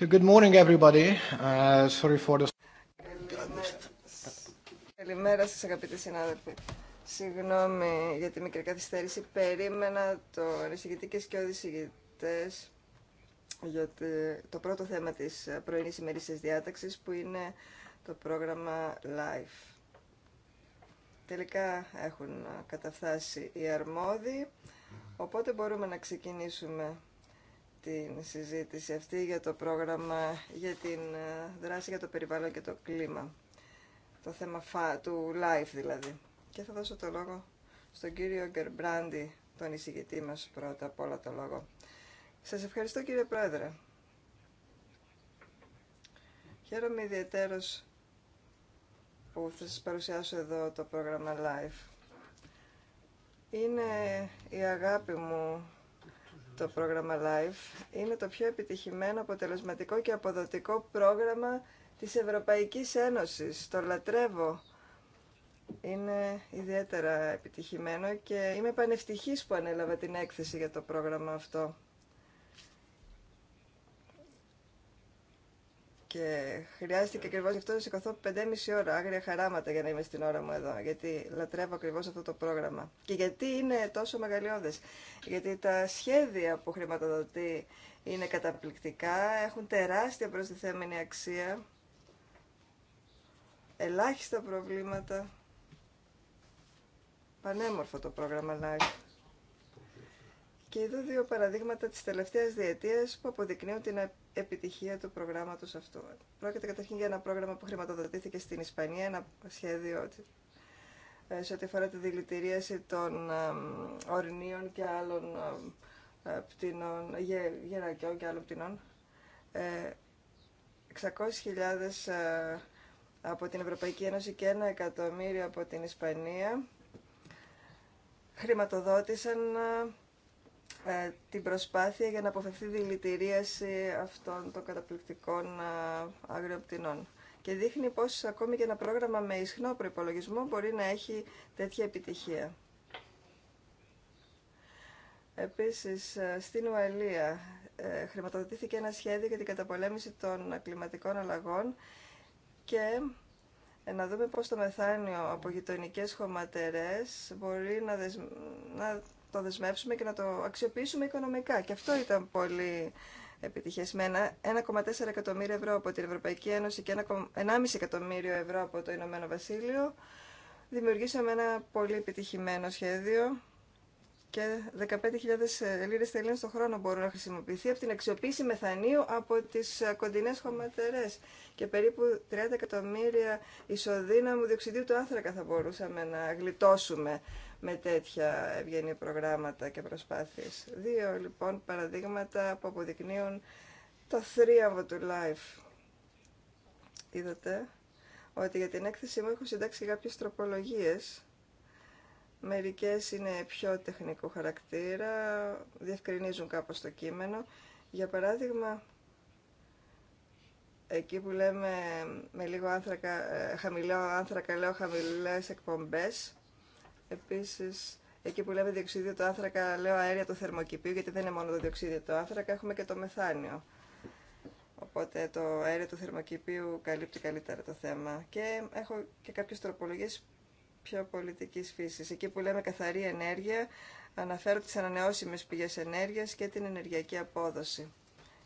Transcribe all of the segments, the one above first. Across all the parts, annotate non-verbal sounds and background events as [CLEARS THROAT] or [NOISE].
Uh, Καλημέρα σας αγαπητοί συνάδελφοι. Συγγνώμη για τη μικρή καθυστέρηση. Περίμενα το ανησυχητή και σκιώδη εισηγητές για το πρώτο θέμα της πρωινής ημερήσιας διάταξης που είναι το πρόγραμμα LIFE. Τελικά έχουν καταφτάσει οι αρμόδιοι, οπότε μπορούμε να ξεκινήσουμε την συζήτηση αυτή για το πρόγραμμα για την ε, δράση για το περιβάλλον και το κλίμα. Το θέμα του Life δηλαδή. Και θα δώσω το λόγο στον κύριο Γκερμπράντι, τον εισηγητή μας πρώτα απ' όλα το λόγο. Σας ευχαριστώ κύριε Πρόεδρε. Χαίρομαι ιδιαίτερος που θα σας παρουσιάσω εδώ το πρόγραμμα live. Είναι η αγάπη μου το πρόγραμμα LIFE είναι το πιο επιτυχημένο, αποτελεσματικό και αποδοτικό πρόγραμμα της Ευρωπαϊκής Ένωσης. Το λατρεύω. Είναι ιδιαίτερα επιτυχημένο και είμαι πανευτυχής που ανέλαβα την έκθεση για το πρόγραμμα αυτό. Και χρειάστηκε ακριβώ γι' αυτό να σηκωθώ 5,5 ώρα, άγρια χαράματα για να είμαι στην ώρα μου εδώ. Γιατί λατρεύω ακριβώ αυτό το πρόγραμμα. Και γιατί είναι τόσο μεγαλειώδε. Γιατί τα σχέδια που χρηματοδοτεί είναι καταπληκτικά, έχουν τεράστια προστιθέμενη αξία, ελάχιστα προβλήματα. Πανέμορφο το πρόγραμμα Live. Και εδώ δύο παραδείγματα της τελευταίας διετίας που αποδεικνύουν την επιτυχία του προγράμματο αυτού. Πρόκειται καταρχήν για ένα πρόγραμμα που χρηματοδοτήθηκε στην Ισπανία, ένα σχέδιο ε, σε ό,τι αφορά τη δηλητηρίαση των ορνίων και άλλων ε, πτηνών, γερακιών και άλλων πτηνών. 600.000 ε, από την Ευρωπαϊκή Ένωση και ένα εκατομμύριο από την Ισπανία χρηματοδότησαν ε, την προσπάθεια για να αποφευθεί δηλητηρίαση αυτών των καταπληκτικών αγριοπτηνών. Ε, και δείχνει πως ακόμη και ένα πρόγραμμα με ισχνό προϋπολογισμό μπορεί να έχει τέτοια επιτυχία. Επίσης, ε, στην Ουαλία χρηματοδοτήθηκε ένα σχέδιο για την καταπολέμηση των κλιματικών αλλαγών και να δούμε πώς το μεθάνιο από γειτονικέ χωματερές μπορεί να, δεσ... να το δεσμεύσουμε και να το αξιοποιήσουμε οικονομικά. Και αυτό ήταν πολύ επιτυχιασμένα. 1,4 εκατομμύρια ευρώ από την Ευρωπαϊκή Ένωση και 1,5 εκατομμύριο ευρώ από το Ηνωμένο Βασίλειο. Δημιουργήσαμε ένα πολύ επιτυχημένο σχέδιο και 15.000 λίρε θελήν στον χρόνο μπορούν να χρησιμοποιηθεί από την αξιοποίηση μεθανίου από τι ε, κοντινέ χωματερέ. Και περίπου 30 εκατομμύρια ισοδύναμου διοξιδίου του άνθρακα θα μπορούσαμε να γλιτώσουμε με τέτοια ευγενή προγράμματα και προσπάθειες. Δύο λοιπόν παραδείγματα που αποδεικνύουν το θρίαμβο του life. Είδατε ότι για την έκθεσή μου έχω συντάξει κάποιε τροπολογίε. Μερικές είναι πιο τεχνικού χαρακτήρα, διευκρινίζουν κάπως το κείμενο. Για παράδειγμα, εκεί που λέμε με λίγο άνθρακα, ε, χαμηλό άνθρακα, λέω χαμηλές εκπομπές. Επίσης, εκεί που λέμε διοξίδιο του άνθρακα, λέω αέρια του θερμοκηπίου, γιατί δεν είναι μόνο το διοξίδιο του άνθρακα, έχουμε και το μεθάνιο. Οπότε το αέριο του θερμοκηπίου καλύπτει καλύτερα το θέμα. Και έχω και κάποιες τροπολογίες πιο πολιτικής φύσης. Εκεί που λέμε καθαρή ενέργεια, αναφέρω τι ανανεώσιμες πηγές ενέργειας και την ενεργειακή απόδοση.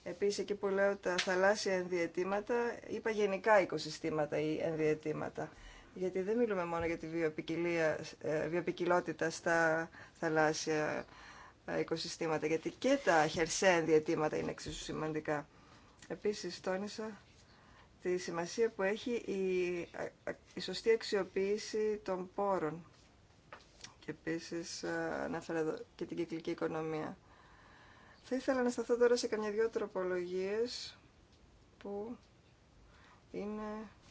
Επίσης, εκεί που λέω τα θαλάσσια ενδιατήματα είπα γενικά οικοσυστήματα ή ενδιατήματα Γιατί δεν μιλούμε μόνο για τη ε, βιοπικιλότητα στα θαλάσσια ε, οικοσυστήματα, γιατί και τα χερσαία ενδιατήματα είναι εξίσου σημαντικά. Επίση τόνισα τη σημασία που έχει η, η σωστή αξιοποίηση των πόρων και επίσης ε, αναφέρω και την κυκλική οικονομία. Θα ήθελα να σταθώ τώρα σε καμιά δυο τροπολογίες που είναι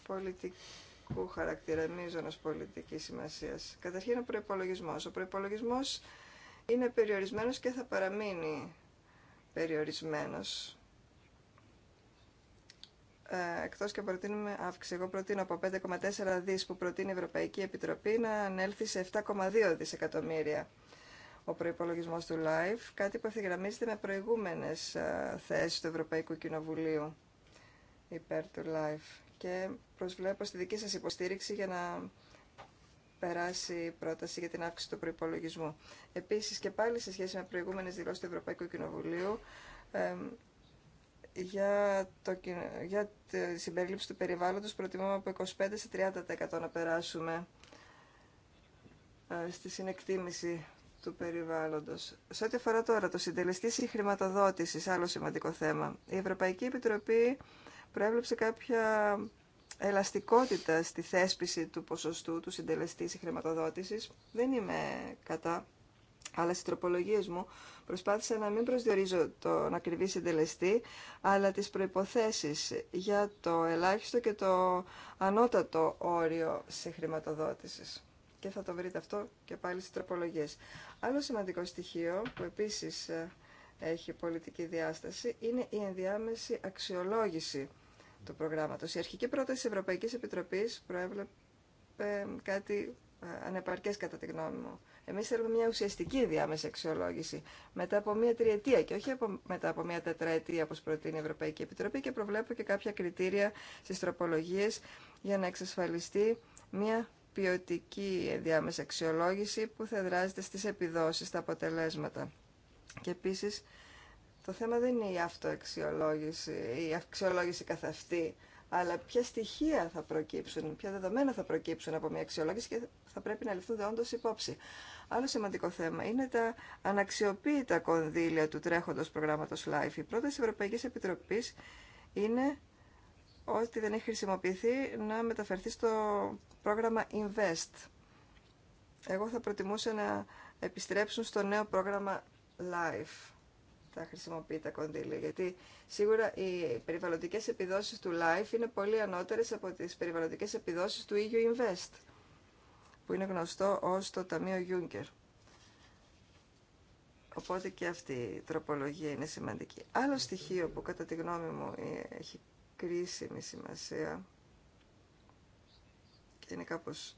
πολιτικού χαρακτήρα, μείζωνος πολιτικής σημασίας. Καταρχήν ο προϋπολογισμός. Ο προϋπολογισμός είναι περιορισμένος και θα παραμείνει περιορισμένος ε, Εκτό και προτείνουμε αύξηση. Εγώ προτείνω από 5,4 δι που προτείνει η Ευρωπαϊκή Επιτροπή να ανέλθει σε 7,2 δισεκατομμύρια ο προπολογισμό του ΛΑΙΦ, κάτι που ευθυγραμμίζεται με προηγούμενε ε, θέσει του Ευρωπαϊκού Κοινοβουλίου υπέρ του ΛΑΙΦ. Και προσβλέπω στη δική σα υποστήριξη για να περάσει η πρόταση για την αύξηση του προπολογισμού. Επίση, και πάλι σε σχέση με προηγούμενε δηλώσει του Ευρωπαϊκού Κοινοβουλίου, ε, για, το, για τη συμπερίληψη του περιβάλλοντος προτιμούμε από 25% σε 30% να περάσουμε ε, στη συνεκτίμηση του περιβάλλοντος. Σε ό,τι αφορά τώρα το συντελεστή χρηματοδοτηση άλλο σημαντικό θέμα, η Ευρωπαϊκή Επιτροπή προέβλεψε κάποια ελαστικότητα στη θέσπιση του ποσοστού του συντελεστή χρηματοδότηση. Δεν είμαι κατά αλλά στι τροπολογίε μου προσπάθησα να μην προσδιορίζω τον ακριβή συντελεστή, αλλά τις προϋποθέσεις για το ελάχιστο και το ανώτατο όριο σε χρηματοδότηση. Και θα το βρείτε αυτό και πάλι στι τροπολογίε. Άλλο σημαντικό στοιχείο που επίσης ε, έχει πολιτική διάσταση είναι η ενδιάμεση αξιολόγηση του προγράμματο. Η αρχική πρόταση Ευρωπαϊκή Επιτροπή προέβλεπε ε, κάτι ε, ανεπαρκές κατά τη γνώμη μου. Εμείς θέλουμε μια ουσιαστική διάμεση αξιολόγηση μετά από μια τριετία και όχι από, μετά από μια τετραετία όπω προτείνει η Ευρωπαϊκή Επιτροπή και προβλέπω και κάποια κριτήρια στι τροπολογίε για να εξασφαλιστεί μια ποιοτική διάμεση αξιολόγηση που θα δράζεται στις επιδόσεις, στα αποτελέσματα. Και επίσης το θέμα δεν είναι η αυτοαξιολόγηση, η αξιολόγηση καθ' αυτή αλλά ποια στοιχεία θα προκύψουν, ποια δεδομένα θα προκύψουν από μια αξιολόγηση και θα πρέπει να ληφθούν όντω υπόψη. Άλλο σημαντικό θέμα είναι τα αναξιοποίητα κονδύλια του τρέχοντος προγράμματος LIFE. Η πρόταση Ευρωπαϊκής Επιτροπής είναι ότι δεν έχει χρησιμοποιηθεί να μεταφερθεί στο πρόγραμμα Invest. Εγώ θα προτιμούσα να επιστρέψουν στο νέο πρόγραμμα LIFE θα χρησιμοποιεί τα κονδύλια. Γιατί σίγουρα οι περιβαλλοντικέ επιδόσεις του LIFE είναι πολύ ανώτερε από τι περιβαλλοντικέ επιδόσεις του EU Invest, που είναι γνωστό ω το Ταμείο Juncker. Οπότε και αυτή η τροπολογία είναι σημαντική. Άλλο στοιχείο που κατά τη γνώμη μου έχει κρίσιμη σημασία και είναι κάπως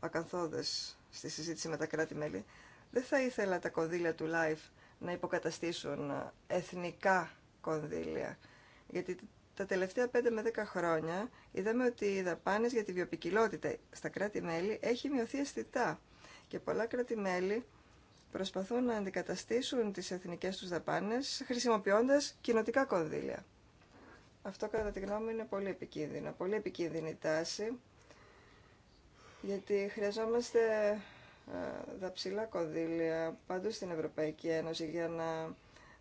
ακαθόδες στη συζήτηση με τα κράτη-μέλη, δεν θα ήθελα τα κονδύλια του LIFE να υποκαταστήσουν ε, εθνικά κονδύλια. Γιατί τα τελευταία 5 με 10 χρόνια είδαμε ότι οι δαπάνες για τη βιοπικιλότητα στα κράτη-μέλη έχει μειωθεί αισθητά και πολλά κράτη-μέλη προσπαθούν να αντικαταστήσουν τις εθνικές τους δαπάνες χρησιμοποιώντας κοινοτικά κονδύλια. Αυτό κατά τη γνώμη μου, είναι πολύ επικίνδυνο, πολύ επικίνδυνη τάση, γιατί χρειαζόμαστε ε, τα ψηλά κονδύλια παντού στην Ευρωπαϊκή Ένωση για να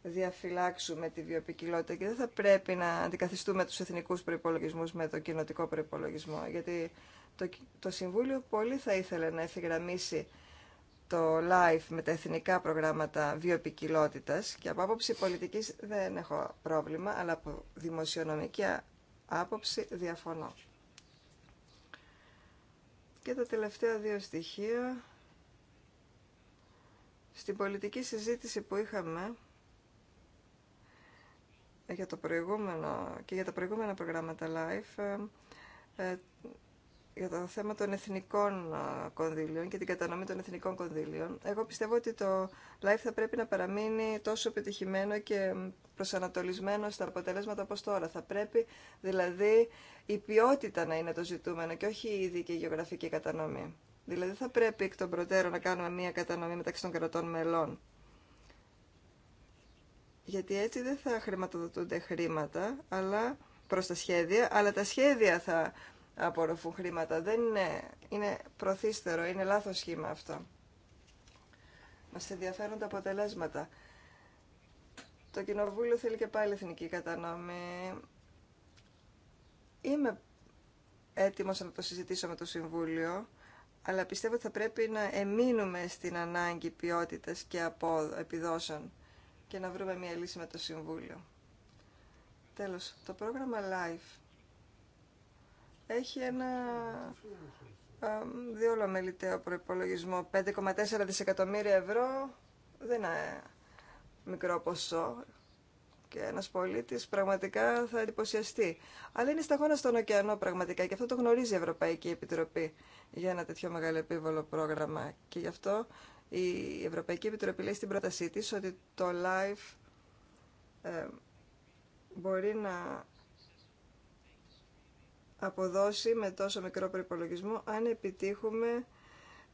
διαφυλάξουμε τη βιοπικιλότητα και δεν θα πρέπει να αντικαθιστούμε τους εθνικούς προϋπολογισμούς με το κοινοτικό προϋπολογισμό γιατί το, το Συμβούλιο πολύ θα ήθελε να εφηγραμμίσει το LIFE με τα εθνικά προγράμματα βιοπικιλότητας και από άποψη πολιτικής δεν έχω πρόβλημα αλλά από δημοσιονομική άποψη διαφωνώ. Και τα τελευταία δύο στοιχεία στην πολιτική συζήτηση που είχαμε για το προηγούμενο και για τα προηγούμενα προγράμματα live ε, ε, για το θέμα των εθνικών ε, κονδύλιων και την κατανομή των εθνικών κονδύλιων. Εγώ πιστεύω ότι το live θα πρέπει να παραμείνει τόσο επιτυχημένο και προσανατολισμένο στα αποτελέσματα όπως τώρα. Θα πρέπει δηλαδή η ποιότητα να είναι το ζητούμενο και όχι η ειδική γεωγραφική κατανομή. Δηλαδή θα πρέπει εκ των προτέρων να κάνουμε μία κατανομή μεταξύ των κρατών μελών. Γιατί έτσι δεν θα χρηματοδοτούνται χρήματα αλλά προς τα σχέδια, αλλά τα σχέδια θα απορροφούν χρήματα. Δεν είναι, είναι προθύστερο, είναι λάθος σχήμα αυτό. Μας ενδιαφέρουν τα αποτελέσματα. Το Κοινοβούλιο θέλει και πάλι εθνική κατανομή. Είμαι έτοιμος να το συζητήσω με το Συμβούλιο αλλά πιστεύω ότι θα πρέπει να εμείνουμε στην ανάγκη ποιότητας και από επιδόσεων και να βρούμε μια λύση με το Συμβούλιο. Τέλος, το πρόγραμμα LIFE έχει ένα διόλο μελιτέο προϋπολογισμό, 5,4 δισεκατομμύρια ευρώ, δεν είναι μικρό ποσό, και ένα πολίτη πραγματικά θα εντυπωσιαστεί. Αλλά είναι σταγόνα στον ωκεανό πραγματικά και αυτό το γνωρίζει η Ευρωπαϊκή Επιτροπή για ένα τέτοιο μεγάλο επίβολο πρόγραμμα. Και γι' αυτό η Ευρωπαϊκή Επιτροπή λέει στην πρότασή τη ότι το LIFE ε, μπορεί να αποδώσει με τόσο μικρό προπολογισμό αν επιτύχουμε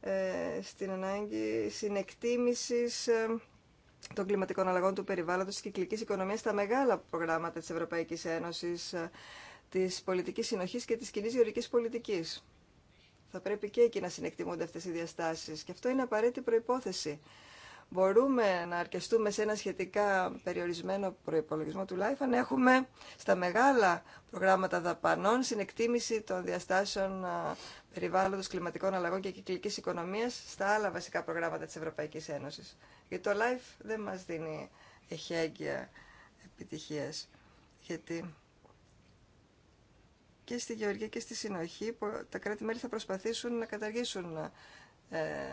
ε, στην ανάγκη συνεκτίμησης ε, των κλιματικών αλλαγών του περιβάλλοντος, της κυκλικής οικονομίας, τα μεγάλα προγράμματα της Ευρωπαϊκής Ένωσης, ε, της πολιτικής συνοχής και της κοινή γεωρικής πολιτικής. Θα πρέπει και εκεί να συνεκτιμούνται αυτές οι διαστάσεις και αυτό είναι απαραίτητη προϋπόθεση μπορούμε να αρκεστούμε σε ένα σχετικά περιορισμένο προϋπολογισμό αν έχουμε στα μεγάλα προγράμματα δαπανών συνεκτίμηση των διαστάσεων περιβάλλοντος κλιματικών αλλαγών και κυκλικής οικονομίας στα άλλα βασικά προγράμματα της Ευρωπαϊκής Ένωσης. Γιατί το LIFE δεν μας δίνει εχέγγυα επιτυχίας. Γιατί και στη Γεωργία και στη Συνοχή τα κράτη-μέλη θα προσπαθήσουν να καταργήσουν ε,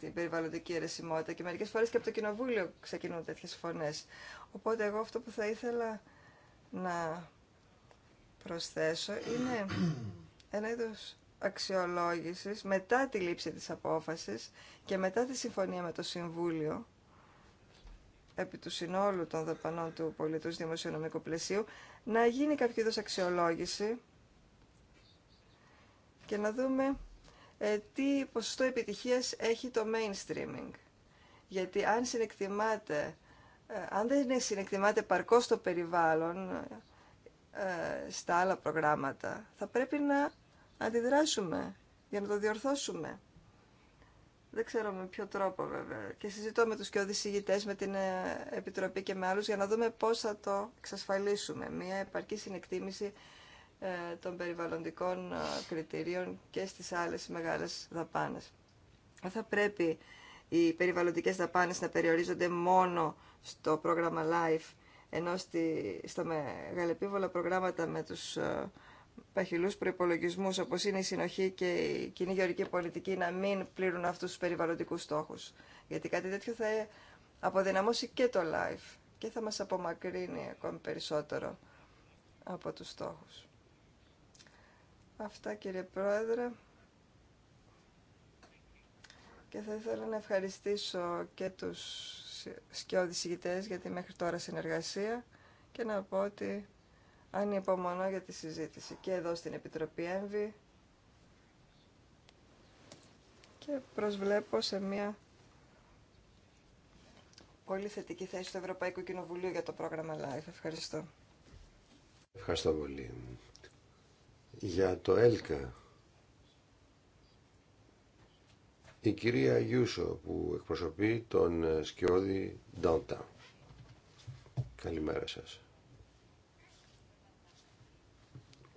την περιβαλλοντική αιρεσιμότητα και μερικές φορές και από το Κοινοβούλιο ξεκινούν τέτοιες φωνές. Οπότε εγώ αυτό που θα ήθελα να προσθέσω είναι ένα είδος αξιολόγησης μετά τη λήψη της απόφασης και μετά τη συμφωνία με το Συμβούλιο επί του συνόλου των δαπανών του πολιτού δημοσιονομικού πλαισίου να γίνει κάποιο είδος αξιολόγηση και να δούμε ε, τι ποσοστό επιτυχίας έχει το mainstreaming. Γιατί αν συνεκτιμάτε, αν δεν συνεκτιμάται παρκώς το περιβάλλον ε, στα άλλα προγράμματα, θα πρέπει να αντιδράσουμε για να το διορθώσουμε. Δεν ξέρω με ποιο τρόπο βέβαια. Και συζητώ με τους και οδησηγητές, με την ε, Επιτροπή και με άλλους για να δούμε πώς θα το εξασφαλίσουμε. Μία επαρκή συνεκτίμηση ε, των περιβαλλοντικών ε, κριτηρίων και στις άλλες μεγάλες δαπάνες. Δεν θα πρέπει οι περιβαλλοντικές δαπάνες να περιορίζονται μόνο στο πρόγραμμα LIFE, ενώ στη, στα μεγαλεπίβολα προγράμματα με τους ε, παχυλούς προϋπολογισμούς, όπως είναι η συνοχή και η κοινή γεωρική πολιτική, να μην πλήρουν αυτούς τους περιβαλλοντικούς στόχους. Γιατί κάτι τέτοιο θα αποδυναμώσει και το LIFE και θα μας απομακρύνει ακόμη περισσότερο από τους στόχους. Αυτά κύριε Πρόεδρε. Και θα ήθελα να ευχαριστήσω και τους σκιώδης ηγητές για τη μέχρι τώρα συνεργασία και να πω ότι ανυπομονώ για τη συζήτηση και εδώ στην Επιτροπή Έμβη και προσβλέπω σε μια πολύ θετική θέση του Ευρωπαϊκού Κοινοβουλίου για το πρόγραμμα LIFE. Ευχαριστώ. Ευχαριστώ πολύ για το ΕΛΚΑ η κυρία Γιούσο που εκπροσωπεί τον ε, Σκιώδη Ντόντα. Καλημέρα σας.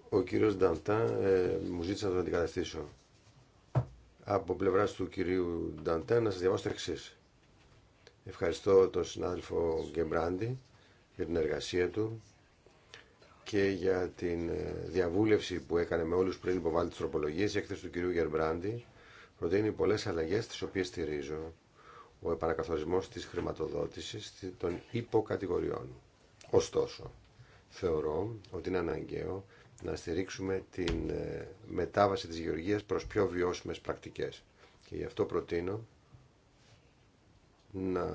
Ο κύριος Νταντά ε, μου ζήτησε να τον αντικαταστήσω. Από πλευράς του κυρίου Νταντά να σας διαβάσω το Ευχαριστώ τον συνάδελφο Γκέμπραντι για την εργασία του και για την ε, διαβούλευση που έκανε με όλους πριν υποβάλει τις τροπολογίες. Η έκθεση του κυρίου Γερμπράντη προτείνει πολλές αλλαγές τις οποίες στηρίζω ο επανακαθορισμός της χρηματοδότησης των υποκατηγοριών. Ωστόσο, θεωρώ ότι είναι αναγκαίο να στηρίξουμε την ε, μετάβαση της γεωργίας προς πιο βιώσιμες πρακτικές. Και γι' αυτό προτείνω να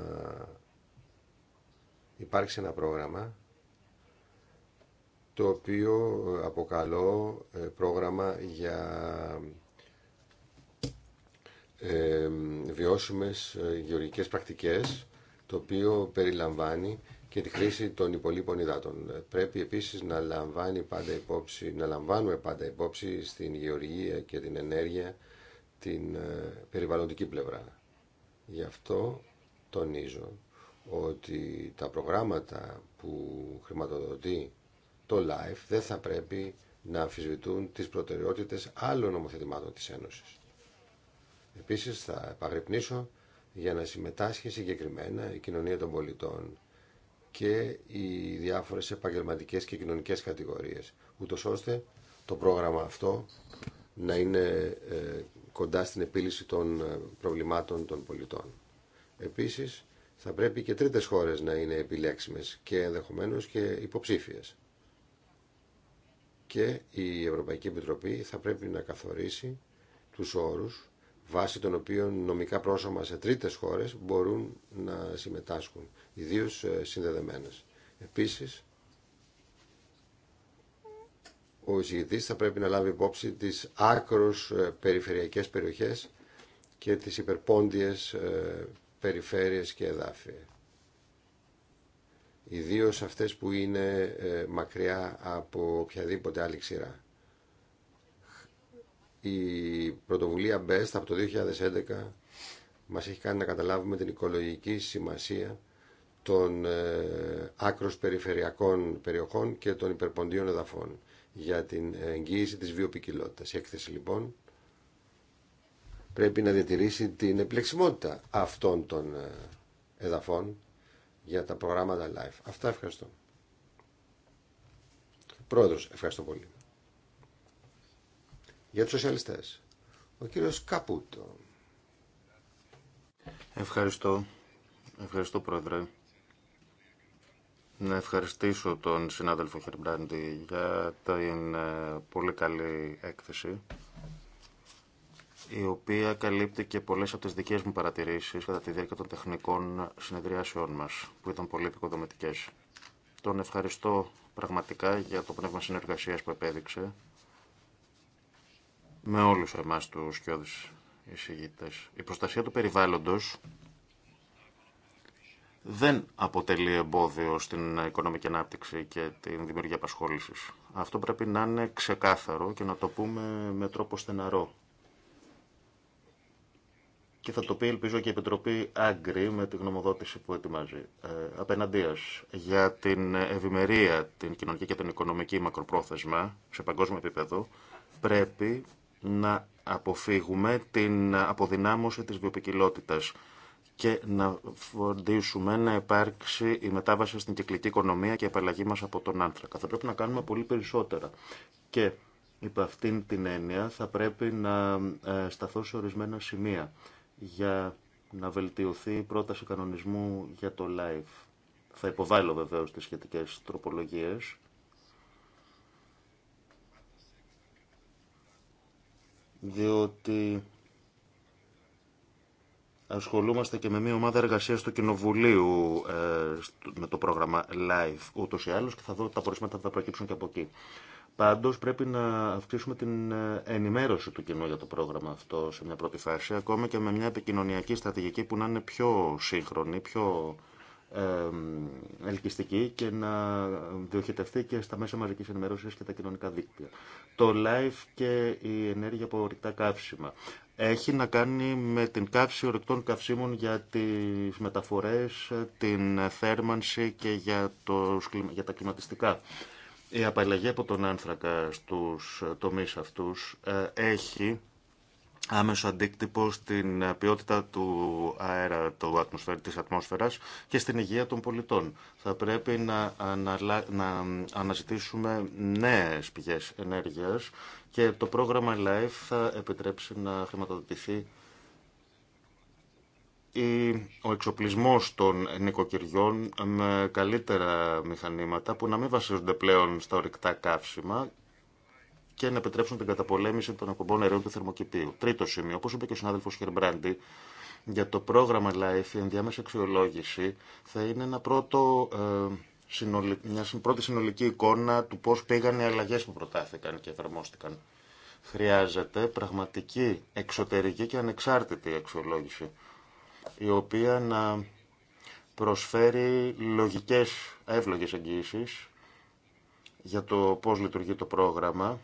υπάρξει ένα πρόγραμμα το οποίο ε, αποκαλώ ε, πρόγραμμα για ε, βιώσιμες γεωργικές πρακτικές, το οποίο περιλαμβάνει και τη χρήση των υπολείπων υδάτων. Πρέπει επίσης να, λαμβάνει πάντα υπόψη, να λαμβάνουμε πάντα υπόψη στην γεωργία και την ενέργεια την περιβαλλοντική πλευρά. Γι' αυτό τονίζω ότι τα προγράμματα που χρηματοδοτεί το life δεν θα πρέπει να αμφισβητούν τις προτεραιότητες άλλων νομοθετημάτων της Ένωσης. Επίσης θα επαγρυπνήσω για να συμμετάσχει συγκεκριμένα η κοινωνία των πολιτών και οι διάφορες επαγγελματικές και κοινωνικές κατηγορίες, ούτως ώστε το πρόγραμμα αυτό να είναι ε, κοντά στην επίλυση των ε, προβλημάτων των πολιτών. Επίσης, θα πρέπει και τρίτες χώρες να είναι επιλέξιμες και ενδεχομένως και υποψήφιες και η Ευρωπαϊκή Επιτροπή θα πρέπει να καθορίσει τους όρους βάσει των οποίων νομικά πρόσωμα σε τρίτες χώρες μπορούν να συμμετάσχουν, ιδίως ε, συνδεδεμένες. Επίσης, ο εισηγητής θα πρέπει να λάβει υπόψη τις άκρος ε, περιφερειακές περιοχές και τις υπερπόντιες ε, περιφέρειες και εδάφη. Ιδίω αυτές που είναι ε, μακριά από οποιαδήποτε άλλη ξηρά. Η πρωτοβουλία BEST από το 2011 μας έχει κάνει να καταλάβουμε την οικολογική σημασία των ε, άκρος περιφερειακών περιοχών και των υπερποντίων εδαφών για την εγγύηση της βιοποικιλότητας. Η έκθεση λοιπόν πρέπει να διατηρήσει την επιλεξιμότητα αυτών των ε, εδαφών για τα προγράμματα live. Αυτά ευχαριστώ. Πρόεδρος, ευχαριστώ πολύ. Για τους σοσιαλιστές, ο κύριος Καπούτο. Ευχαριστώ. Ευχαριστώ, Πρόεδρε. Να ευχαριστήσω τον συνάδελφο Χερμπράντη για την ε, πολύ καλή έκθεση η οποία καλύπτει και πολλές από τις δικές μου παρατηρήσεις κατά τη διάρκεια των τεχνικών συνεδριάσεών μας, που ήταν πολύ επικοδομητικές. Τον ευχαριστώ πραγματικά για το πνεύμα συνεργασίας που επέδειξε με όλους εμάς τους σκιώδης εισηγητές. Η προστασία του περιβάλλοντος δεν αποτελεί εμπόδιο στην οικονομική ανάπτυξη και την δημιουργία απασχόλησης. Αυτό πρέπει να είναι ξεκάθαρο και να το πούμε με τρόπο στεναρό και θα το πει ελπίζω και η Επιτροπή Άγκρη με τη γνωμοδότηση που ετοιμάζει ε, απέναντίας για την ευημερία, την κοινωνική και την οικονομική μακροπρόθεσμα σε παγκόσμιο επίπεδο πρέπει να αποφύγουμε την αποδυνάμωση της βιοπικιλότητας και να φροντίσουμε να υπάρξει η μετάβαση στην κυκλική οικονομία και η απαλλαγή μας από τον άνθρακα. Θα πρέπει να κάνουμε πολύ περισσότερα. Και υπ' αυτήν την έννοια θα πρέπει να ε, σταθώ σε ορισμένα σημεία για να βελτιωθεί η πρόταση κανονισμού για το live. Θα υποβάλω βεβαίως τις σχετικές τροπολογίες. Διότι ασχολούμαστε και με μια ομάδα εργασίας του Κοινοβουλίου ε, με το πρόγραμμα live ούτως ή άλλως και θα δω τα πορισμένα θα προκύψουν και από εκεί. Πάντω πρέπει να αυξήσουμε την ε, ενημέρωση του κοινού για το πρόγραμμα αυτό σε μια πρώτη φάση, ακόμα και με μια επικοινωνιακή στρατηγική που να είναι πιο σύγχρονη, πιο ελκυστική και να διοχετευτεί και στα μέσα μαζικής ενημέρωσης και τα κοινωνικά δίκτυα. Το live και η ενέργεια από ορυκτά καύσιμα. Έχει να κάνει με την καύση ορυκτών καυσίμων για τις μεταφορές, την θέρμανση και για τα κλιματιστικά η απαλλαγή από τον άνθρακα στους τομείς αυτούς ε, έχει άμεσο αντίκτυπο στην ποιότητα του αέρα του της ατμόσφαιρας και στην υγεία των πολιτών. Θα πρέπει να, να αναζητήσουμε νέες πηγές ενέργειας και το πρόγραμμα LIFE θα επιτρέψει να χρηματοδοτηθεί ή ο εξοπλισμός των νοικοκυριών με καλύτερα μηχανήματα που να μην βασίζονται πλέον στα ορυκτά καύσιμα και να επιτρέψουν την καταπολέμηση των εκπομπών αερίων του θερμοκηπίου. Τρίτο σημείο, όπως είπε και ο συνάδελφος Χερμπράντη, για το πρόγραμμα LIFE η ενδιάμεση αξιολόγηση θα είναι ένα πρώτο, ε, μια πρώτη συνολική εικόνα του πώς πήγαν οι αλλαγές που προτάθηκαν και εφαρμόστηκαν. Χρειάζεται πραγματική εξωτερική και ανεξάρτητη αξιολόγηση η οποία να προσφέρει λογικές εύλογες εγγύησεις για το πώς λειτουργεί το πρόγραμμα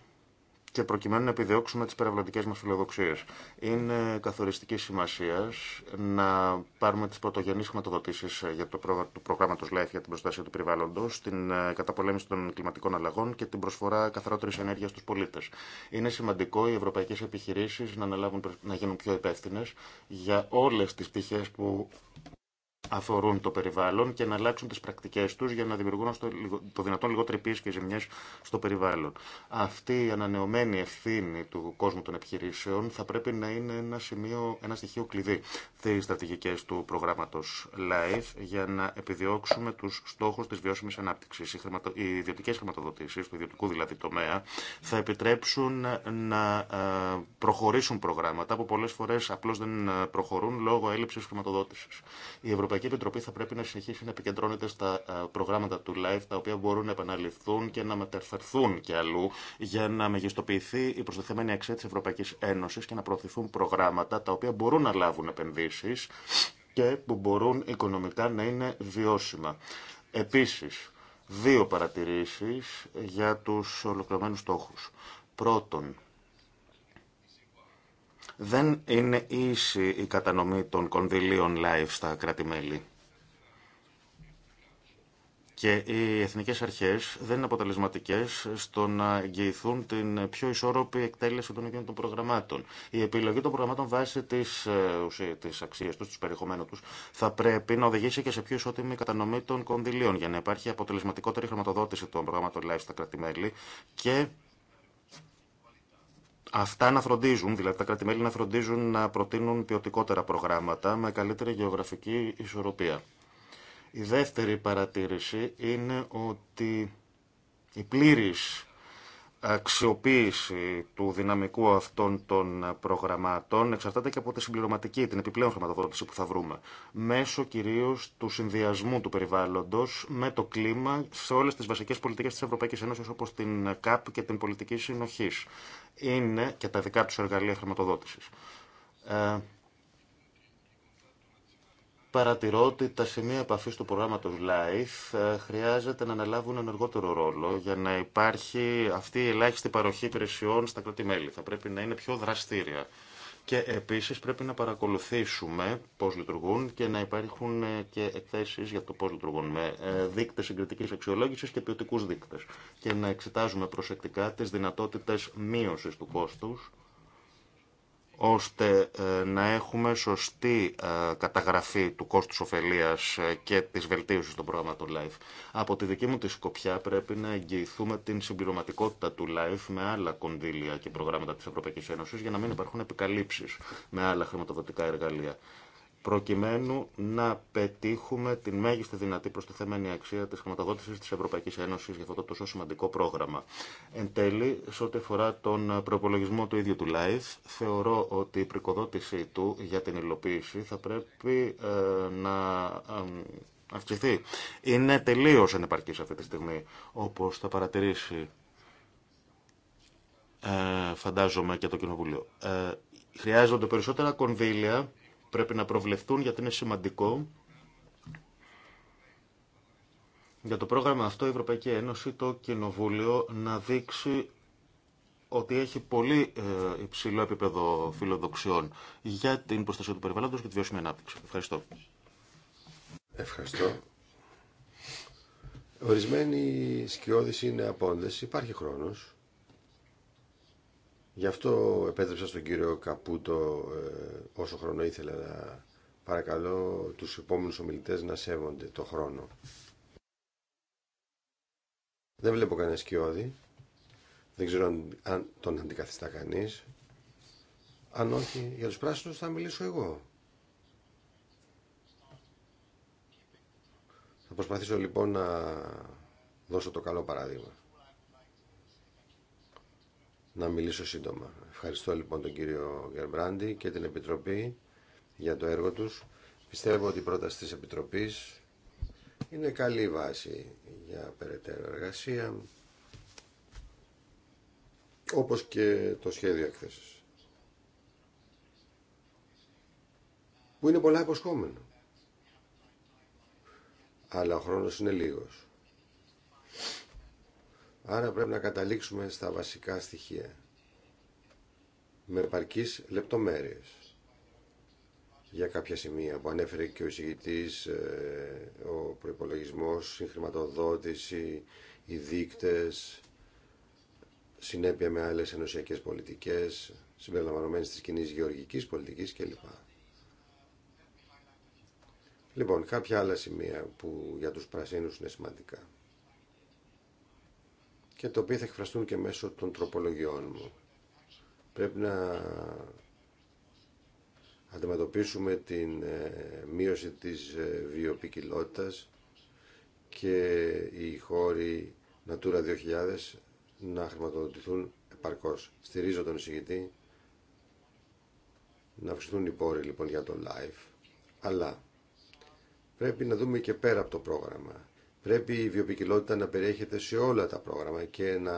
και προκειμένου να επιδιώξουμε τις περιβαλλοντικές μας φιλοδοξίες. Είναι καθοριστική σημασία να πάρουμε τις πρωτογενείς χρηματοδοτήσεις ε, για το πρόγραμμα του προγράμματος LIFE για την προστασία του περιβάλλοντος, την ε, καταπολέμηση των κλιματικών αλλαγών και την προσφορά καθαρότερης ενέργειας στους πολίτες. Είναι σημαντικό οι ευρωπαϊκές επιχειρήσεις να, να γίνουν πιο υπεύθυνε για όλες τις πτυχές που αφορούν το περιβάλλον και να αλλάξουν τι πρακτικέ του για να δημιουργούν το δυνατόν λιγότερη πίεση και ζημιέ στο περιβάλλον. Αυτή η ανανεωμένη ευθύνη του κόσμου των επιχειρήσεων θα πρέπει να είναι ένα, σημείο, ένα στοιχείο κλειδί στι στρατηγικέ του προγράμματο LIFE για να επιδιώξουμε του στόχου τη βιώσιμη ανάπτυξη. Οι, χρηματο... οι ιδιωτικέ χρηματοδοτήσει, του ιδιωτικού δηλαδή τομέα, θα επιτρέψουν να ε, προχωρήσουν προγράμματα που πολλέ φορέ απλώ δεν ε, προχωρούν λόγω έλλειψη χρηματοδότηση. Η Ευρωπαϊκή Επιτροπή θα πρέπει να συνεχίσει να επικεντρώνεται στα ε, προγράμματα του LIFE, τα οποία μπορούν να επαναληφθούν και να μεταφερθούν και αλλού, για να μεγιστοποιηθεί η προστιθέμενη αξία τη Ευρωπαϊκή Ένωση και να προωθηθούν προγράμματα τα οποία μπορούν να λάβουν επενδύσει και που μπορούν οικονομικά να είναι βιώσιμα. Επίση, δύο παρατηρήσει για του ολοκληρωμένου στόχου. Πρώτον, δεν είναι ίση η κατανομή των κονδυλίων live στα κράτη-μέλη. Και οι εθνικές αρχές δεν είναι αποτελεσματικές στο να εγγυηθούν την πιο ισόρροπη εκτέλεση των ίδιων των προγραμμάτων. Η επιλογή των προγραμμάτων βάσει της, ε, της αξίας τους, του περιεχομένου τους, θα πρέπει να οδηγήσει και σε πιο ισότιμη κατανομή των κονδυλίων για να υπάρχει αποτελεσματικότερη χρηματοδότηση των προγραμμάτων live στα κρατημέλη και αυτά να φροντίζουν, δηλαδή τα κρατημέλη να φροντίζουν να προτείνουν ποιοτικότερα προγράμματα με καλύτερη γεωγραφική ισορροπία. Η δεύτερη παρατήρηση είναι ότι η πλήρης αξιοποίηση του δυναμικού αυτών των προγραμμάτων εξαρτάται και από τη συμπληρωματική, την επιπλέον χρηματοδότηση που θα βρούμε. Μέσω κυρίω του συνδυασμού του περιβάλλοντο με το κλίμα σε όλε τι βασικέ πολιτικέ τη Ευρωπαϊκή Ένωση όπω την ΚΑΠ και την πολιτική συνοχή. Είναι και τα δικά του εργαλεία χρηματοδότηση. Ε, Παρατηρώ ότι τα σημεία επαφή του προγράμματο LIFE ε, χρειάζεται να αναλάβουν ενεργότερο ρόλο για να υπάρχει αυτή η ελάχιστη παροχή υπηρεσιών στα κράτη-μέλη. Θα πρέπει να είναι πιο δραστήρια. Και επίση πρέπει να παρακολουθήσουμε πώ λειτουργούν και να υπάρχουν ε, και εκθέσεις για το πώ λειτουργούν με ε, δείκτε συγκριτική αξιολόγηση και ποιοτικού δείκτε. Και να εξετάζουμε προσεκτικά τι δυνατότητε μείωση του κόστου ώστε ε, να έχουμε σωστή ε, καταγραφή του κόστους ωφελίας ε, και της βελτίωσης των προγραμμάτων LIFE. Από τη δική μου τη σκοπιά πρέπει να εγγυηθούμε την συμπληρωματικότητα του LIFE με άλλα κονδύλια και προγράμματα της Ευρωπαϊκής Ένωσης για να μην υπάρχουν επικαλύψεις με άλλα χρηματοδοτικά εργαλεία προκειμένου να πετύχουμε την μέγιστη δυνατή προστιθέμενη αξία της χρηματοδότησης της Ευρωπαϊκής Ένωσης για αυτό το τόσο σημαντικό πρόγραμμα. Εν τέλει, σε ό,τι αφορά τον προπολογισμό του ίδιου του LIFE, θεωρώ ότι η πρικοδότησή του για την υλοποίηση θα πρέπει ε, να αυξηθεί. Είναι τελείως ανεπαρκής αυτή τη στιγμή, όπως θα παρατηρήσει ε, φαντάζομαι και το Κοινοβουλίο. Ε, χρειάζονται περισσότερα κονδύλια πρέπει να προβλεφθούν γιατί είναι σημαντικό. Για το πρόγραμμα αυτό η Ευρωπαϊκή Ένωση, το Κοινοβούλιο, να δείξει ότι έχει πολύ ε, υψηλό επίπεδο φιλοδοξιών για την προστασία του περιβάλλοντος και τη βιώσιμη ανάπτυξη. Ευχαριστώ. Ευχαριστώ. Ορισμένη σκιώδηση είναι απόνδεση. Υπάρχει χρόνος. Γι' αυτό επέτρεψα στον κύριο Καπούτο ε, όσο χρόνο ήθελα να παρακαλώ τους επόμενους ομιλητές να σέβονται το χρόνο. Δεν βλέπω κανένα σκιώδη. Δεν ξέρω αν τον αντικαθιστά κανείς. Αν όχι, για τους πράσινους θα μιλήσω εγώ. Θα προσπαθήσω λοιπόν να δώσω το καλό παράδειγμα να μιλήσω σύντομα. Ευχαριστώ λοιπόν τον κύριο Γερμπράντη και την Επιτροπή για το έργο τους. Πιστεύω ότι η πρόταση της Επιτροπής είναι καλή βάση για περαιτέρω εργασία, όπως και το σχέδιο εκθέσεις Που είναι πολλά υποσχόμενο. Αλλά ο χρόνος είναι λίγος. Άρα πρέπει να καταλήξουμε στα βασικά στοιχεία με επαρκείς λεπτομέρειες για κάποια σημεία που ανέφερε και ο εισηγητής, ε, ο προϋπολογισμός, η χρηματοδότηση, οι δείκτες, συνέπεια με άλλες ενωσιακές πολιτικές, συμπεριλαμβανομένες της κοινή γεωργικής πολιτικής κλπ. Λοιπόν, κάποια άλλα σημεία που για τους πρασίνους είναι σημαντικά και τα οποία θα εκφραστούν και μέσω των τροπολογιών μου. Πρέπει να αντιμετωπίσουμε την ε, μείωση της ε, βιοποικιλότητας και οι χώροι Natura 2000 να χρηματοδοτηθούν επαρκώς. Στηρίζω τον εισηγητή να αυξηθούν οι πόροι λοιπόν για το live, αλλά πρέπει να δούμε και πέρα από το πρόγραμμα Πρέπει η βιοπικιλότητα να περιέχεται σε όλα τα πρόγραμμα και να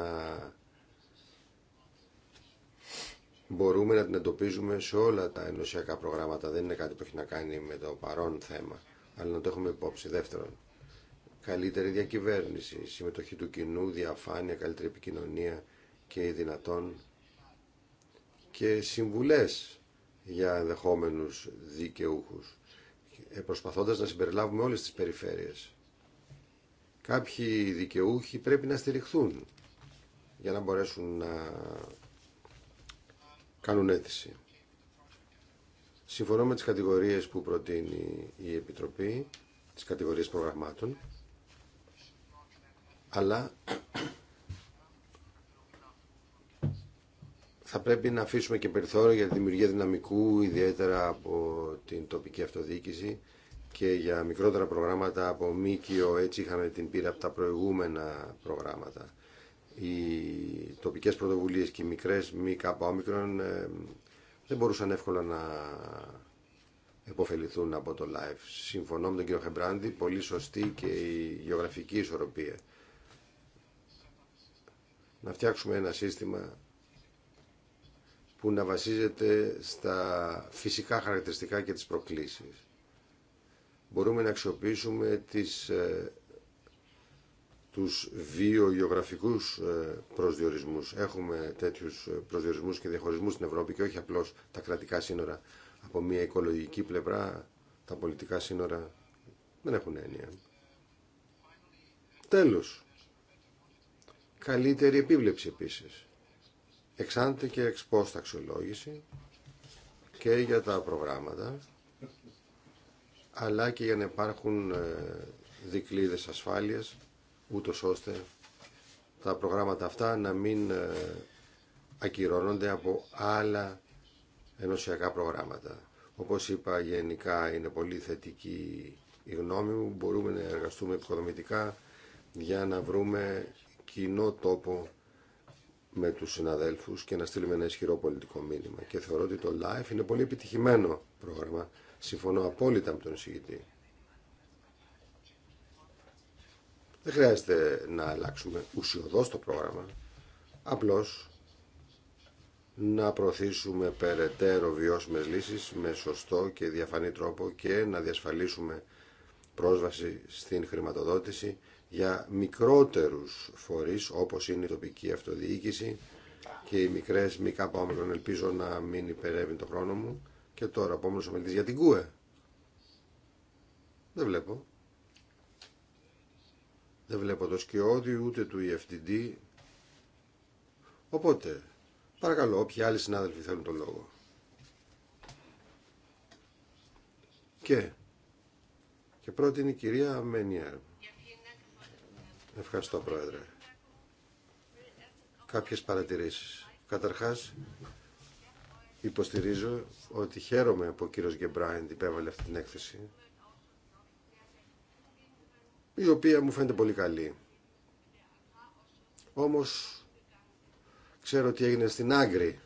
μπορούμε να την εντοπίζουμε σε όλα τα ενωσιακά προγράμματα. Δεν είναι κάτι που έχει να κάνει με το παρόν θέμα, αλλά να το έχουμε υπόψη. Δεύτερον, καλύτερη διακυβέρνηση, συμμετοχή του κοινού, διαφάνεια, καλύτερη επικοινωνία και οι δυνατών και συμβουλές για ενδεχόμενους δικαιούχους, ε, προσπαθώντας να συμπεριλάβουμε όλες τις περιφέρειες. Κάποιοι δικαιούχοι πρέπει να στηριχθούν για να μπορέσουν να κάνουν αίτηση. Συμφωνώ με τις κατηγορίες που προτείνει η Επιτροπή, τις κατηγορίες προγραμμάτων, αλλά θα πρέπει να αφήσουμε και περιθώριο για τη δημιουργία δυναμικού, ιδιαίτερα από την τοπική αυτοδιοίκηση, και για μικρότερα προγράμματα από ΜΚΙΟ, έτσι είχαμε την πείρα από τα προηγούμενα προγράμματα. Οι τοπικές πρωτοβουλίες και οι μικρές ΜΚΟ ε, δεν μπορούσαν εύκολα να επωφεληθούν από το live. Συμφωνώ με τον κύριο Χεμπράντη, πολύ σωστή και η γεωγραφική ισορροπία. Να φτιάξουμε ένα σύστημα που να βασίζεται στα φυσικά χαρακτηριστικά και τις προκλήσεις μπορούμε να αξιοποιήσουμε τις, ε, τους βιογεωγραφικούς ε, προσδιορισμούς. Έχουμε τέτοιους ε, προσδιορισμούς και διαχωρισμούς στην Ευρώπη και όχι απλώς τα κρατικά σύνορα. Από μια οικολογική πλευρά τα πολιτικά σύνορα δεν έχουν έννοια. Τέλος, καλύτερη επίβλεψη επίσης. Εξάντε και εξπόστα αξιολόγηση και για τα προγράμματα αλλά και για να υπάρχουν ε, δικλείδες ασφάλειας, ούτως ώστε τα προγράμματα αυτά να μην ε, ακυρώνονται από άλλα ενωσιακά προγράμματα. Όπως είπα γενικά είναι πολύ θετική η γνώμη μου, μπορούμε να εργαστούμε επικοδομητικά για να βρούμε κοινό τόπο με τους συναδέλφους και να στείλουμε ένα ισχυρό πολιτικό μήνυμα. Και θεωρώ ότι το LIFE είναι πολύ επιτυχημένο πρόγραμμα Συμφωνώ απόλυτα με τον εισηγητή. Δεν χρειάζεται να αλλάξουμε ουσιοδός το πρόγραμμα, απλώς να προωθήσουμε περαιτέρω βιώσιμες λύσεις με σωστό και διαφανή τρόπο και να διασφαλίσουμε πρόσβαση στην χρηματοδότηση για μικρότερους φορείς όπως είναι η τοπική αυτοδιοίκηση και οι μικρές μη κάπα ελπίζω να μην υπερεύει το χρόνο μου και τώρα, επόμενο ο για την ΚΟΕ. Δεν βλέπω. Δεν βλέπω το σκιώδη ούτε του EFTD. Οπότε, παρακαλώ, όποιοι άλλοι συνάδελφοι θέλουν τον λόγο. Και, και πρώτη είναι η κυρία Μένιερ. Ευχαριστώ, Πρόεδρε. Κάποιες παρατηρήσεις. Καταρχάς, υποστηρίζω ότι χαίρομαι που ο κύριος Γκεμπράιντ υπέβαλε αυτή την έκθεση η οποία μου φαίνεται πολύ καλή. Όμως ξέρω τι έγινε στην Άγκρη.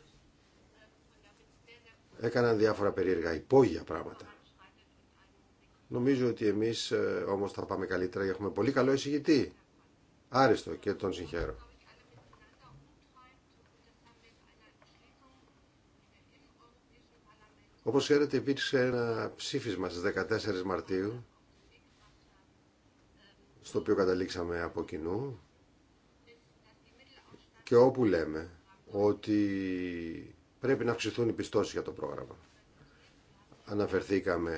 Έκαναν διάφορα περίεργα υπόγεια πράγματα. Νομίζω ότι εμείς ε, όμως θα πάμε καλύτερα γιατί έχουμε πολύ καλό εισηγητή. Άριστο και τον συγχαίρω. Όπως ξέρετε υπήρξε ένα ψήφισμα στις 14 Μαρτίου στο οποίο καταλήξαμε από κοινού και όπου λέμε ότι πρέπει να αυξηθούν οι πιστώσεις για το πρόγραμμα. Αναφερθήκαμε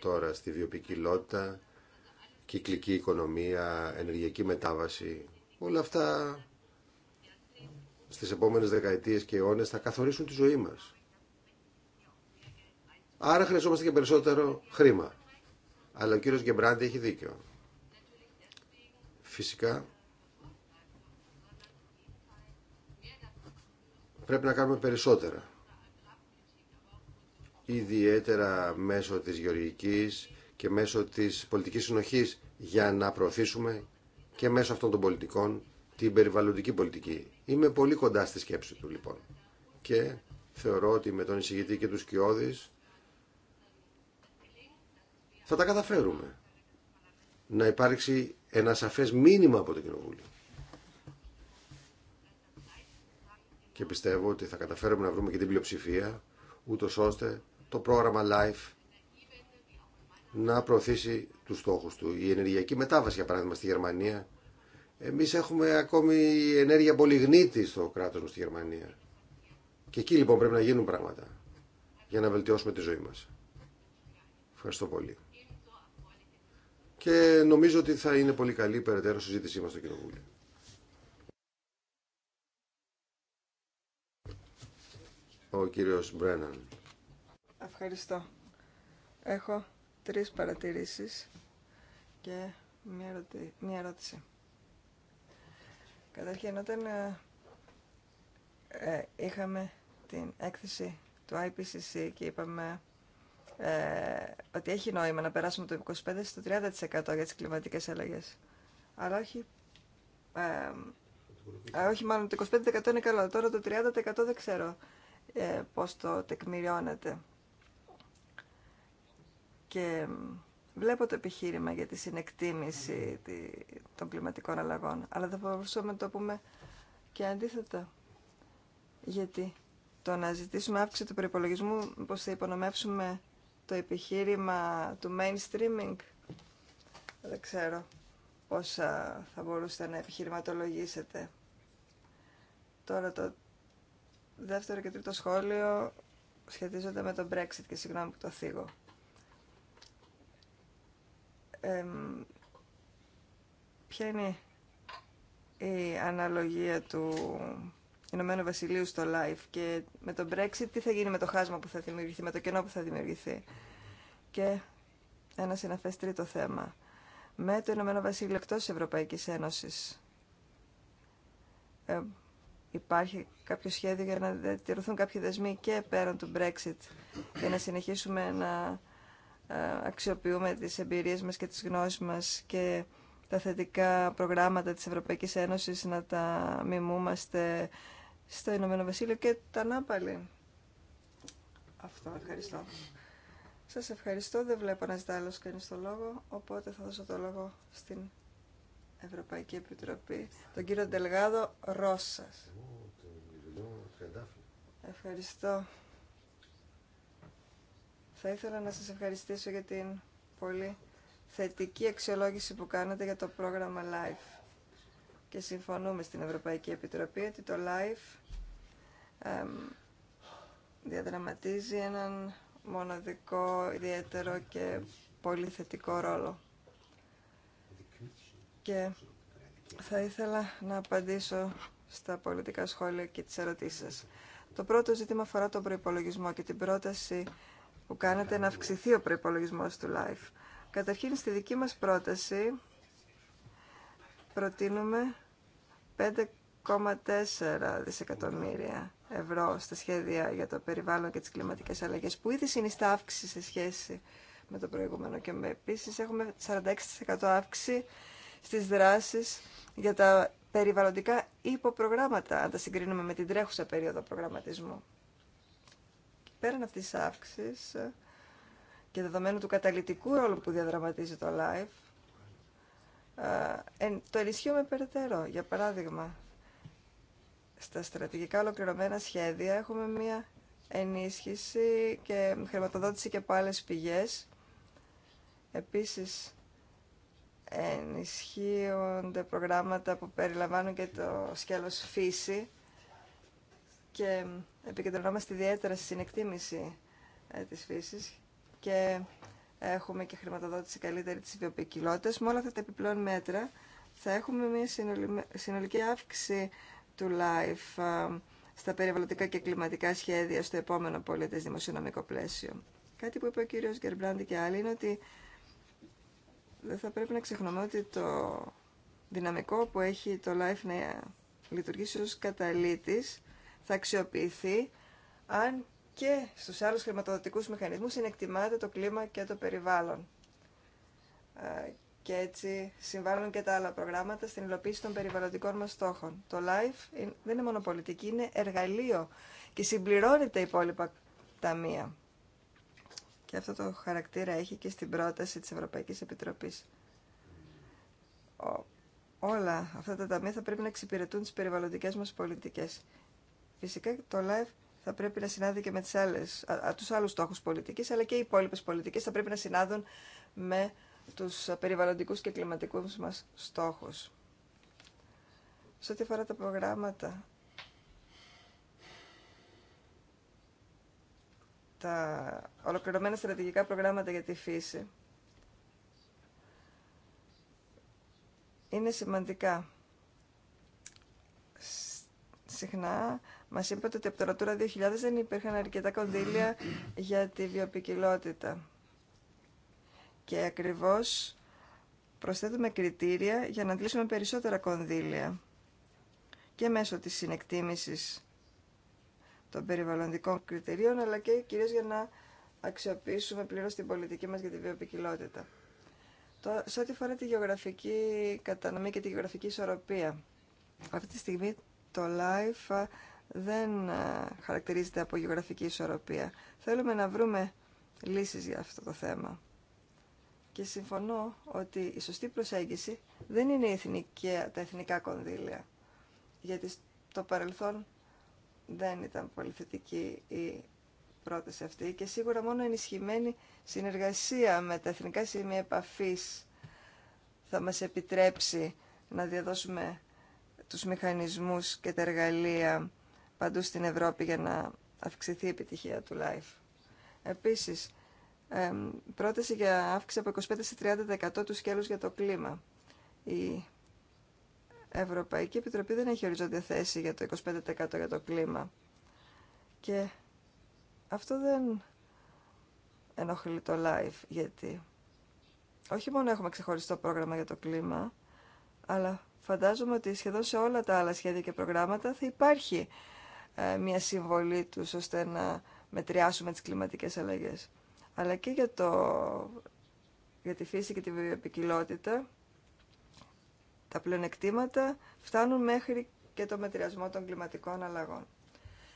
τώρα στη βιοπικιλότητα, κυκλική οικονομία, ενεργειακή μετάβαση. Όλα αυτά στις επόμενες δεκαετίες και αιώνες θα καθορίσουν τη ζωή μας. Άρα χρειαζόμαστε και περισσότερο χρήμα. Αλλά ο κύριος Γκεμπράντη έχει δίκιο. Φυσικά πρέπει να κάνουμε περισσότερα. Ιδιαίτερα μέσω της γεωργικής και μέσω της πολιτικής συνοχής για να προωθήσουμε και μέσω αυτών των πολιτικών την περιβαλλοντική πολιτική. Είμαι πολύ κοντά στη σκέψη του λοιπόν και θεωρώ ότι με τον εισηγητή και τους κοιόδης θα τα καταφέρουμε. Να υπάρξει ένα σαφές μήνυμα από το Κοινοβούλιο. Και πιστεύω ότι θα καταφέρουμε να βρούμε και την πλειοψηφία, ούτω ώστε το πρόγραμμα LIFE να προωθήσει τους στόχους του. Η ενεργειακή μετάβαση, για παράδειγμα, στη Γερμανία. Εμείς έχουμε ακόμη ενέργεια πολυγνήτη στο κράτος μου στη Γερμανία. Και εκεί λοιπόν πρέπει να γίνουν πράγματα για να βελτιώσουμε τη ζωή μας. Ευχαριστώ πολύ και νομίζω ότι θα είναι πολύ καλή η περαιτέρω συζήτησή μας στο Κοινοβούλιο. Ο κύριος Μπρέναν. Ευχαριστώ. Έχω τρεις παρατηρήσεις και μία, ερώτηση. Καταρχήν, όταν ε, ε, είχαμε την έκθεση του IPCC και είπαμε ε, ότι έχει νόημα να περάσουμε το 25% στο 30% για τις κλιματικές αλλαγές. Αλλά όχι... όχι, μάλλον το 25% είναι καλό. Τώρα το 30% δεν ξέρω ε, πώς το τεκμηριώνεται. Και βλέπω το επιχείρημα για τη συνεκτίμηση των κλιματικών αλλαγών. Αλλά θα μπορούσαμε να το πούμε και αντίθετα. Γιατί το να ζητήσουμε αύξηση του προπολογισμού, πως θα υπονομεύσουμε το επιχείρημα του mainstreaming. Δεν ξέρω πώς θα μπορούσατε να επιχειρηματολογήσετε. Τώρα το δεύτερο και τρίτο σχόλιο σχετίζονται με το Brexit και συγγνώμη που το θίγω. Ε, ποια είναι η αναλογία του Ηνωμένου Βασιλείου στο live και με το Brexit τι θα γίνει με το χάσμα που θα δημιουργηθεί, με το κενό που θα δημιουργηθεί. Και ένα συναφές τρίτο θέμα. Με το Ηνωμένο Βασίλειο εκτός Ευρωπαϊκής Ένωσης ε, υπάρχει κάποιο σχέδιο για να διατηρηθούν κάποιοι δεσμοί και πέραν του Brexit για να συνεχίσουμε να ε, αξιοποιούμε τις εμπειρίες μας και τις γνώσεις μας και τα θετικά προγράμματα της Ευρωπαϊκής Ένωσης να τα μιμούμαστε στο Ηνωμένο Βασίλειο και τα Νάπαλη. Αυτό, ευχαριστώ. Σας ευχαριστώ, δεν βλέπω να ζητά άλλος κανείς το λόγο, οπότε θα δώσω το λόγο στην Ευρωπαϊκή Επιτροπή, τον κύριο Ντελγάδο Ρώσας. Ευχαριστώ. Θα ήθελα να σας ευχαριστήσω για την πολύ θετική αξιολόγηση που κάνετε για το πρόγραμμα LIFE και συμφωνούμε στην Ευρωπαϊκή Επιτροπή ότι το LIFE διαδραματίζει έναν μοναδικό, ιδιαίτερο και πολύ θετικό ρόλο. Και θα ήθελα να απαντήσω στα πολιτικά σχόλια και τις ερωτήσεις σας. Το πρώτο ζήτημα αφορά τον προϋπολογισμό και την πρόταση που κάνετε να αυξηθεί ο προϋπολογισμός του LIFE. Καταρχήν στη δική μας πρόταση προτείνουμε 5,4 δισεκατομμύρια ευρώ στα σχέδια για το περιβάλλον και τις κλιματικές αλλαγές που ήδη συνιστά αύξηση σε σχέση με το προηγούμενο και με επίσης έχουμε 46% αύξηση στις δράσεις για τα περιβαλλοντικά υποπρογράμματα αν τα συγκρίνουμε με την τρέχουσα περίοδο προγραμματισμού. Και πέραν αυτής της αύξησης και δεδομένου του καταλητικού ρόλου που διαδραματίζει το LIFE το ενισχύουμε περαιτέρω. Για παράδειγμα, στα στρατηγικά ολοκληρωμένα σχέδια έχουμε μία ενίσχυση και χρηματοδότηση και από άλλες πηγές. Επίσης, ενισχύονται προγράμματα που περιλαμβάνουν και το σκέλος φύση και επικεντρωνόμαστε ιδιαίτερα στη συνεκτίμηση ε, της φύσης και έχουμε και χρηματοδότηση καλύτερη της βιοποικιλότητας. Με όλα αυτά τα επιπλέον μέτρα θα έχουμε μια συνολική αύξηση του LIFE στα περιβαλλοντικά και κλιματικά σχέδια στο επόμενο πολίτες δημοσιονομικό πλαίσιο. Κάτι που είπε ο κύριος Γκερμπράντη και άλλοι είναι ότι δεν θα πρέπει να ξεχνούμε ότι το δυναμικό που έχει το LIFE να λειτουργήσει ως καταλήτης θα αξιοποιηθεί αν και στους άλλους χρηματοδοτικούς μηχανισμούς συνεκτιμάται το κλίμα και το περιβάλλον. Ε, και έτσι συμβάλλουν και τα άλλα προγράμματα στην υλοποίηση των περιβαλλοντικών μας στόχων. Το LIFE δεν είναι μόνο πολιτική, είναι εργαλείο και συμπληρώνει τα υπόλοιπα ταμεία. Και αυτό το χαρακτήρα έχει και στην πρόταση της Ευρωπαϊκής Επιτροπής. Όλα αυτά τα ταμεία θα πρέπει να εξυπηρετούν τις περιβαλλοντικές μας πολιτικές. Φυσικά το LIFE θα πρέπει να συνάδει και με τις άλλες, α, τους άλλους στόχους πολιτικής, αλλά και οι υπόλοιπε πολιτικές θα πρέπει να συνάδουν με τους περιβαλλοντικούς και κλιματικούς μας στόχους. Σε ό,τι αφορά τα προγράμματα, τα ολοκληρωμένα στρατηγικά προγράμματα για τη φύση, είναι σημαντικά. Συχνά μα είπατε ότι από το Ρατούρα 2000 δεν υπήρχαν αρκετά κονδύλια για τη βιοπικιλότητα. Και ακριβώ προσθέτουμε κριτήρια για να αντλήσουμε περισσότερα κονδύλια και μέσω της συνεκτίμησης των περιβαλλοντικών κριτηρίων, αλλά και κυρίως για να αξιοποιήσουμε πλήρως την πολιτική μας για τη βιοπικιλότητα. σε ό,τι αφορά τη γεωγραφική κατανομή και τη γεωγραφική ισορροπία, αυτή τη στιγμή το LIFE δεν ε, χαρακτηρίζεται από γεωγραφική ισορροπία. Θέλουμε να βρούμε λύσεις για αυτό το θέμα. Και συμφωνώ ότι η σωστή προσέγγιση δεν είναι η εθνική, τα εθνικά κονδύλια. Γιατί στο παρελθόν δεν ήταν πολύ θετική η πρόταση αυτή και σίγουρα μόνο ενισχυμένη συνεργασία με τα εθνικά σημεία επαφής θα μας επιτρέψει να διαδώσουμε τους μηχανισμούς και τα εργαλεία παντού στην Ευρώπη για να αυξηθεί η επιτυχία του LIFE. Επίσης, πρόταση για αύξηση από 25% σε 30% του σκέλους για το κλίμα. Η Ευρωπαϊκή Επιτροπή δεν έχει οριζόντια θέση για το 25% για το κλίμα. Και αυτό δεν ενοχλεί το LIFE, γιατί όχι μόνο έχουμε ξεχωριστό πρόγραμμα για το κλίμα, αλλά φαντάζομαι ότι σχεδόν σε όλα τα άλλα σχέδια και προγράμματα θα υπάρχει ε, μια συμβολή του ώστε να μετριάσουμε τις κλιματικές αλλαγές. Αλλά και για, το, για τη φύση και τη βιοποικιλότητα τα πλεονεκτήματα φτάνουν μέχρι και το μετριασμό των κλιματικών αλλαγών.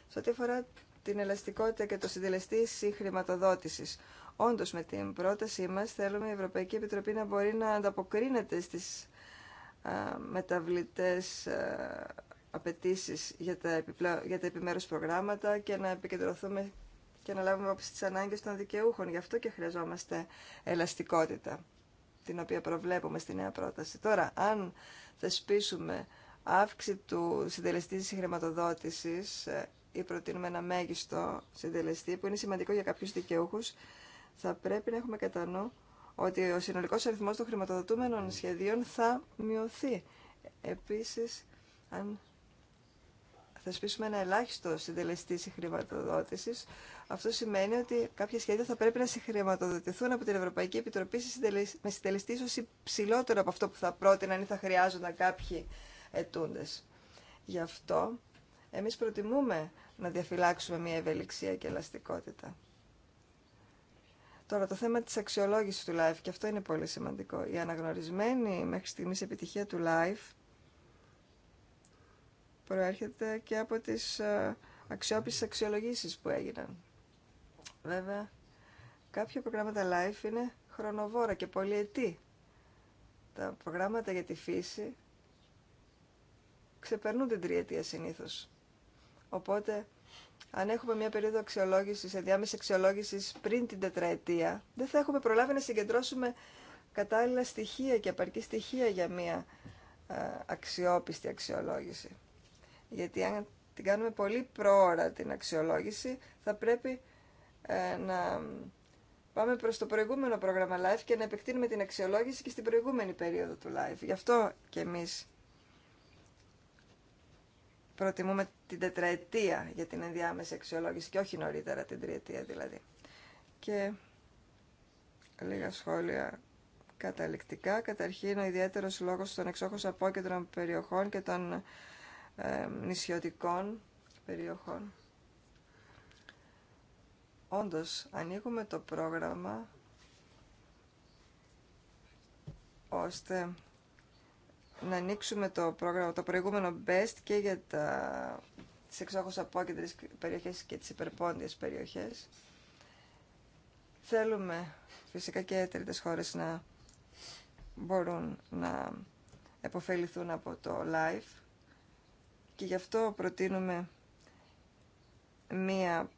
Σε ό,τι αφορά την ελαστικότητα και το συντελεστή συγχρηματοδότησης, όντως με την πρότασή μας θέλουμε η Ευρωπαϊκή Επιτροπή να μπορεί να ανταποκρίνεται στις ε, μεταβλητές ε, απαιτήσει για, τα τα επιμέρους προγράμματα και να επικεντρωθούμε και να λάβουμε όψη τι ανάγκε των δικαιούχων. Γι' αυτό και χρειαζόμαστε ελαστικότητα, την οποία προβλέπουμε στη νέα πρόταση. Τώρα, αν θεσπίσουμε αύξηση του συντελεστή τη χρηματοδότηση, ε, ή προτείνουμε ένα μέγιστο συντελεστή που είναι σημαντικό για κάποιου δικαιούχου, θα πρέπει να έχουμε κατά νου ότι ο συνολικός αριθμός των χρηματοδοτούμενων σχεδίων θα μειωθεί. Επίσης, αν θα σπίσουμε ένα ελάχιστο συντελεστή συγχρηματοδότηση, αυτό σημαίνει ότι κάποια σχέδια θα πρέπει να συγχρηματοδοτηθούν από την Ευρωπαϊκή Επιτροπή με συντελεστή ίσω υψηλότερο από αυτό που θα πρότειναν ή θα χρειάζονταν κάποιοι ετούντε. Γι' αυτό εμεί προτιμούμε να διαφυλάξουμε μια ευελιξία και ελαστικότητα. Τώρα το θέμα της αξιολόγησης του LIFE και αυτό είναι πολύ σημαντικό. Η αναγνωρισμένη μέχρι στιγμής επιτυχία του LIFE προέρχεται και από τις ε, αξιόπιστες αξιολογήσεις που έγιναν. Βέβαια, κάποια προγράμματα live είναι χρονοβόρα και πολυετή. Τα προγράμματα για τη φύση ξεπερνούν την τριετία συνήθως. Οπότε, αν έχουμε μια περίοδο αξιολόγησης, ενδιάμεση αξιολόγησης πριν την τετραετία, δεν θα έχουμε προλάβει να συγκεντρώσουμε κατάλληλα στοιχεία και απαρκή στοιχεία για μια ε, αξιόπιστη αξιολόγηση. Γιατί αν την κάνουμε πολύ πρόωρα την αξιολόγηση, θα πρέπει ε, να πάμε προς το προηγούμενο πρόγραμμα live και να επεκτείνουμε την αξιολόγηση και στην προηγούμενη περίοδο του live. Γι' αυτό και εμείς προτιμούμε την τετραετία για την ενδιάμεση αξιολόγηση και όχι νωρίτερα την τριετία δηλαδή. Και λίγα σχόλια καταληκτικά. Καταρχήν ο ιδιαίτερος λόγος των εξόχως απόκεντρων περιοχών και των ε, νησιωτικών περιοχών. Όντως, ανοίγουμε το πρόγραμμα ώστε να ανοίξουμε το πρόγραμμα, το προηγούμενο BEST και για τα, τις εξόχως απόκεντρες περιοχές και τις υπερπόντιες περιοχές. Θέλουμε φυσικά και τρίτες χώρες να μπορούν να επωφεληθούν από το LIFE και γι' αυτό προτείνουμε μία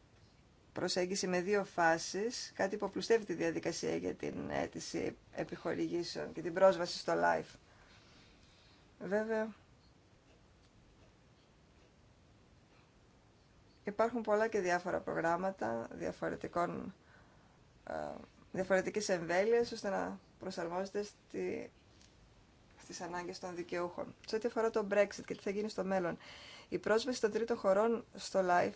προσέγγιση με δύο φάσεις, κάτι που απλουστεύει τη διαδικασία για την αίτηση επιχορηγήσεων και την πρόσβαση στο live. Βέβαια, υπάρχουν πολλά και διάφορα προγράμματα διαφορετικών, ε, διαφορετικής εμβέλειας, ώστε να προσαρμόζεται στη στις ανάγκες των δικαιούχων. Σε ό,τι αφορά το Brexit και τι θα γίνει στο μέλλον, η πρόσβαση των τρίτων χωρών στο live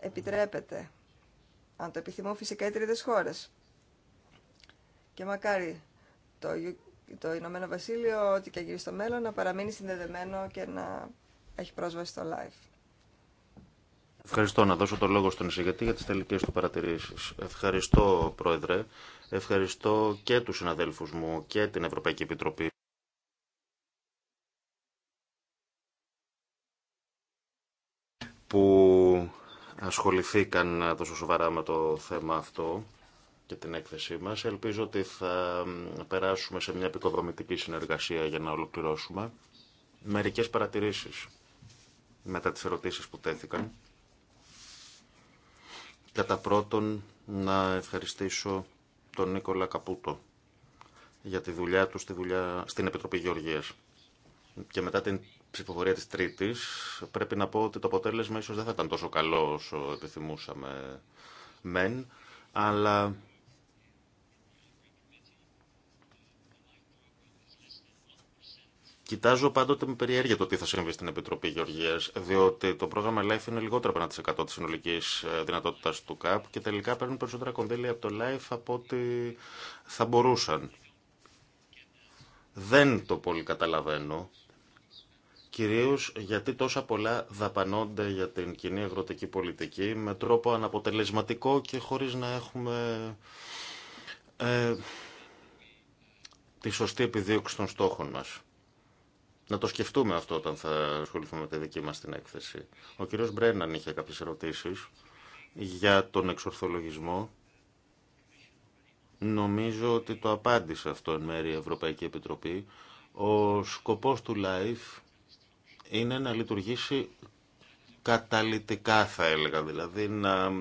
επιτρέπεται, αν το επιθυμούν φυσικά οι τρίτες χώρε. Και μακάρι το, το Ηνωμένο Βασίλειο, ό,τι και γίνει στο μέλλον, να παραμείνει συνδεδεμένο και να έχει πρόσβαση στο live. Ευχαριστώ να δώσω το λόγο στον εισηγητή για τις τελικές του παρατηρήσεις. Ευχαριστώ, Πρόεδρε. Ευχαριστώ και τους συναδέλφους μου και την Ευρωπαϊκή Επιτροπή. που ασχοληθήκαν τόσο σοβαρά με το θέμα αυτό και την έκθεσή μας. Ελπίζω ότι θα περάσουμε σε μια επικοδομητική συνεργασία για να ολοκληρώσουμε. Μερικές παρατηρήσεις μετά τις ερωτήσεις που τέθηκαν. Κατά πρώτον, να ευχαριστήσω τον Νίκολα Καπούτο για τη δουλειά του στη δουλειά, στην Επιτροπή Γεωργίας. Και μετά την ψηφοφορία της Τρίτης πρέπει να πω ότι το αποτέλεσμα ίσως δεν θα ήταν τόσο καλό όσο επιθυμούσαμε μεν, αλλά Κοιτάζω πάντοτε με περιέργεια το τι θα συμβεί στην Επιτροπή Γεωργία, διότι το πρόγραμμα LIFE είναι λιγότερο από 1% τη συνολική ε, δυνατότητα του ΚΑΠ και τελικά παίρνουν περισσότερα κονδύλια από το LIFE από ό,τι θα μπορούσαν. Δεν το πολύ καταλαβαίνω, κυρίω γιατί τόσα πολλά δαπανώνται για την κοινή αγροτική πολιτική με τρόπο αναποτελεσματικό και χωρί να έχουμε. Ε, τη σωστή επιδίωξη των στόχων μας να το σκεφτούμε αυτό όταν θα ασχοληθούμε με τη δική μας την έκθεση. Ο κύριος Μπρέναν είχε κάποιες ερωτήσεις για τον εξορθολογισμό. Νομίζω ότι το απάντησε αυτό εν μέρει η Ευρωπαϊκή Επιτροπή. Ο σκοπός του LIFE είναι να λειτουργήσει καταλυτικά θα έλεγα, δηλαδή να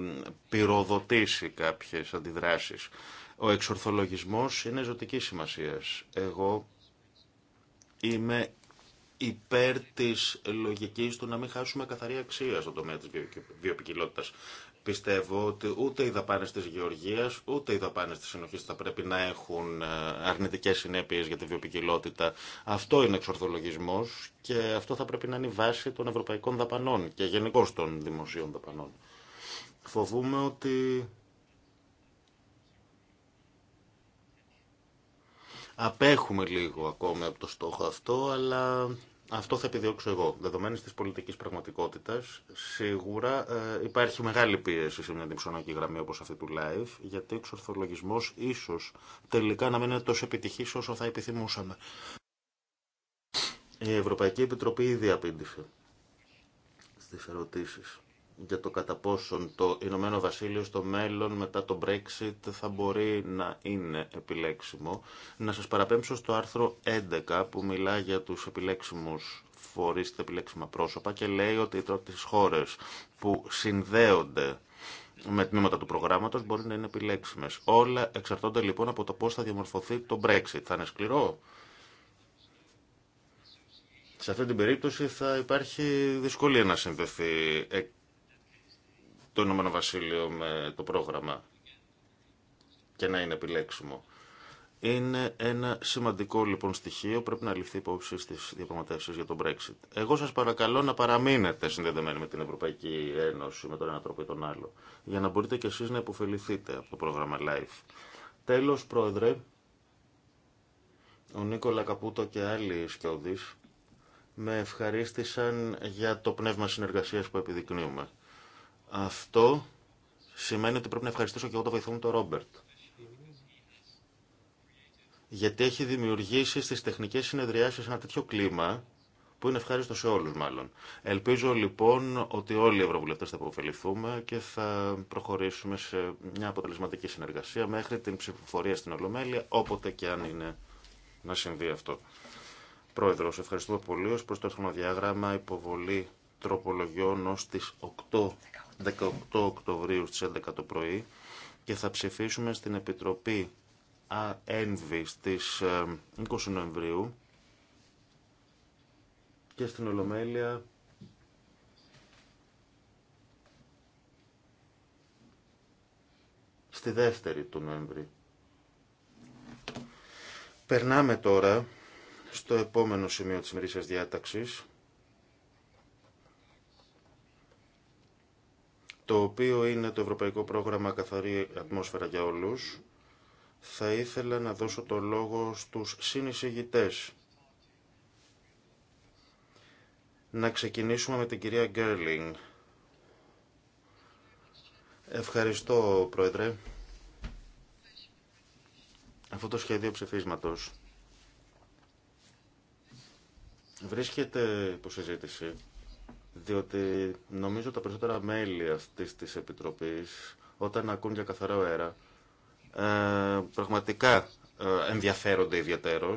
πυροδοτήσει κάποιες αντιδράσεις. Ο εξορθολογισμός είναι ζωτική σημασίας. Εγώ είμαι υπέρ τη λογική του να μην χάσουμε καθαρή αξία στον τομέα τη βιοπικιλότητας. Πιστεύω ότι ούτε οι δαπάνε τη γεωργία, ούτε οι δαπάνε τη συνοχή θα πρέπει να έχουν ε, αρνητικέ συνέπειε για τη βιοπικιλότητα. Αυτό είναι εξορθολογισμό και αυτό θα πρέπει να είναι η βάση των ευρωπαϊκών δαπανών και γενικώ των δημοσίων δαπανών. Φοβούμε ότι Απέχουμε λίγο ακόμη από το στόχο αυτό, αλλά αυτό θα επιδιώξω εγώ. Δεδομένης της πολιτικής πραγματικότητας, σίγουρα ε, υπάρχει μεγάλη πίεση σε μια διψωνακή γραμμή όπως αυτή του live, γιατί ο εξορθολογισμός ίσως τελικά να μην είναι τόσο επιτυχής όσο θα επιθυμούσαμε. Η Ευρωπαϊκή Επιτροπή ήδη απήντησε στις ερωτήσεις για το κατά πόσον το Ηνωμένο Βασίλειο στο μέλλον μετά το Brexit θα μπορεί να είναι επιλέξιμο. Να σας παραπέμψω στο άρθρο 11 που μιλά για τους επιλέξιμους φορείς, τα επιλέξιμα πρόσωπα και λέει ότι τις χώρες που συνδέονται με τμήματα του προγράμματος μπορεί να είναι επιλέξιμες. Όλα εξαρτώνται λοιπόν από το πώς θα διαμορφωθεί το Brexit. Θα είναι σκληρό. Σε αυτή την περίπτωση θα υπάρχει δυσκολία να συνδεθεί το Ηνωμένο Βασίλειο με το πρόγραμμα και να είναι επιλέξιμο. Είναι ένα σημαντικό λοιπόν στοιχείο, πρέπει να ληφθεί υπόψη στι διαπραγματεύσει για τον Brexit. Εγώ σα παρακαλώ να παραμείνετε συνδεδεμένοι με την Ευρωπαϊκή Ένωση με τον ένα τρόπο ή τον άλλο, για να μπορείτε κι εσεί να υποφεληθείτε από το πρόγραμμα LIFE. Τέλο, Πρόεδρε, ο Νίκολα Καπούτο και άλλοι σκιώδει με ευχαρίστησαν για το πνεύμα συνεργασία που επιδεικνύουμε. Αυτό σημαίνει ότι πρέπει να ευχαριστήσω και εγώ το βοηθό μου τον Ρόμπερτ. Γιατί έχει δημιουργήσει στις τεχνικές συνεδριάσεις ένα τέτοιο κλίμα που είναι ευχάριστο σε όλους μάλλον. Ελπίζω λοιπόν ότι όλοι οι ευρωβουλευτές θα αποφεληθούμε και θα προχωρήσουμε σε μια αποτελεσματική συνεργασία μέχρι την ψηφοφορία στην Ολομέλεια, όποτε και αν είναι να συμβεί αυτό. Πρόεδρο, ευχαριστούμε πολύ. Ω προ το χρονοδιάγραμμα, υποβολή τροπολογιών ω τι 8 18 Οκτωβρίου στις 11 το πρωί και θα ψηφίσουμε στην Επιτροπή ΑΕΝΒΗ στις 20 ε, Νοεμβρίου και στην Ολομέλεια στη δεύτερη του Νοεμβρίου. Περνάμε τώρα στο επόμενο σημείο της ημερήσιας διάταξης το οποίο είναι το Ευρωπαϊκό Πρόγραμμα Καθαρή Ατμόσφαιρα για Όλους, θα ήθελα να δώσω το λόγο στους συνεισηγητές. Να ξεκινήσουμε με την κυρία Γκέρλινγκ. Ευχαριστώ, Πρόεδρε. Αυτό το σχέδιο ψηφίσματος βρίσκεται υπό διότι νομίζω τα περισσότερα μέλη αυτή τη επιτροπή, όταν ακούν για καθαρό αέρα, ε, πραγματικά ε, ενδιαφέρονται ιδιαίτερω,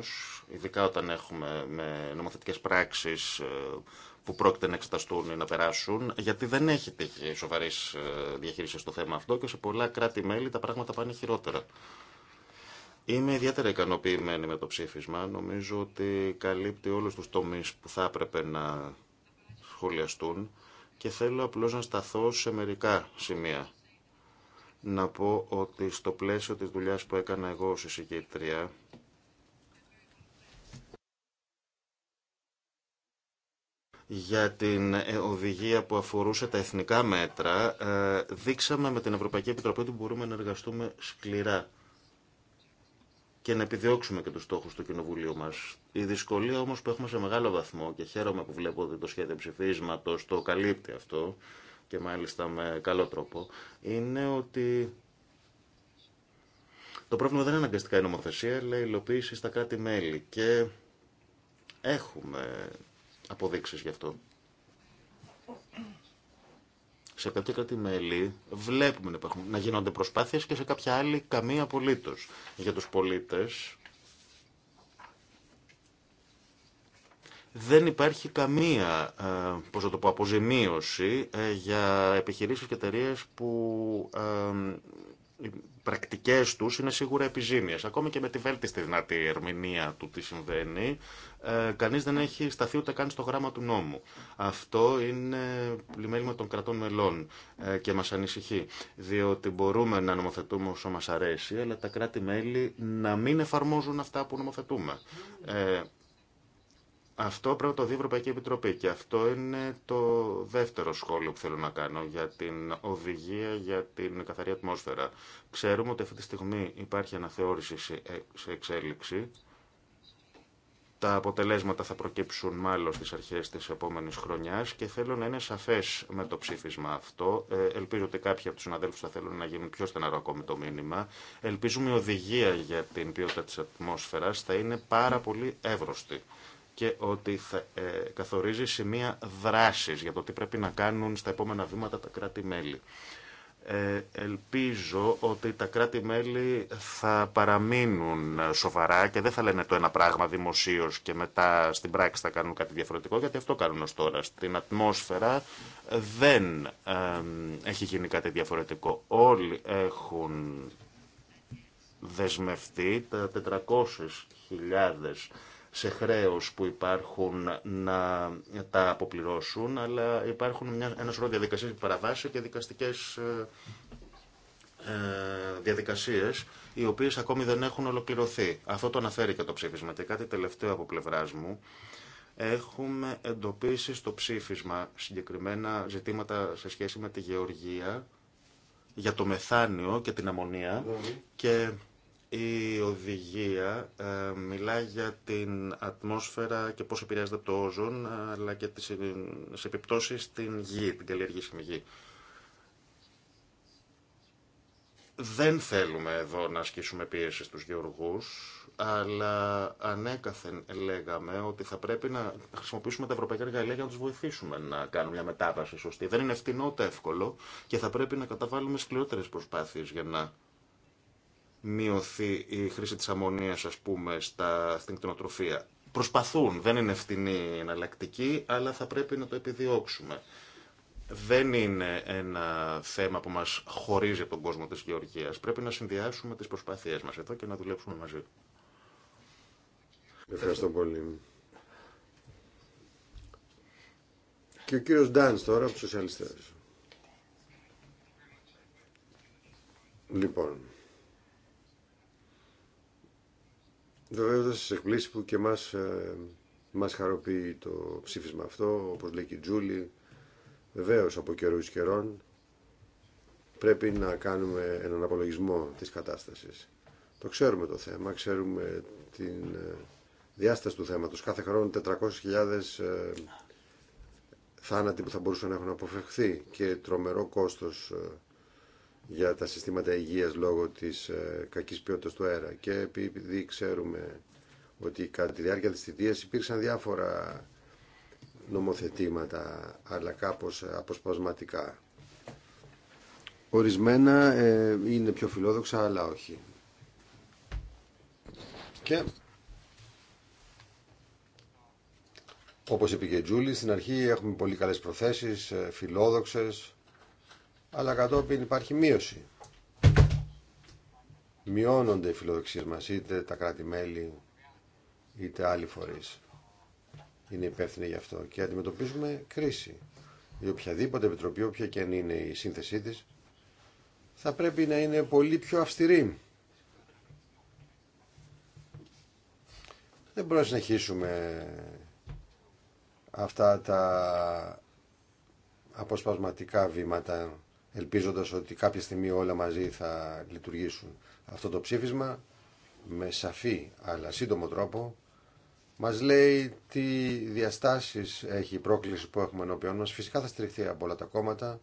ειδικά όταν έχουμε με νομοθετικές πράξεις ε, που πρόκειται να εξεταστούν ή να περάσουν, γιατί δεν έχει τύχει σοβαρή διαχείριση στο θέμα αυτό και σε πολλά κράτη-μέλη τα πράγματα πάνε χειρότερα. Είμαι ιδιαίτερα ικανοποιημένη με το ψήφισμα. Νομίζω ότι καλύπτει όλους τους τομείς που θα έπρεπε να σχολιαστούν και θέλω απλώς να σταθώ σε μερικά σημεία. Να πω ότι στο πλαίσιο της δουλειάς που έκανα εγώ ως εισηγήτρια, για την ε, οδηγία που αφορούσε τα εθνικά μέτρα, ε, δείξαμε με την Ευρωπαϊκή Επιτροπή ότι μπορούμε να εργαστούμε σκληρά και να επιδιώξουμε και τους στόχους του Κοινοβουλίου μας. Η δυσκολία όμως που έχουμε σε μεγάλο βαθμό και χαίρομαι που βλέπω ότι το σχέδιο ψηφίσματος το καλύπτει αυτό και μάλιστα με καλό τρόπο, είναι ότι το πρόβλημα δεν είναι αναγκαστικά η νομοθεσία, αλλά η υλοποίηση στα κράτη-μέλη και έχουμε αποδείξεις γι' αυτό. Σε κάποια κράτη-μέλη βλέπουμε να γίνονται προσπάθειες και σε κάποια άλλη καμία απολύτως. Για τους πολίτες δεν υπάρχει καμία ε, πώς το αποζημίωση ε, για επιχειρήσεις και εταιρείε που ε, πρακτικέ του είναι σίγουρα επιζήμιε. Ακόμη και με τη βέλτιστη δυνατή ερμηνεία του τι συμβαίνει, ε, κανεί δεν έχει σταθεί ούτε καν στο γράμμα του νόμου. Αυτό είναι πλημέλημα των κρατών μελών ε, και μα ανησυχεί. Διότι μπορούμε να νομοθετούμε όσο μα αρέσει, αλλά τα κράτη-μέλη να μην εφαρμόζουν αυτά που νομοθετούμε. Ε, αυτό πρέπει να το δει η Ευρωπαϊκή Επιτροπή και αυτό είναι το δεύτερο σχόλιο που θέλω να κάνω για την οδηγία για την καθαρή ατμόσφαιρα. Ξέρουμε ότι αυτή τη στιγμή υπάρχει αναθεώρηση σε εξέλιξη. Τα αποτελέσματα θα προκύψουν μάλλον στις αρχές της επόμενης χρονιάς και θέλω να είναι σαφές με το ψήφισμα αυτό. Ε, ελπίζω ότι κάποιοι από τους συναδέλφους θα θέλουν να γίνουν πιο στεναρό ακόμη το μήνυμα. Ελπίζουμε η οδηγία για την ποιότητα της ατμόσφαιρας θα είναι πάρα πολύ εύρωστη και ότι θα ε, καθορίζει σημεία δράσης για το τι πρέπει να κάνουν στα επόμενα βήματα τα κράτη-μέλη. Ε, ελπίζω ότι τα κράτη-μέλη θα παραμείνουν σοβαρά και δεν θα λένε το ένα πράγμα δημοσίω και μετά στην πράξη θα κάνουν κάτι διαφορετικό, γιατί αυτό κάνουν ω τώρα. Στην ατμόσφαιρα δεν έχει γίνει κάτι διαφορετικό. Όλοι έχουν δεσμευτεί τα 400.000 σε χρέος που υπάρχουν να τα αποπληρώσουν, αλλά υπάρχουν μια, ένα σωρό διαδικασίες παραβάσει και δικαστικές ε, ε, διαδικασίες οι οποίες ακόμη δεν έχουν ολοκληρωθεί. Αυτό το αναφέρει και το ψήφισμα. Και κάτι τελευταίο από πλευρά μου. Έχουμε εντοπίσει στο ψήφισμα συγκεκριμένα ζητήματα σε σχέση με τη γεωργία για το μεθάνιο και την αμμονία και η οδηγία ε, μιλά για την ατμόσφαιρα και πώς επηρεάζεται το όζον, αλλά και τις, ε, επιπτώσεις στην γη, την καλλιεργήσιμη γη. Δεν θέλουμε εδώ να ασκήσουμε πίεση στους γεωργούς, αλλά ανέκαθεν λέγαμε ότι θα πρέπει να χρησιμοποιήσουμε τα ευρωπαϊκά εργαλεία για να τους βοηθήσουμε να κάνουν μια μετάβαση σωστή. Δεν είναι φτηνό εύκολο και θα πρέπει να καταβάλουμε σκληρότερες προσπάθειες για να μειωθεί η χρήση της αμμονίας, ας πούμε, στα, στην κτηνοτροφία. Προσπαθούν, δεν είναι ευθυνή εναλλακτική, αλλά θα πρέπει να το επιδιώξουμε. Δεν είναι ένα θέμα που μας χωρίζει από τον κόσμο της γεωργίας. Πρέπει να συνδυάσουμε τις προσπάθειές μας εδώ και να δουλέψουμε μαζί. Ευχαριστώ πολύ. Και ο κύριος Ντάνς τώρα από τους σοσιαλιστές. Λοιπόν, Βέβαια δεν σα εκπλήσει που και εμά ε, μας χαροποιεί το ψήφισμα αυτό, όπως λέει και η Τζούλη. Βεβαίω από καιρού καιρών πρέπει να κάνουμε έναν απολογισμό της κατάστασης. Το ξέρουμε το θέμα, ξέρουμε την ε, διάσταση του θέματος. Κάθε χρόνο 400.000 ε, θάνατοι που θα μπορούσαν να έχουν αποφευχθεί και τρομερό κόστος για τα συστήματα υγείας λόγω της ε, κακής ποιότητας του αέρα. Και επειδή ξέρουμε ότι κατά τη διάρκεια της θητείας υπήρξαν διάφορα νομοθετήματα, αλλά κάπως αποσπασματικά. Ορισμένα ε, είναι πιο φιλόδοξα, αλλά όχι. Και, όπως είπε και η Τζούλη, στην αρχή έχουμε πολύ καλές προθέσεις, ε, φιλόδοξες, αλλά κατόπιν υπάρχει μείωση. Μειώνονται οι φιλοδοξίες μας, είτε τα κράτη-μέλη, είτε άλλοι φορείς. Είναι υπεύθυνοι γι' αυτό και αντιμετωπίζουμε κρίση. Η οποιαδήποτε επιτροπή, όποια και αν είναι η σύνθεσή της, θα πρέπει να είναι πολύ πιο αυστηρή. Δεν μπορούμε να συνεχίσουμε αυτά τα αποσπασματικά βήματα ελπίζοντας ότι κάποια στιγμή όλα μαζί θα λειτουργήσουν. Αυτό το ψήφισμα με σαφή αλλά σύντομο τρόπο μας λέει τι διαστάσεις έχει η πρόκληση που έχουμε ενώπιον μας. Φυσικά θα στηριχθεί από όλα τα κόμματα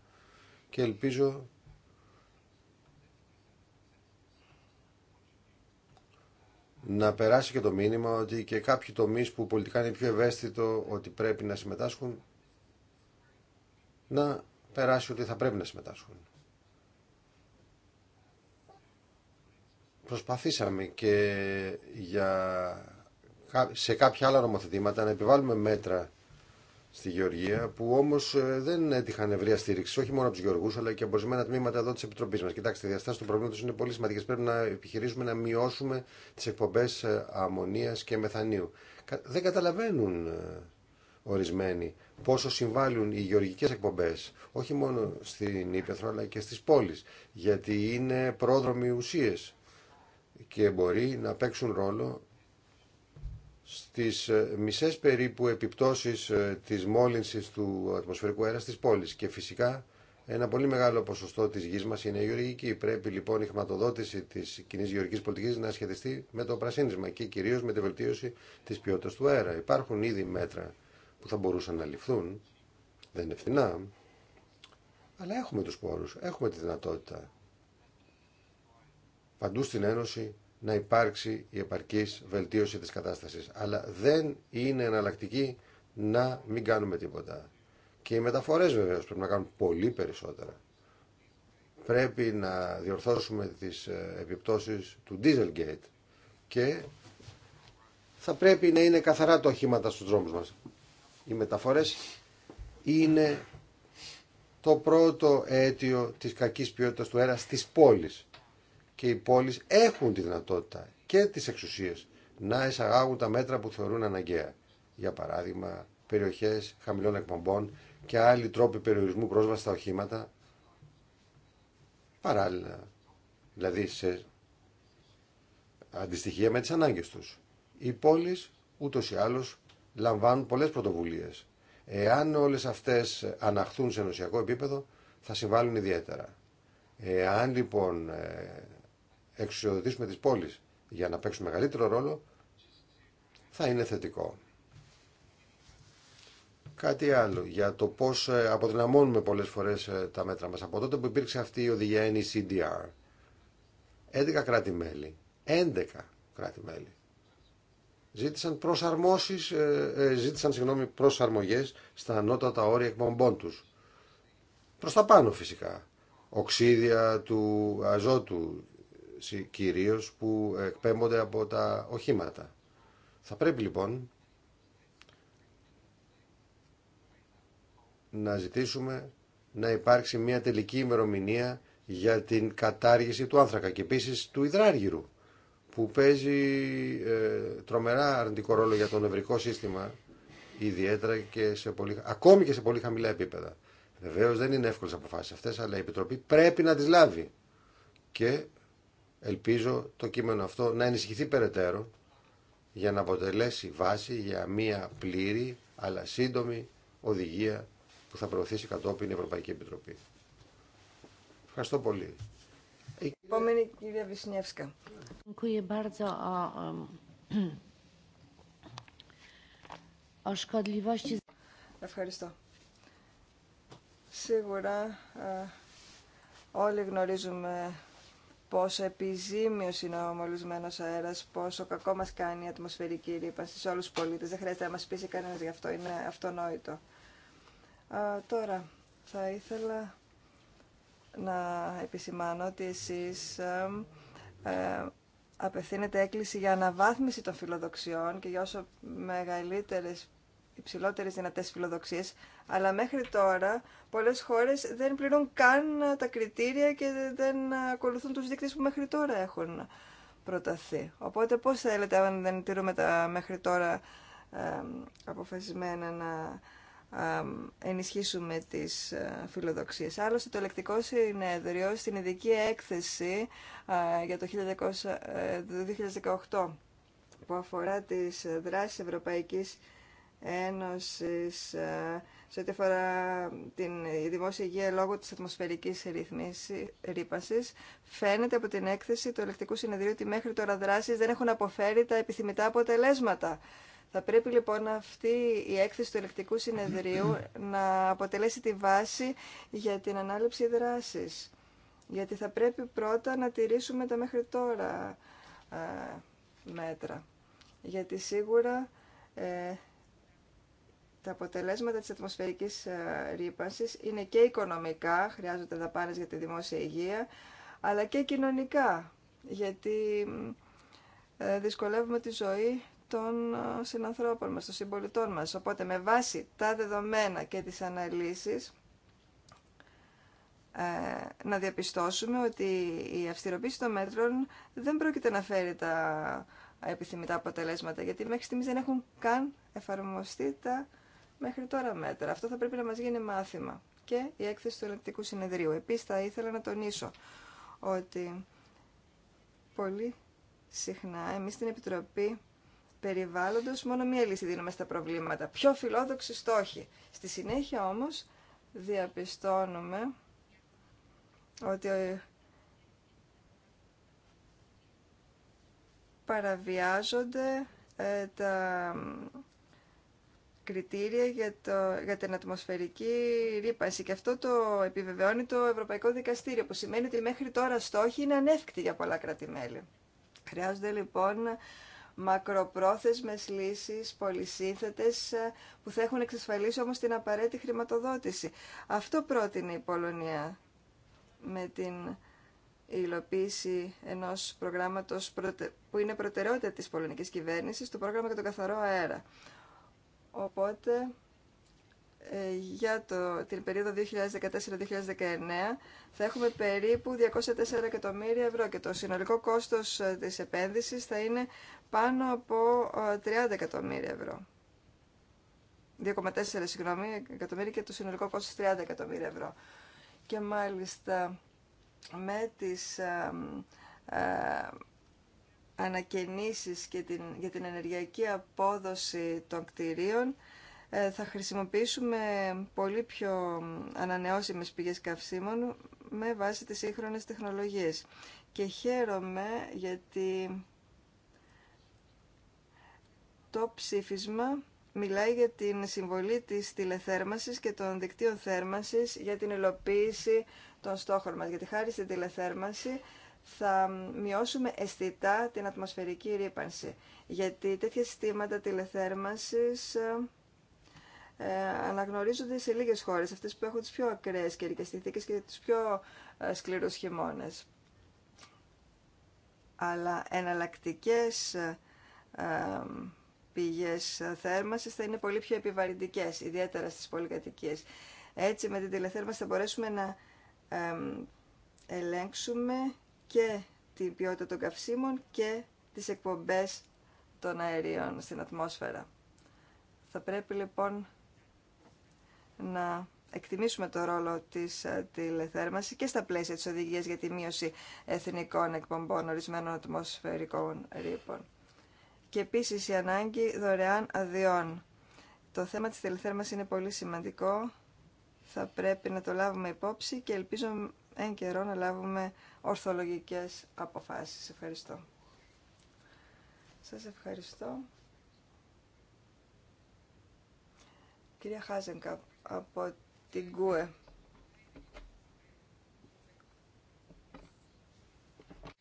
και ελπίζω να περάσει και το μήνυμα ότι και κάποιοι τομεί που πολιτικά είναι πιο ευαίσθητο ότι πρέπει να συμμετάσχουν να περάσει ότι θα πρέπει να συμμετάσχουν. Προσπαθήσαμε και για, σε κάποια άλλα νομοθετήματα να επιβάλλουμε μέτρα στη Γεωργία που όμω ε, δεν έτυχαν ευρεία στήριξη όχι μόνο από του Γεωργού αλλά και από ορισμένα τμήματα εδώ τη επιτροπή μα. Κοιτάξτε, οι διαστάση του προβλήματο είναι πολύ σημαντικέ. Πρέπει να επιχειρήσουμε να μειώσουμε τι εκπομπέ ε, αμμονία και μεθανίου. Δεν καταλαβαίνουν ε, ορισμένοι πόσο συμβάλλουν οι γεωργικές εκπομπές, όχι μόνο στην Ήπεθρο αλλά και στις πόλεις, γιατί είναι πρόδρομοι ουσίες και μπορεί να παίξουν ρόλο στις ε, μισές περίπου επιπτώσεις ε, της μόλυνσης του ατμοσφαιρικού αέρα στις πόλεις και φυσικά ένα πολύ μεγάλο ποσοστό της γης μας είναι γεωργική. Πρέπει λοιπόν η χρηματοδότηση της κοινή γεωργικής πολιτικής να σχετιστεί με το πρασίνισμα και κυρίως με τη βελτίωση της ποιότητας του αέρα. Υπάρχουν ήδη μέτρα που θα μπορούσαν να ληφθούν. Δεν είναι φθηνά, αλλά έχουμε τους πόρους, έχουμε τη δυνατότητα παντού στην Ένωση να υπάρξει η επαρκής βελτίωση της κατάστασης. Αλλά δεν είναι εναλλακτική να μην κάνουμε τίποτα. Και οι μεταφορές βεβαίως πρέπει να κάνουν πολύ περισσότερα. Πρέπει να διορθώσουμε τις ε, επιπτώσεις του Dieselgate και θα πρέπει να είναι καθαρά τα οχήματα στους δρόμους μας οι μεταφορές είναι το πρώτο αίτιο της κακής ποιότητας του αέρα στις πόλεις. Και οι πόλεις έχουν τη δυνατότητα και τις εξουσίες να εισαγάγουν τα μέτρα που θεωρούν αναγκαία. Για παράδειγμα, περιοχές χαμηλών εκπομπών και άλλοι τρόποι περιορισμού πρόσβαση στα οχήματα. Παράλληλα, δηλαδή σε αντιστοιχεία με τις ανάγκες τους. Οι πόλεις ούτως ή άλλως λαμβάνουν πολλές πρωτοβουλίε. Εάν όλες αυτές αναχθούν σε ενωσιακό επίπεδο, θα συμβάλλουν ιδιαίτερα. Εάν λοιπόν ε, εξουσιοδοτήσουμε τις πόλεις για να παίξουν μεγαλύτερο ρόλο, θα είναι θετικό. Κάτι άλλο για το πώ ε, αποδυναμώνουμε πολλές φορές ε, τα μέτρα μας. Από τότε που υπήρξε αυτή η οδηγία NECDR, 11 κράτη-μέλη, 11 κράτη-μέλη ζήτησαν προσαρμόσεις, ε, ε, ζήτησαν συγγνώμη, προσαρμογές στα ανώτατα όρια εκπομπών τους. Προς τα πάνω φυσικά. Οξύδια του αζότου κυρίως που εκπέμπονται από τα οχήματα. Θα πρέπει λοιπόν να ζητήσουμε να υπάρξει μια τελική ημερομηνία για την κατάργηση του άνθρακα και επίσης του υδράργυρου που παίζει ε, τρομερά αρνητικό ρόλο για το νευρικό σύστημα, ιδιαίτερα και σε πολύ, ακόμη και σε πολύ χαμηλά επίπεδα. Βεβαίω δεν είναι εύκολε αποφάσει αυτέ, αλλά η Επιτροπή πρέπει να τι λάβει. Και ελπίζω το κείμενο αυτό να ενισχυθεί περαιτέρω για να αποτελέσει βάση για μία πλήρη αλλά σύντομη οδηγία που θα προωθήσει κατόπιν η Ευρωπαϊκή Επιτροπή. Ευχαριστώ πολύ επόμενη κυρία Βυσνιεύσκα. Ευχαριστώ. Σίγουρα όλοι γνωρίζουμε πόσο επιζήμιος είναι ο μολυσμένος αέρας, πόσο κακό μας κάνει η ατμοσφαιρική ρήπανση σε όλους τους πολίτες. Δεν χρειάζεται να μας πείσει κανένας γι' αυτό, είναι αυτονόητο. τώρα, θα ήθελα να επισημάνω ότι εσείς ε, ε, απευθύνεται έκκληση για αναβάθμιση των φιλοδοξιών και για όσο μεγαλύτερες, υψηλότερες δυνατές φιλοδοξίες, αλλά μέχρι τώρα πολλές χώρες δεν πληρούν καν τα κριτήρια και δεν ακολουθούν τους δείκτες που μέχρι τώρα έχουν προταθεί. Οπότε πώς θέλετε αν δεν τηρούμε τα μέχρι τώρα αποφασισμένα να ενισχύσουμε τις φιλοδοξίες. Άλλωστε το ελεκτικό συνέδριο στην ειδική έκθεση για το 2018 ε, που αφορά τις δράσεις Ευρωπαϊκής Ένωσης σε ό,τι αφορά την δημόσια υγεία λόγω της ατμοσφαιρικής ρήπαση, φαίνεται από την έκθεση του ελεκτικού συνεδρίου ότι μέχρι τώρα δράσεις δεν έχουν αποφέρει τα επιθυμητά αποτελέσματα θα πρέπει λοιπόν αυτή η έκθεση του ελεκτικού συνεδρίου να αποτελέσει τη βάση για την ανάληψη δράσης. Γιατί θα πρέπει πρώτα να τηρήσουμε τα μέχρι τώρα ε, μέτρα. Γιατί σίγουρα ε, τα αποτελέσματα της ατμοσφαιρικής ε, είναι και οικονομικά, χρειάζονται δαπάνες για τη δημόσια υγεία, αλλά και κοινωνικά, γιατί ε, δυσκολεύουμε τη ζωή των ε, συνανθρώπων μας, των συμπολιτών μας. Οπότε με βάση τα δεδομένα και τις αναλύσεις ε, να διαπιστώσουμε ότι η αυστηροποίηση των μέτρων δεν πρόκειται να φέρει τα επιθυμητά αποτελέσματα, γιατί μέχρι στιγμής δεν έχουν καν εφαρμοστεί τα μέχρι τώρα μέτρα. Αυτό θα πρέπει να μας γίνει μάθημα. Και η έκθεση του Ελεκτικού Συνεδρίου. Επίσης θα ήθελα να τονίσω ότι πολύ συχνά εμείς στην Επιτροπή Περιβάλλοντο μόνο μία λύση δίνουμε στα προβλήματα. Πιο φιλόδοξη στόχη. Στη συνέχεια όμως διαπιστώνουμε ότι παραβιάζονται ε, τα κριτήρια για, το, για την ατμοσφαιρική ρήπανση και αυτό το επιβεβαιώνει το Ευρωπαϊκό Δικαστήριο που σημαίνει ότι μέχρι τώρα στόχοι είναι ανέφικτοι για πολλά κράτη-μέλη. Χρειάζονται λοιπόν μακροπρόθεσμες λύσεις, πολυσύνθετες, ε, που θα έχουν εξασφαλίσει όμως την απαραίτητη χρηματοδότηση. Αυτό πρότεινε η Πολωνία με την υλοποίηση ενός προγράμματος που είναι προτεραιότητα της πολωνικής κυβέρνησης, το πρόγραμμα για τον καθαρό αέρα. Οπότε, ε, για το, την περίοδο 2014-2019 θα έχουμε περίπου 204 εκατομμύρια ευρώ και το συνολικό κόστος ε, της επένδυσης θα είναι πάνω από 30 εκατομμύρια ευρώ. 2,4 συγγνώμη, εκατομμύρια και το συνολικό κόστος 30 εκατομμύρια ευρώ. Και μάλιστα με τις α, και την, για την ενεργειακή απόδοση των κτηρίων ε, θα χρησιμοποιήσουμε πολύ πιο ανανεώσιμες πηγές καυσίμων με βάση τις σύγχρονες τεχνολογίες. Και χαίρομαι γιατί το ψήφισμα μιλάει για την συμβολή της τηλεθέρμασης και των δικτύων θέρμασης για την υλοποίηση των στόχων μας. Γιατί χάρη στην τηλεθέρμαση θα μειώσουμε αισθητά την ατμοσφαιρική ρήπανση. Γιατί τέτοια συστήματα τηλεθέρμασης ε, ε, αναγνωρίζονται σε λίγες χώρες, αυτές που έχουν τις πιο ακραίες καιρικέ συνθήκες και τους πιο ε, σκληρούς χειμώνες. Αλλά εναλλακτικές πηγές θέρμανσης θα είναι πολύ πιο επιβαρυντικές, ιδιαίτερα στις πολυκατοικίες. Έτσι με την τηλεθέρμανση θα μπορέσουμε να ελέγξουμε και την ποιότητα των καυσίμων και τις εκπομπές των αερίων στην ατμόσφαιρα. Θα πρέπει λοιπόν να εκτιμήσουμε το ρόλο της ε, τηλεθέρμανσης και στα πλαίσια της οδηγίας για τη μείωση εθνικών εκπομπών ορισμένων ατμοσφαιρικών ρήπων και επίσης η ανάγκη δωρεάν αδειών. Το θέμα της τηλεθέρμανσης είναι πολύ σημαντικό. Θα πρέπει να το λάβουμε υπόψη και ελπίζω εν καιρό να λάβουμε ορθολογικές αποφάσεις. Ευχαριστώ. Σας ευχαριστώ. Κυρία Χάζενκα από την ΚΟΕ.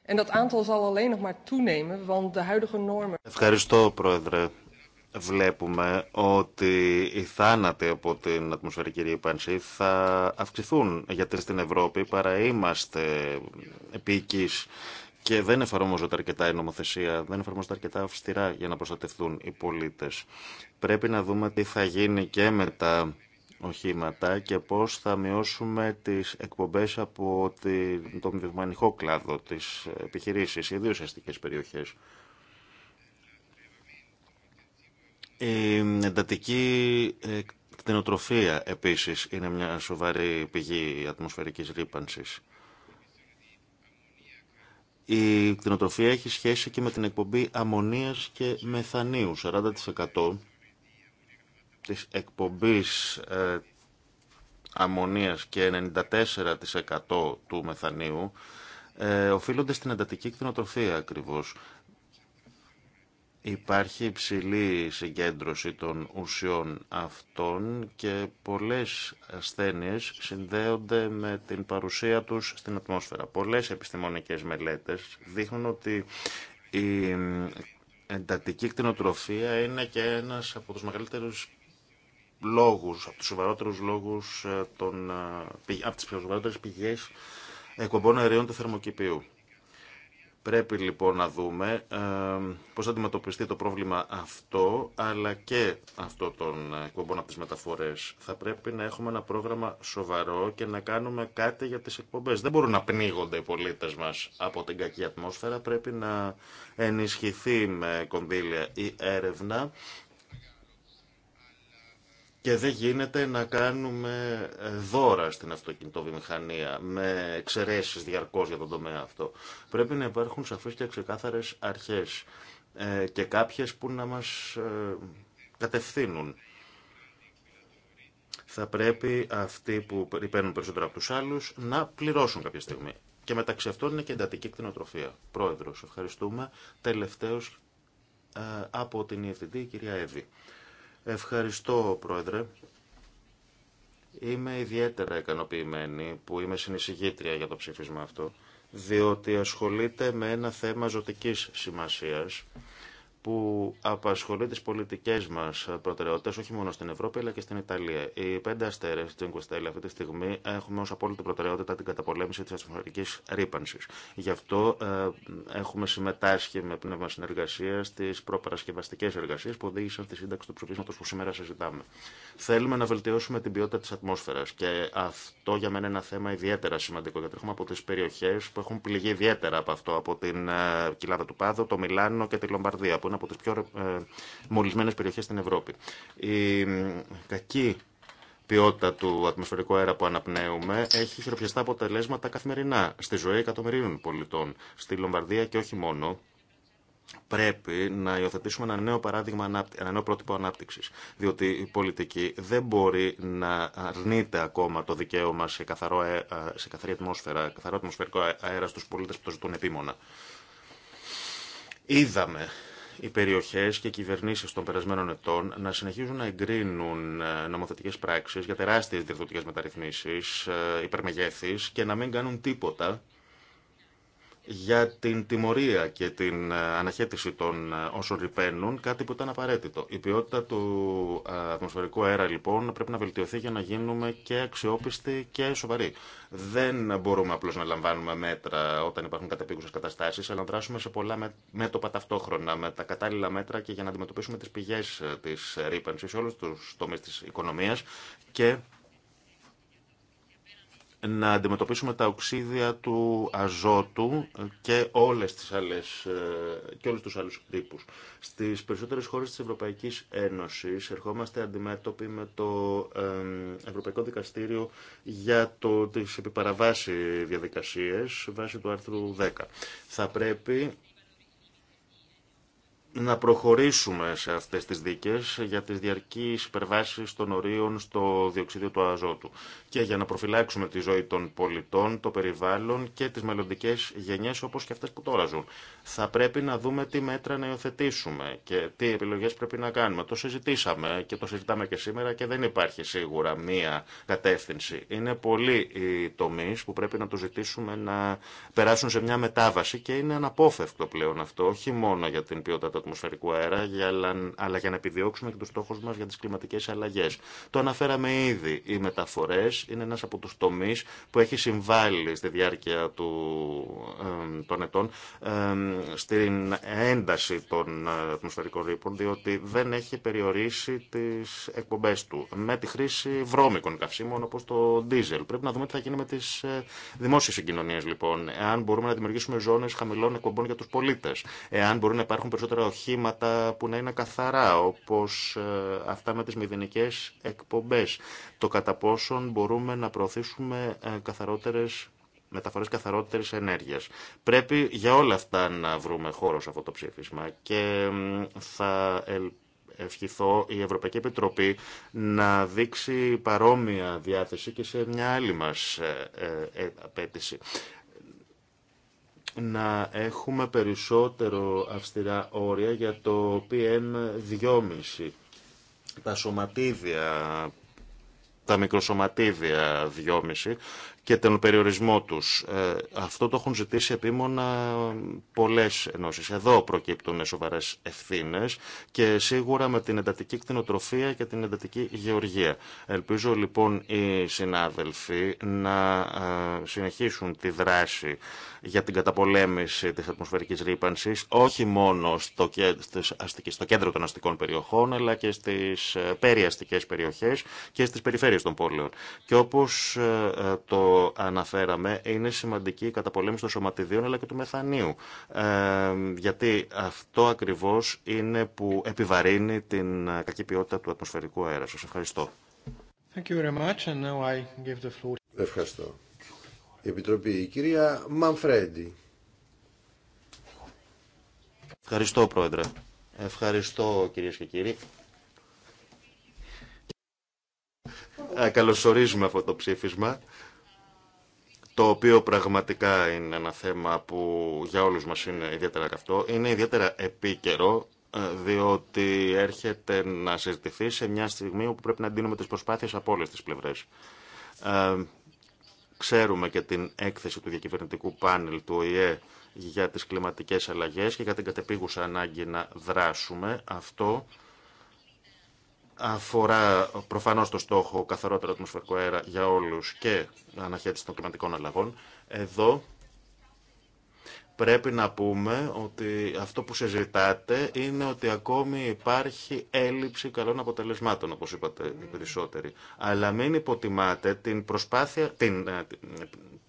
En dat aantal zal alleen nog maar toenemen, want de huidige normen. Ευχαριστώ, Πρόεδρε. Βλέπουμε ότι οι θάνατοι από την ατμοσφαιρική ρήπανση θα αυξηθούν. Γιατί στην Ευρώπη παρά είμαστε επίκης και δεν εφαρμόζονται αρκετά η νομοθεσία, δεν εφαρμόζονται αρκετά αυστηρά για να προστατευτούν οι πολίτες. Πρέπει να δούμε τι θα γίνει και μετά οχήματα και πώς θα μειώσουμε τις εκπομπές από τον βιομηχανικό κλάδο, επιχειρήσης, επιχειρήσεις, ιδίως αστικές περιοχές. Η εντατική ε, κτηνοτροφία επίσης είναι μια σοβαρή πηγή ατμοσφαιρικής ρήπανσης. Η κτηνοτροφία έχει σχέση και με την εκπομπή αμμονίας και μεθανίου, 40% της εκπομπής ε, αμμονίας και 94% του μεθανίου ε, οφείλονται στην εντατική κτηνοτροφία ακριβώς. Υπάρχει υψηλή συγκέντρωση των ουσιών αυτών και πολλές ασθένειες συνδέονται με την παρουσία τους στην ατμόσφαιρα. Πολλές επιστημονικές μελέτες δείχνουν ότι η ε, εντατική κτηνοτροφία είναι και ένας από τους μεγαλύτερους λόγους, από τους σοβαρότερους λόγους, ε, ε, από τις πιο σοβαρότερες πηγές εκπομπών αερίων του θερμοκηπίου. Πρέπει λοιπόν να δούμε ε, πώς θα αντιμετωπιστεί το πρόβλημα αυτό, αλλά και αυτό των εκπομπών από τις μεταφορές. Θα πρέπει να έχουμε ένα πρόγραμμα σοβαρό και να κάνουμε κάτι για τις εκπομπές. Δεν μπορούν να πνίγονται οι πολίτες μας από την κακή ατμόσφαιρα. Πρέπει να ενισχυθεί με κονδύλια η έρευνα και δεν γίνεται να κάνουμε ε, δώρα στην αυτοκινητοβιομηχανία με εξαιρέσει διαρκώ για τον τομέα αυτό. Πρέπει να υπάρχουν σαφείς και ξεκάθαρες αρχές ε, και κάποιες που να μας ε, κατευθύνουν. Θα πρέπει αυτοί που παίρνουν περισσότερο από του άλλου να πληρώσουν κάποια στιγμή. Και μεταξύ αυτών είναι και εντατική κτηνοτροφία. Πρόεδρο, ευχαριστούμε. τελευταίο από την Ιευθυντή, η κυρία Εύη. Ευχαριστώ, Πρόεδρε. Είμαι ιδιαίτερα ικανοποιημένη που είμαι συνεισηγήτρια για το ψήφισμα αυτό, διότι ασχολείται με ένα θέμα ζωτικής σημασίας που απασχολεί τις πολιτικές μας προτεραιότητες, όχι μόνο στην Ευρώπη αλλά και στην Ιταλία. Οι πέντε αστέρες του Εγκοστέλη αυτή τη στιγμή έχουμε ως απόλυτη προτεραιότητα την καταπολέμηση της ατμοσφαιρικής ρήπανσης. Γι' αυτό ε, έχουμε συμμετάσχει με πνεύμα συνεργασία στις προπαρασκευαστικές εργασίες που οδήγησαν στη σύνταξη του ψηφίσματος που σήμερα συζητάμε. Θέλουμε να βελτιώσουμε την ποιότητα της ατμόσφαιρας και αυτό για μένα είναι ένα θέμα ιδιαίτερα σημαντικό γιατί έχουμε από τις περιοχές που έχουν πληγεί ιδιαίτερα από αυτό, από την ε, του Πάδο, το Μιλάνο και τη Λομπαρδία από τι πιο ε, μολυσμένε περιοχέ στην Ευρώπη. Η κακή ποιότητα του ατμοσφαιρικού αέρα που αναπνέουμε έχει χειροπιαστά αποτελέσματα καθημερινά στη ζωή εκατομμυρίων πολιτών, στη Λομβαρδία και όχι μόνο. Πρέπει να υιοθετήσουμε ένα νέο παράδειγμα, ένα νέο πρότυπο ανάπτυξη. Διότι η πολιτική δεν μπορεί να αρνείται ακόμα το δικαίωμα σε, καθαρό, σε καθαρή ατμόσφαιρα, καθαρό ατμοσφαιρικό αέρα στου πολίτε που το ζητούν επίμονα. Είδαμε οι περιοχές και οι κυβερνήσεις των περασμένων ετών να συνεχίζουν να εγκρίνουν ε, νομοθετικές πράξεις για τεράστιες διευθυντικές μεταρρυθμίσεις, ε, υπερμεγέθη και να μην κάνουν τίποτα για την τιμωρία και την ε, αναχέτηση των ε, όσων ρηπαίνουν, κάτι που ήταν απαραίτητο. Η ποιότητα του ε, ατμοσφαιρικού αέρα λοιπόν πρέπει να βελτιωθεί για να γίνουμε και αξιόπιστοι και σοβαροί. Δεν μπορούμε απλώς να λαμβάνουμε μέτρα όταν υπάρχουν κατεπίκουσε καταστάσεις, αλλά να δράσουμε σε πολλά μέτωπα ταυτόχρονα, με τα κατάλληλα μέτρα και για να αντιμετωπίσουμε τις πηγές της ρήπανσης, όλους του τομείς τη οικονομίας και να αντιμετωπίσουμε τα οξύδια του αζότου και, όλες τις άλλες, ε, και όλους τους άλλους τύπους. Στις περισσότερες χώρες της Ευρωπαϊκής Ένωσης ερχόμαστε αντιμέτωποι με το Ευρωπαϊκό Δικαστήριο για το, τις επιπαραβάσει διαδικασίες βάσει του άρθρου 10. Θα πρέπει να προχωρήσουμε σε αυτές τις δίκες για τις διαρκείς υπερβάσεις των ορίων στο διοξίδιο του αζότου και για να προφυλάξουμε τη ζωή των πολιτών, των περιβάλλων και τις μελλοντικέ γενιές όπως και αυτές που τώρα ζουν. Θα πρέπει να δούμε τι μέτρα να υιοθετήσουμε και τι επιλογές πρέπει να κάνουμε. Το συζητήσαμε και το συζητάμε και σήμερα και δεν υπάρχει σίγουρα μία κατεύθυνση. Είναι πολλοί οι τομεί που πρέπει να το ζητήσουμε να περάσουν σε μια μετάβαση και είναι αναπόφευκτο πλέον αυτό, όχι μόνο για την ποιότητα του ατμοσφαιρικού αέρα, αλλά για να επιδιώξουμε και του στόχου μα για τι κλιματικέ αλλαγέ. Το αναφέραμε ήδη. Οι μεταφορέ είναι ένας από τους τομείς που έχει συμβάλει στη διάρκεια του, ε, των ετών στην ένταση των ε, ατμοσφαιρικών ρήπων, διότι δεν έχει περιορίσει τις εκπομπές του με τη χρήση βρώμικων καυσίμων όπως το ντίζελ. Πρέπει να δούμε τι θα γίνει με τις ε, δημόσιες συγκοινωνίες λοιπόν, εάν μπορούμε να δημιουργήσουμε ζώνες χαμηλών εκπομπών για τους πολίτες, εάν μπορούν να υπάρχουν περισσότερα οχήματα που να είναι καθαρά όπως ε, αυτά με τις μηδενικές εκπομπές το κατά πόσον μπορούμε να προωθήσουμε ε, καθαρότερες μεταφορές καθαρότερης ενέργειας. Πρέπει για όλα αυτά να βρούμε χώρο σε αυτό το ψήφισμα και θα ευχηθώ η Ευρωπαϊκή Επιτροπή να δείξει παρόμοια διάθεση και σε μια άλλη μας ε, ε, απέτηση να έχουμε περισσότερο αυστηρά όρια για το PM2,5. Τα σωματίδια τα μικροσωματίδια 2,5 και τον περιορισμό τους. Ε, αυτό το έχουν ζητήσει επίμονα πολλές ενώσεις. Εδώ προκύπτουν σοβαρές ευθύνε και σίγουρα με την εντατική κτηνοτροφία και την εντατική γεωργία. Ελπίζω λοιπόν οι συνάδελφοι να ε, συνεχίσουν τη δράση για την καταπολέμηση της ατμοσφαιρικής ρήπανσης όχι μόνο στο, κέντρο των αστικών περιοχών αλλά και στις ε, περιαστικές περιοχές και στις περιφέρειες των πόλεων. Και όπως το αναφέραμε, είναι σημαντική η καταπολέμηση των σωματιδίων αλλά και του μεθανίου. Ε, γιατί αυτό ακριβώς είναι που επιβαρύνει την ε, κακή ποιότητα του ατμοσφαιρικού αέρα. Σα ευχαριστώ. Thank you very much. And now I give the floor. Ευχαριστώ. Η Επιτροπή, η κυρία Μανφρέντι. Ευχαριστώ, Πρόεδρε. Ευχαριστώ, κυρίε και κύριοι. Ε, καλωσορίζουμε αυτό το ψήφισμα το οποίο πραγματικά είναι ένα θέμα που για όλους μας είναι ιδιαίτερα καυτό, είναι ιδιαίτερα επίκαιρο ε, διότι έρχεται να συζητηθεί σε μια στιγμή όπου πρέπει να δίνουμε τις προσπάθειες από όλες τις πλευρές. Ε, ξέρουμε και την έκθεση του διακυβερνητικού πάνελ του ΟΗΕ για τις κλιματικές αλλαγές και για την κατεπίγουσα ανάγκη να δράσουμε. Αυτό αφορά προφανώ το στόχο καθαρότερο ατμοσφαιρικό αέρα για όλου και αναχέτηση των κλιματικών αλλαγών. Εδώ Πρέπει να πούμε ότι αυτό που συζητάτε είναι ότι ακόμη υπάρχει έλλειψη καλών αποτελεσμάτων, όπως είπατε οι περισσότεροι. Αλλά μην υποτιμάτε την προσπάθεια, την, ε, ε,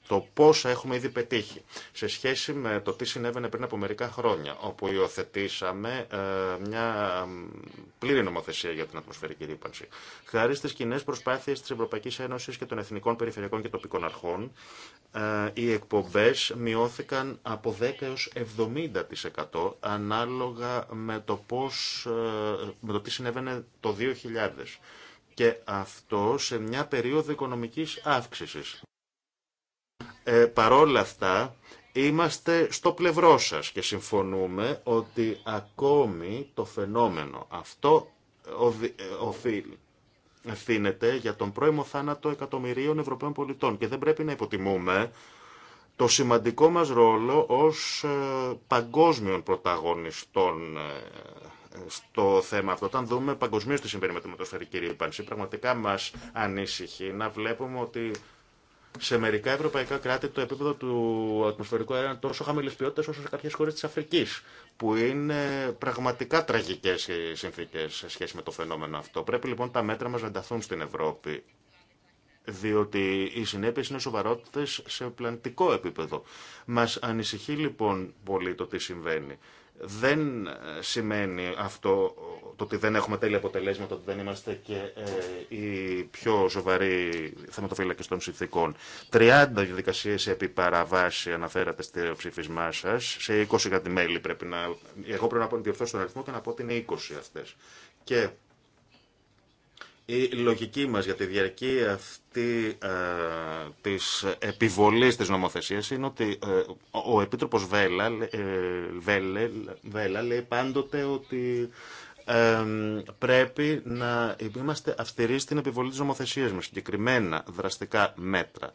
το πόσα έχουμε ήδη πετύχει σε σχέση με το τι συνέβαινε πριν από μερικά χρόνια, όπου υιοθετήσαμε ε, μια πλήρη νομοθεσία για την ατμοσφαιρική ρήπανση. Χάρη στι κοινέ προσπάθειε τη Ευρωπαϊκή Ένωση και των Εθνικών Περιφερειακών και Τοπικών Αρχών, οι εκπομπές μειώθηκαν από 10 έως 70% ανάλογα με το, πώς, ε, με το τι συνέβαινε το 2000 και αυτό σε μια περίοδο οικονομικής αύξησης. Ε, παρόλα αυτά, είμαστε στο πλευρό σας και συμφωνούμε ότι ακόμη το φαινόμενο αυτό ε, οφείλει ευθύνεται για τον πρώιμο θάνατο εκατομμυρίων Ευρωπαίων πολιτών και δεν πρέπει να υποτιμούμε το σημαντικό μας ρόλο ως ε, παγκόσμιων πρωταγωνιστών ε, στο θέμα αυτό. Όταν δούμε παγκοσμίως τη συμβαίνει με τη μετοσφαιρική ρήπανση, πραγματικά μας ανησυχεί να βλέπουμε ότι σε μερικά ευρωπαϊκά κράτη το επίπεδο του ατμοσφαιρικού αέρα είναι τόσο χαμηλή ποιότητα όσο σε κάποιε χώρε τη Αφρική, που είναι πραγματικά τραγικέ οι συνθήκε σε σχέση με το φαινόμενο αυτό. Πρέπει λοιπόν τα μέτρα μα να ενταθούν στην Ευρώπη διότι οι συνέπειε είναι σοβαρότητε σε πλανητικό επίπεδο. Μα ανησυχεί λοιπόν πολύ το τι συμβαίνει. Δεν ε, σημαίνει αυτό το ότι δεν έχουμε τέλεια αποτελέσματα, ότι δεν είμαστε και ε, οι πιο σοβαροί θεματοφύλακε των συνθήκων. 30 διαδικασίε επί παραβάση αναφέρατε στη ψήφισμά σα. Σε 20 κάτι πρέπει να. Εγώ πρέπει να διορθώσω τον αριθμό και να πω ότι είναι 20 αυτέ. Και η λογική μας για τη διαρκή αυτή ε, της επιβολής της νομοθεσίας είναι ότι ε, ο Επίτροπος Βέλα, ε, Βέλα λέει πάντοτε ότι ε, πρέπει να είμαστε αυστηροί στην επιβολή της νομοθεσίας με συγκεκριμένα δραστικά μέτρα.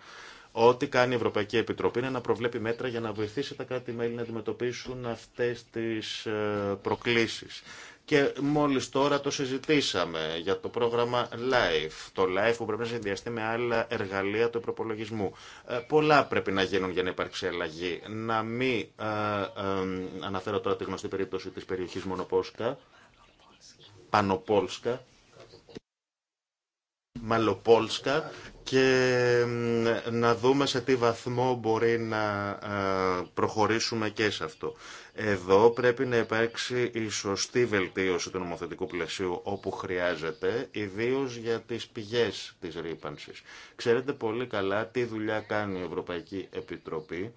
Ό,τι κάνει η Ευρωπαϊκή Επιτροπή είναι να προβλέπει μέτρα για να βοηθήσει τα κράτη-μέλη να αντιμετωπίσουν αυτές τις ε, προκλήσεις. Και μόλις τώρα το συζητήσαμε για το πρόγραμμα LIFE, το LIFE που πρέπει να συνδυαστεί με άλλα εργαλεία του προπολογισμού. Ε, πολλά πρέπει να γίνουν για να υπάρξει αλλαγή. Να μην ε, αναφέρω τώρα τη γνωστή περίπτωση της περιοχής Μονοπόσκα, Πανοπόλσκα, Μαλοπόλσκα και να δούμε σε τι βαθμό μπορεί να ε, προχωρήσουμε και σε αυτό. Εδώ πρέπει να υπάρξει η σωστή βελτίωση του νομοθετικού πλαισίου όπου χρειάζεται, ιδίω για τι πηγέ τη ρήπανση. Ξέρετε πολύ καλά τι δουλειά κάνει η Ευρωπαϊκή Επιτροπή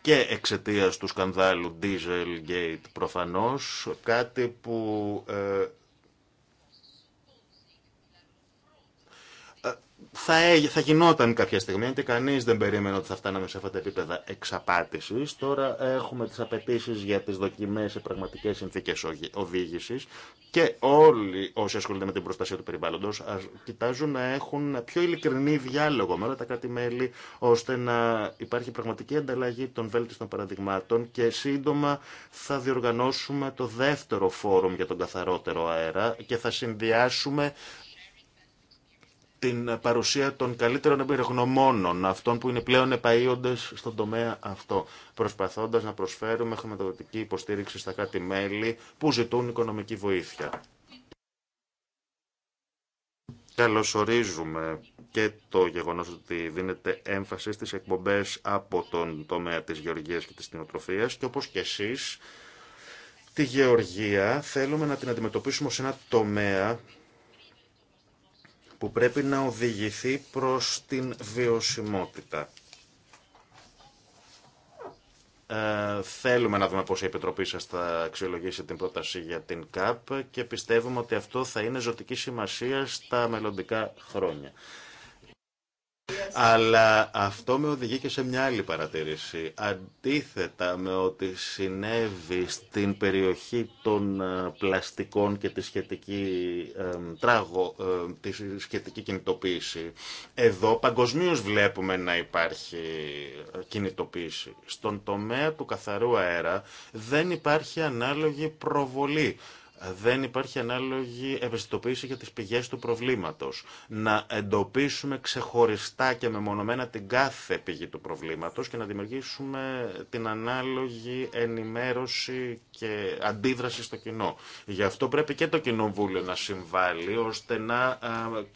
και εξαιτία του σκανδάλου Dieselgate προφανώς, κάτι που ε, θα, θα γινόταν κάποια στιγμή, γιατί κανεί δεν περίμενε ότι θα φτάναμε σε αυτά τα επίπεδα εξαπάτηση. Τώρα έχουμε τι απαιτήσει για τι δοκιμέ σε πραγματικέ συνθήκε οδήγηση και όλοι όσοι ασχολούνται με την προστασία του περιβάλλοντο κοιτάζουν να έχουν πιο ειλικρινή διάλογο με όλα τα κράτη-μέλη, ώστε να υπάρχει πραγματική ανταλλαγή των βέλτιστων παραδειγμάτων και σύντομα θα διοργανώσουμε το δεύτερο φόρουμ για τον καθαρότερο αέρα και θα συνδυάσουμε την παρουσία των καλύτερων εμπειρογνωμόνων, αυτών που είναι πλέον επαείοντες στον τομέα αυτό, προσπαθώντας να προσφέρουμε χρηματοδοτική υποστήριξη στα κάτι μέλη που ζητούν οικονομική βοήθεια. Καλωσορίζουμε και το γεγονός ότι δίνεται έμφαση στις εκπομπές από τον τομέα της γεωργίας και της κοινοτροφίας... και όπως και εσείς, τη γεωργία θέλουμε να την αντιμετωπίσουμε σε ένα τομέα που πρέπει να οδηγηθεί προς την βιωσιμότητα. Ε, θέλουμε να δούμε πώς η Επιτροπή σας θα αξιολογήσει την πρόταση για την ΚΑΠ και πιστεύουμε ότι αυτό θα είναι ζωτική σημασία στα μελλοντικά χρόνια. Αλλά αυτό με οδηγεί και σε μια άλλη παρατήρηση. Αντίθετα με ό,τι συνέβη στην περιοχή των ε, πλαστικών και τη σχετική ε, ε, τη κινητοποίηση, εδώ παγκοσμίω βλέπουμε να υπάρχει ε, κινητοποίηση. Στον τομέα του καθαρού αέρα δεν υπάρχει ανάλογη προβολή δεν υπάρχει ανάλογη ευαισθητοποίηση για τις πηγές του προβλήματος. Να εντοπίσουμε ξεχωριστά και μεμονωμένα την κάθε πηγή του προβλήματος και να δημιουργήσουμε την ανάλογη ενημέρωση και αντίδραση στο κοινό. Γι' αυτό πρέπει και το Κοινοβούλιο να συμβάλλει ώστε να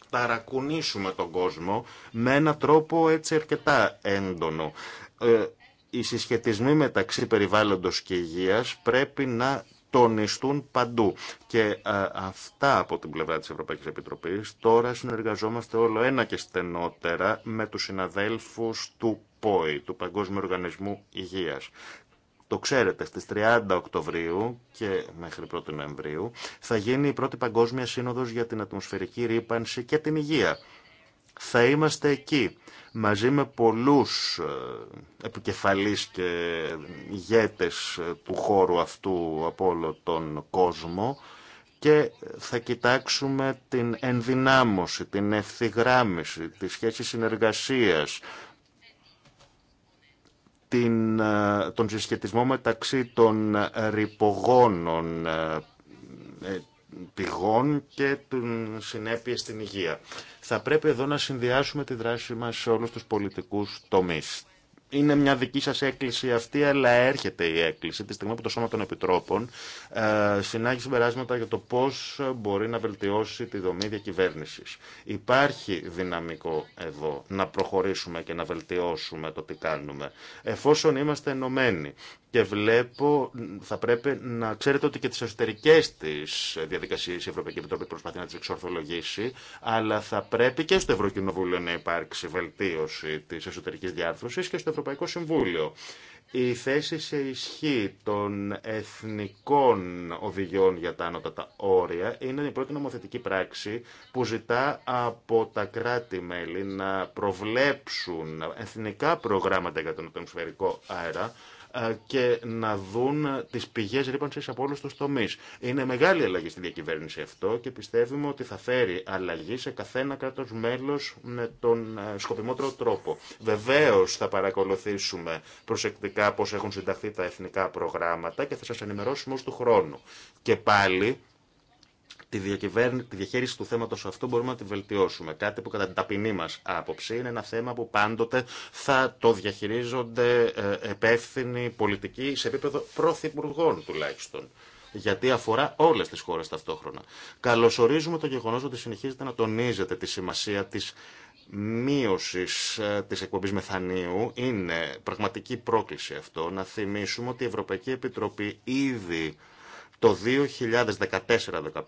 ταρακουνήσουμε τον κόσμο με έναν τρόπο έτσι αρκετά έντονο ε, οι συσχετισμοί μεταξύ περιβάλλοντος και υγείας πρέπει να τονιστούν παντού. Και ε, αυτά από την πλευρά της Ευρωπαϊκής Επιτροπής. Τώρα συνεργαζόμαστε όλο ένα και στενότερα με τους συναδέλφους του ΠΟΗ, του Παγκόσμιου Οργανισμού Υγείας. Το ξέρετε, στις 30 Οκτωβρίου και μέχρι 1 Νοεμβρίου θα γίνει η πρώτη παγκόσμια σύνοδος για την ατμοσφαιρική ρήπανση και την υγεία θα είμαστε εκεί μαζί με πολλούς ε, επικεφαλείς και ηγέτες ε, του χώρου αυτού από όλο τον κόσμο και θα κοιτάξουμε την ενδυνάμωση, την ευθυγράμμιση, τη σχέση συνεργασίας, την, ε, τον συσχετισμό μεταξύ των ρηπογόνων πηγών και των συνέπειες στην υγεία. Θα πρέπει εδώ να συνδυάσουμε τη δράση μας σε όλους τους πολιτικούς τομείς. Είναι μια δική σας έκκληση αυτή, αλλά έρχεται η έκκληση τη στιγμή που το Σώμα των Επιτρόπων ε, συνάγει συμπεράσματα για το πώς μπορεί να βελτιώσει τη δομή διακυβέρνησης. Υπάρχει δυναμικό εδώ να προχωρήσουμε και να βελτιώσουμε το τι κάνουμε, εφόσον είμαστε ενωμένοι και βλέπω, θα πρέπει να ξέρετε ότι και τις εσωτερικές της διαδικασίες η Ευρωπαϊκή Επιτροπή προσπαθεί να τις εξορθολογήσει, αλλά θα πρέπει και στο Ευρωκοινοβούλιο να υπάρξει βελτίωση της εσωτερικής διάρθρωσης και στο Ευρωπαϊκό Συμβούλιο. Η θέση σε ισχύ των εθνικών οδηγιών για τα άνωτατα όρια είναι η πρώτη νομοθετική πράξη που ζητά από τα κράτη-μέλη να προβλέψουν εθνικά προγράμματα για τον ατμοσφαιρικό αέρα ε, και να δουν τις πηγές ρήπανσης από όλους τους τομείς. Είναι μεγάλη αλλαγή στη διακυβέρνηση αυτό και πιστεύουμε ότι θα φέρει αλλαγή σε καθένα κράτος μέλος με τον ε, σκοπιμότερο τρόπο. Βεβαίως θα παρακολουθήσουμε προσεκτικά πώς έχουν συνταχθεί τα εθνικά προγράμματα και θα σας ενημερώσουμε ως του χρόνου. Και πάλι τη, διαχείριση του θέματο αυτού μπορούμε να τη βελτιώσουμε. Κάτι που κατά την ταπεινή μα άποψη είναι ένα θέμα που πάντοτε θα το διαχειρίζονται ε, επεύθυνοι πολιτικοί σε επίπεδο πρωθυπουργών τουλάχιστον γιατί αφορά όλε τι χώρε ταυτόχρονα. Καλωσορίζουμε το γεγονό ότι συνεχίζεται να τονίζεται τη σημασία τη μείωση ε, τη εκπομπή μεθανίου. Είναι πραγματική πρόκληση αυτό. Να θυμίσουμε ότι η Ευρωπαϊκή Επιτροπή ήδη το 2014-2015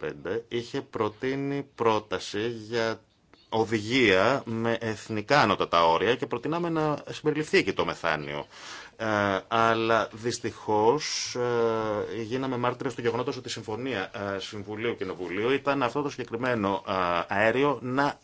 είχε προτείνει πρόταση για οδηγία με εθνικά ανώτατα όρια και προτείναμε να συμπεριληφθεί και το μεθάνιο. Ε, αλλά δυστυχώς ε, γίναμε μάρτυρες του γεγονότος ότι η συμφωνία ε, Συμβουλίου και Κοινοβουλίου ήταν αυτό το συγκεκριμένο αέριο να,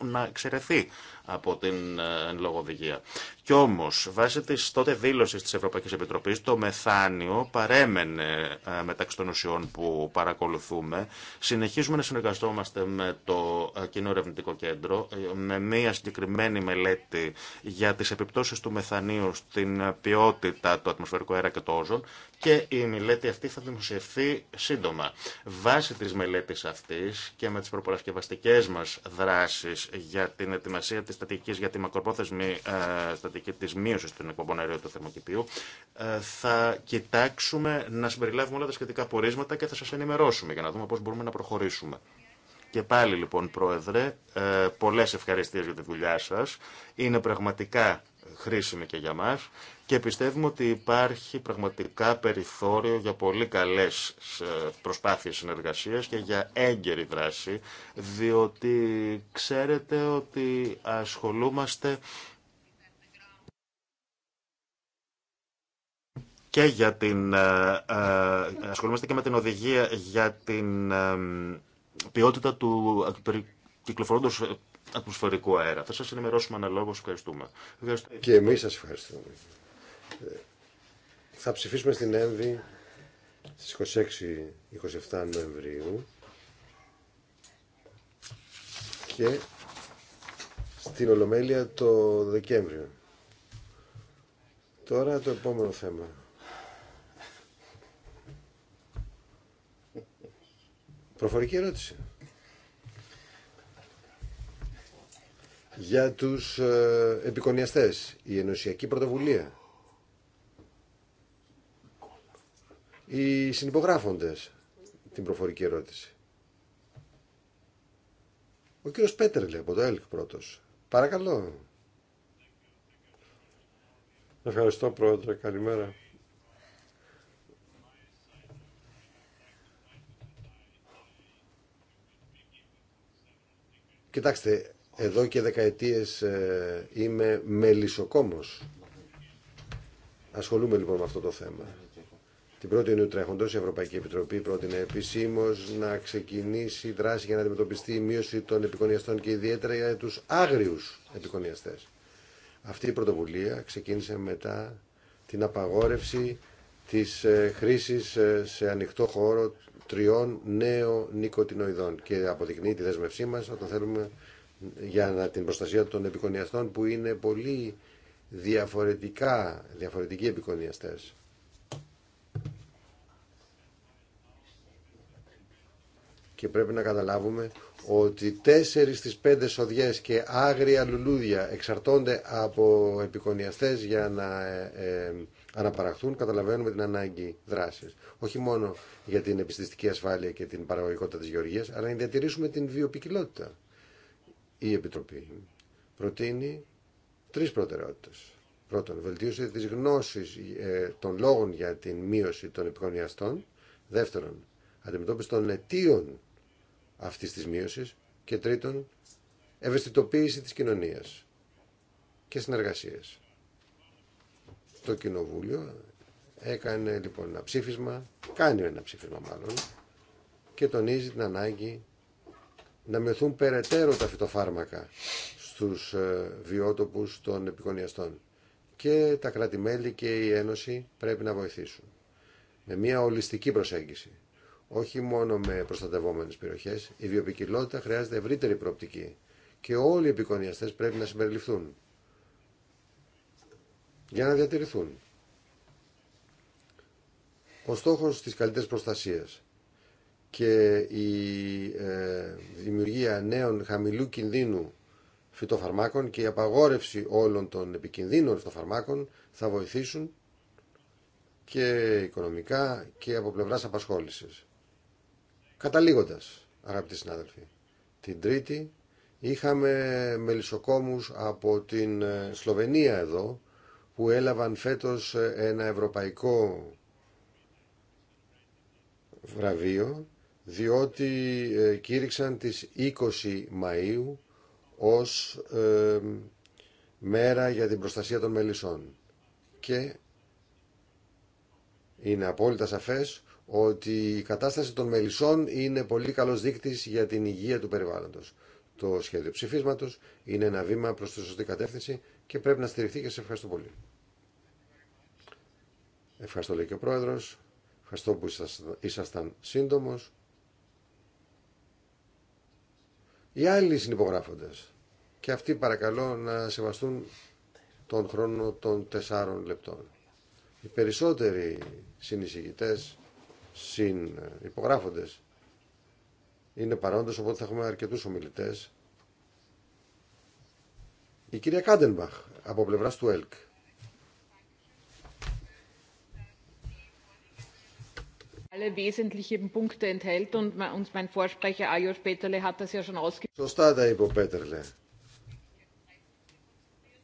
να εξαιρεθεί από την ε, εν λογοδηγία. Κι όμως, βάσει της τότε δήλωση τη Ευρωπαϊκή Επιτροπή, το μεθάνιο παρέμενε ε, μεταξύ των ουσιών που παρακολουθούμε. Συνεχίζουμε να συνεργαζόμαστε με το ε, Κοινό Ερευνητικό Κέντρο, με μια συγκεκριμένη μελέτη για τι επιπτώσει του μεθανίου στην ποιότητα του ατμοσφαιρικού αέρα και το όζων και η μελέτη αυτή θα δημοσιευθεί σύντομα. Βάσει τη μελέτη αυτή και με τι προπορασκευαστικέ μα δράσει για την ετοιμασία τη τη για τη μακροπρόθεσμη ε, στρατηγική τη μείωση των εκπομπών αερίων του θερμοκηπίου, ε, θα κοιτάξουμε να συμπεριλάβουμε όλα τα σχετικά πορίσματα και θα σα ενημερώσουμε για να δούμε πώ μπορούμε να προχωρήσουμε. Και πάλι λοιπόν, Πρόεδρε, ε, πολλέ ευχαριστίες για τη δουλειά σα. Είναι πραγματικά χρήσιμη και για μα και πιστεύουμε ότι υπάρχει πραγματικά περιθώριο για πολύ καλές ε, προσπάθειες συνεργασίας και για έγκαιρη δράση, διότι ξέρετε ότι ασχολούμαστε και για την, ε, ε, ασχολούμαστε και με την οδηγία για την ποιότητα του κυκλοφορώντος ατμοσφαιρικού αέρα. Θα σας ενημερώσουμε αναλόγως. Ευχαριστούμε. Και εμείς σας ευχαριστούμε θα ψηφίσουμε στην ΕΜΒΗ στις 26-27 Νοεμβρίου και στην Ολομέλεια το Δεκέμβριο. Τώρα το επόμενο θέμα. Προφορική ερώτηση. Για τους ε, επικονιαστές, η ενωσιακή πρωτοβουλία οι συνυπογράφοντες την προφορική ερώτηση. Ο κύριος λέει, από το ΕΛΚ πρώτος. Παρακαλώ. Ευχαριστώ πρόεδρε. Καλημέρα. Κοιτάξτε, εδώ και δεκαετίες ε, είμαι μελισσοκόμος. Ασχολούμαι λοιπόν με αυτό το θέμα. Την πρώτη η ιουνιου Επιτροπή πρότεινε επισήμω να ξεκινήσει δράση για να αντιμετωπιστεί η μείωση των επικονιαστών και ιδιαίτερα για του άγριου επικονιαστέ. Αυτή η πρωτοβουλία ξεκίνησε μετά την απαγόρευση τη ε, χρήση ε, σε ανοιχτό χώρο τριών νέων νοικοτινοειδών και αποδεικνύει τη δέσμευσή μα όταν θέλουμε για την προστασία των επικονιαστών που είναι πολύ διαφορετικά, διαφορετικοί επικονιαστές. και πρέπει να καταλάβουμε ότι τέσσερις στις πέντε σοδιές και άγρια λουλούδια εξαρτώνται από επικονιαστές για να ε, ε, αναπαραχθούν, καταλαβαίνουμε την ανάγκη δράσης. Όχι μόνο για την επιστηστική ασφάλεια και την παραγωγικότητα της γεωργίας, αλλά να διατηρήσουμε την βιοπικιλότητα. Η Επιτροπή προτείνει τρεις προτεραιότητες. Πρώτον, βελτίωση της γνώσης ε, των λόγων για την μείωση των επικονιαστών. Δεύτερον, αντιμετώπιση των αιτίων αυτή της μείωση και τρίτον ευαισθητοποίηση της κοινωνίας και συνεργασίες. Το Κοινοβούλιο έκανε λοιπόν ένα ψήφισμα, κάνει ένα ψήφισμα μάλλον και τονίζει την ανάγκη να μειωθούν περαιτέρω τα φυτοφάρμακα στους ε, βιότοπους των επικονιαστών και τα κράτη-μέλη και η Ένωση πρέπει να βοηθήσουν με μια ολιστική προσέγγιση όχι μόνο με προστατευόμενες περιοχές. Η βιοπικιλότητα χρειάζεται ευρύτερη προοπτική και όλοι οι επικονιαστές πρέπει να συμπεριληφθούν για να διατηρηθούν. Ο στόχο τη καλύτερη προστασία και η ε, δημιουργία νέων χαμηλού κινδύνου φυτοφαρμάκων και η απαγόρευση όλων των επικινδύνων φυτοφαρμάκων θα βοηθήσουν και οικονομικά και από πλευράς απασχόλησης. Καταλήγοντας, αγαπητοί συνάδελφοι, την Τρίτη είχαμε μελισσοκόμους από την ε, Σλοβενία εδώ που έλαβαν φέτος ε, ένα ευρωπαϊκό βραβείο διότι ε, κήρυξαν τις 20 Μαΐου ως μέρα για την προστασία των μελισσών. Και είναι απόλυτα σαφές ότι η κατάσταση των μελισσών είναι πολύ καλός δείκτης για την υγεία του περιβάλλοντος. Το σχέδιο ψηφίσματος είναι ένα βήμα προς τη σωστή κατεύθυνση και πρέπει να στηριχθεί και σε ευχαριστώ πολύ. Ευχαριστώ λέει και ο Πρόεδρος. Ευχαριστώ που ήσασταν σύντομος. Οι άλλοι συνυπογράφοντες και αυτοί παρακαλώ να σεβαστούν τον χρόνο των τεσσάρων λεπτών. Οι περισσότεροι συνεισηγητές συν είναι παρόντε, οπότε θα έχουμε αρκετού ομιλητέ. η κυρία Κάντενμπαχ από πλευρά του ΕΛΚ Σωστά τα είπε ο Πέτερλε.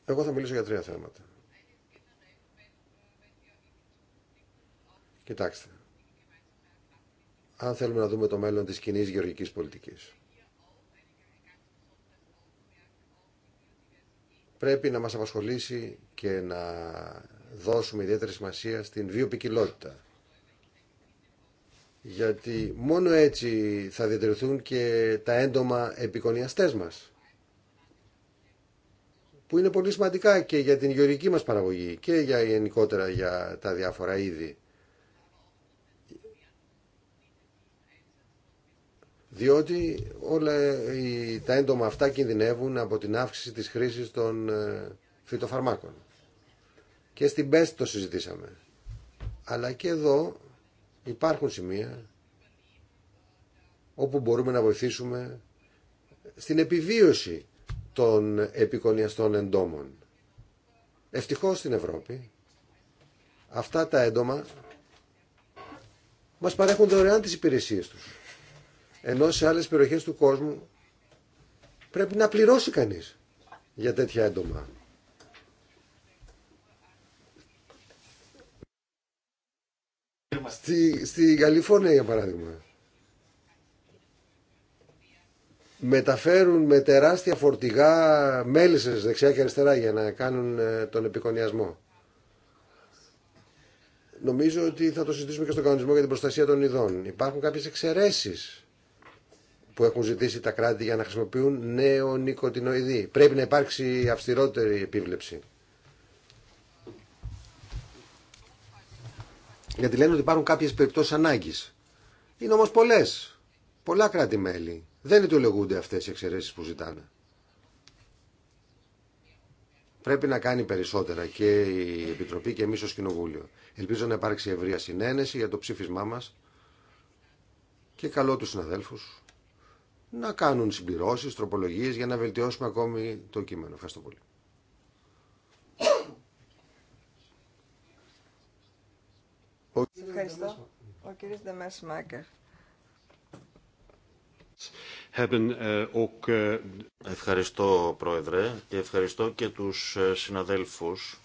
Εγώ θα μιλήσω για τρία θέματα. Κοιτάξτε, αν θέλουμε να δούμε το μέλλον της κοινή γεωργικής πολιτικής. Πρέπει να μας απασχολήσει και να δώσουμε ιδιαίτερη σημασία στην βιοπικιλότητα. Γιατί μόνο έτσι θα διατηρηθούν και τα έντομα επικονιαστές μας. Που είναι πολύ σημαντικά και για την γεωργική μας παραγωγή και για γενικότερα για τα διάφορα είδη. διότι όλα τα έντομα αυτά κινδυνεύουν από την αύξηση της χρήσης των ε, φυτοφαρμάκων. Και στην ΠΕΣ το συζητήσαμε. Αλλά και εδώ υπάρχουν σημεία όπου μπορούμε να βοηθήσουμε στην επιβίωση των επικονιαστών εντόμων. Ευτυχώς στην Ευρώπη αυτά τα έντομα μας παρέχουν δωρεάν τις υπηρεσίες τους. Ενώ σε άλλες περιοχές του κόσμου πρέπει να πληρώσει κανείς για τέτοια έντομα. Στη, στη Γαλιφόρνια για παράδειγμα μεταφέρουν με τεράστια φορτηγά μέλισσες δεξιά και αριστερά για να κάνουν ε, τον επικονιασμό. Νομίζω ότι θα το συζητήσουμε και στον κανονισμό για την προστασία των ειδών. Υπάρχουν κάποιες εξαιρέσεις που έχουν ζητήσει τα κράτη για να χρησιμοποιούν νέο νοικοτινοειδή. Πρέπει να υπάρξει αυστηρότερη επίβλεψη. Γιατί λένε ότι υπάρχουν κάποιες περιπτώσεις ανάγκης. Είναι όμως πολλές. Πολλά κράτη-μέλη. Δεν ιτολογούνται αυτές οι εξαιρέσεις που ζητάνε. Πρέπει να κάνει περισσότερα και η Επιτροπή και εμείς ως Κοινοβούλιο. Ελπίζω να υπάρξει ευρεία συνένεση για το ψήφισμά μας και καλό τους συναδέλφους να κάνουν συμπληρώσεις, τροπολογίες για να βελτιώσουμε ακόμη το κείμενο. Ευχαριστώ πολύ. Ευχαριστώ. Ο κύριος Δεμές Μάκερ. Eh, eh, ευχαριστώ Πρόεδρε και ευχαριστώ και τους ε, συναδέλφους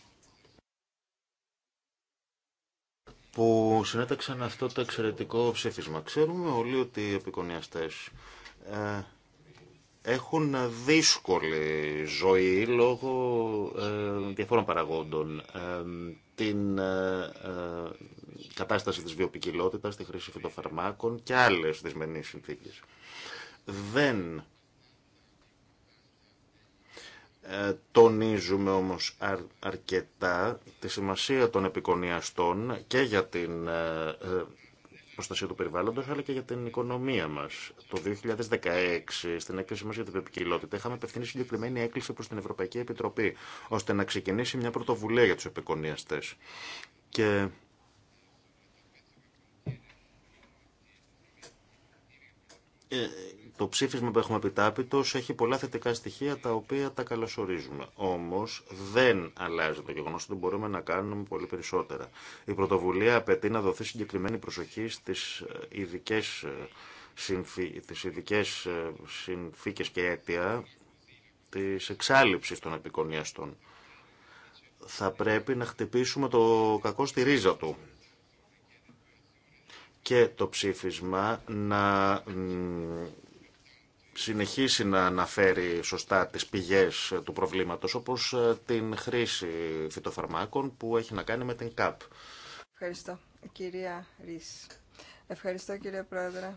που συνέταξαν αυτό το εξαιρετικό ψήφισμα. Ξέρουμε όλοι ότι οι επικονιαστές ε, έχουν δύσκολη ζωή λόγω ε, διαφόρων παραγόντων. Ε, την κατάσταση της βιοπικιλότητας, τη χρήση φυτοφαρμάκων και άλλες δυσμενείς συνθήκες. Δεν τονίζουμε όμως αρκετά τη σημασία των επικονιαστών και για την προστασία του περιβάλλοντο αλλά και για την οικονομία μα. Το 2016, στην έκθεση μα για την επικοινότητα, είχαμε απευθύνει συγκεκριμένη έκκληση προ την Ευρωπαϊκή Επιτροπή, ώστε να ξεκινήσει μια πρωτοβουλία για του επικονίαστε. Και ε, το ψήφισμα που έχουμε επιτάπητος έχει πολλά θετικά στοιχεία τα οποία τα καλωσορίζουμε. Όμως δεν αλλάζει το γεγονός ότι μπορούμε να κάνουμε πολύ περισσότερα. Η πρωτοβουλία απαιτεί να δοθεί συγκεκριμένη προσοχή στις ε, ειδικέ ε, τις ειδικές ε, συνθήκες και αίτια της εξάλληψης των επικονιαστών. Θα πρέπει να χτυπήσουμε το κακό στη ρίζα του και το ψήφισμα να συνεχίσει να αναφέρει σωστά τις πηγές του προβλήματος, όπως ε, την χρήση φυτοφαρμάκων που έχει να κάνει με την ΚΑΠ. Ευχαριστώ, κυρία Ρίση. Ευχαριστώ, κύριε Πρόεδρε.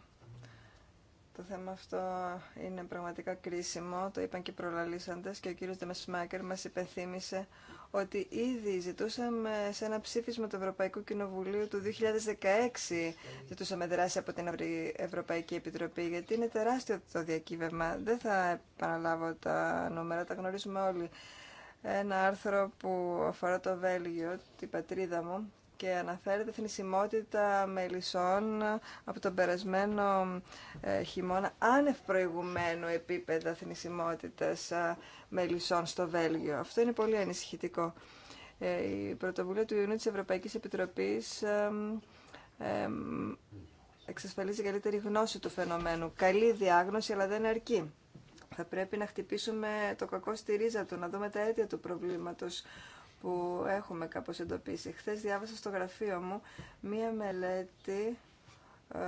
Το θέμα αυτό είναι πραγματικά κρίσιμο, το είπαν και οι προλαλήσαντες και ο κύριος Δεμεσμάκερ μας υπενθύμησε ότι ήδη ζητούσαμε σε ένα ψήφισμα του Ευρωπαϊκού Κοινοβουλίου του 2016, ζητούσαμε δράση από την Ευρωπαϊκή Επιτροπή, γιατί είναι τεράστιο το διακύβευμα. Δεν θα επαναλάβω τα νούμερα, τα γνωρίζουμε όλοι. Ένα άρθρο που αφορά το Βέλγιο, την πατρίδα μου, και αναφέρεται θνησιμότητα μελισσών από τον περασμένο ε, χειμώνα άνευ προηγουμένου επίπεδα θνησιμότητας ε, μελισσών στο Βέλγιο. Αυτό είναι πολύ ανησυχητικό. Ε, η πρωτοβουλία του Ιουνίου της Ευρωπαϊκής Επιτροπής εξασφαλίζει καλύτερη γνώση του φαινομένου. Καλή διάγνωση, αλλά δεν αρκεί. Θα πρέπει να χτυπήσουμε το κακό στη ρίζα του, να δούμε τα αίτια του προβλήματος, που έχουμε κάπως εντοπίσει. Χθε διάβασα στο γραφείο μου μία μελέτη ε,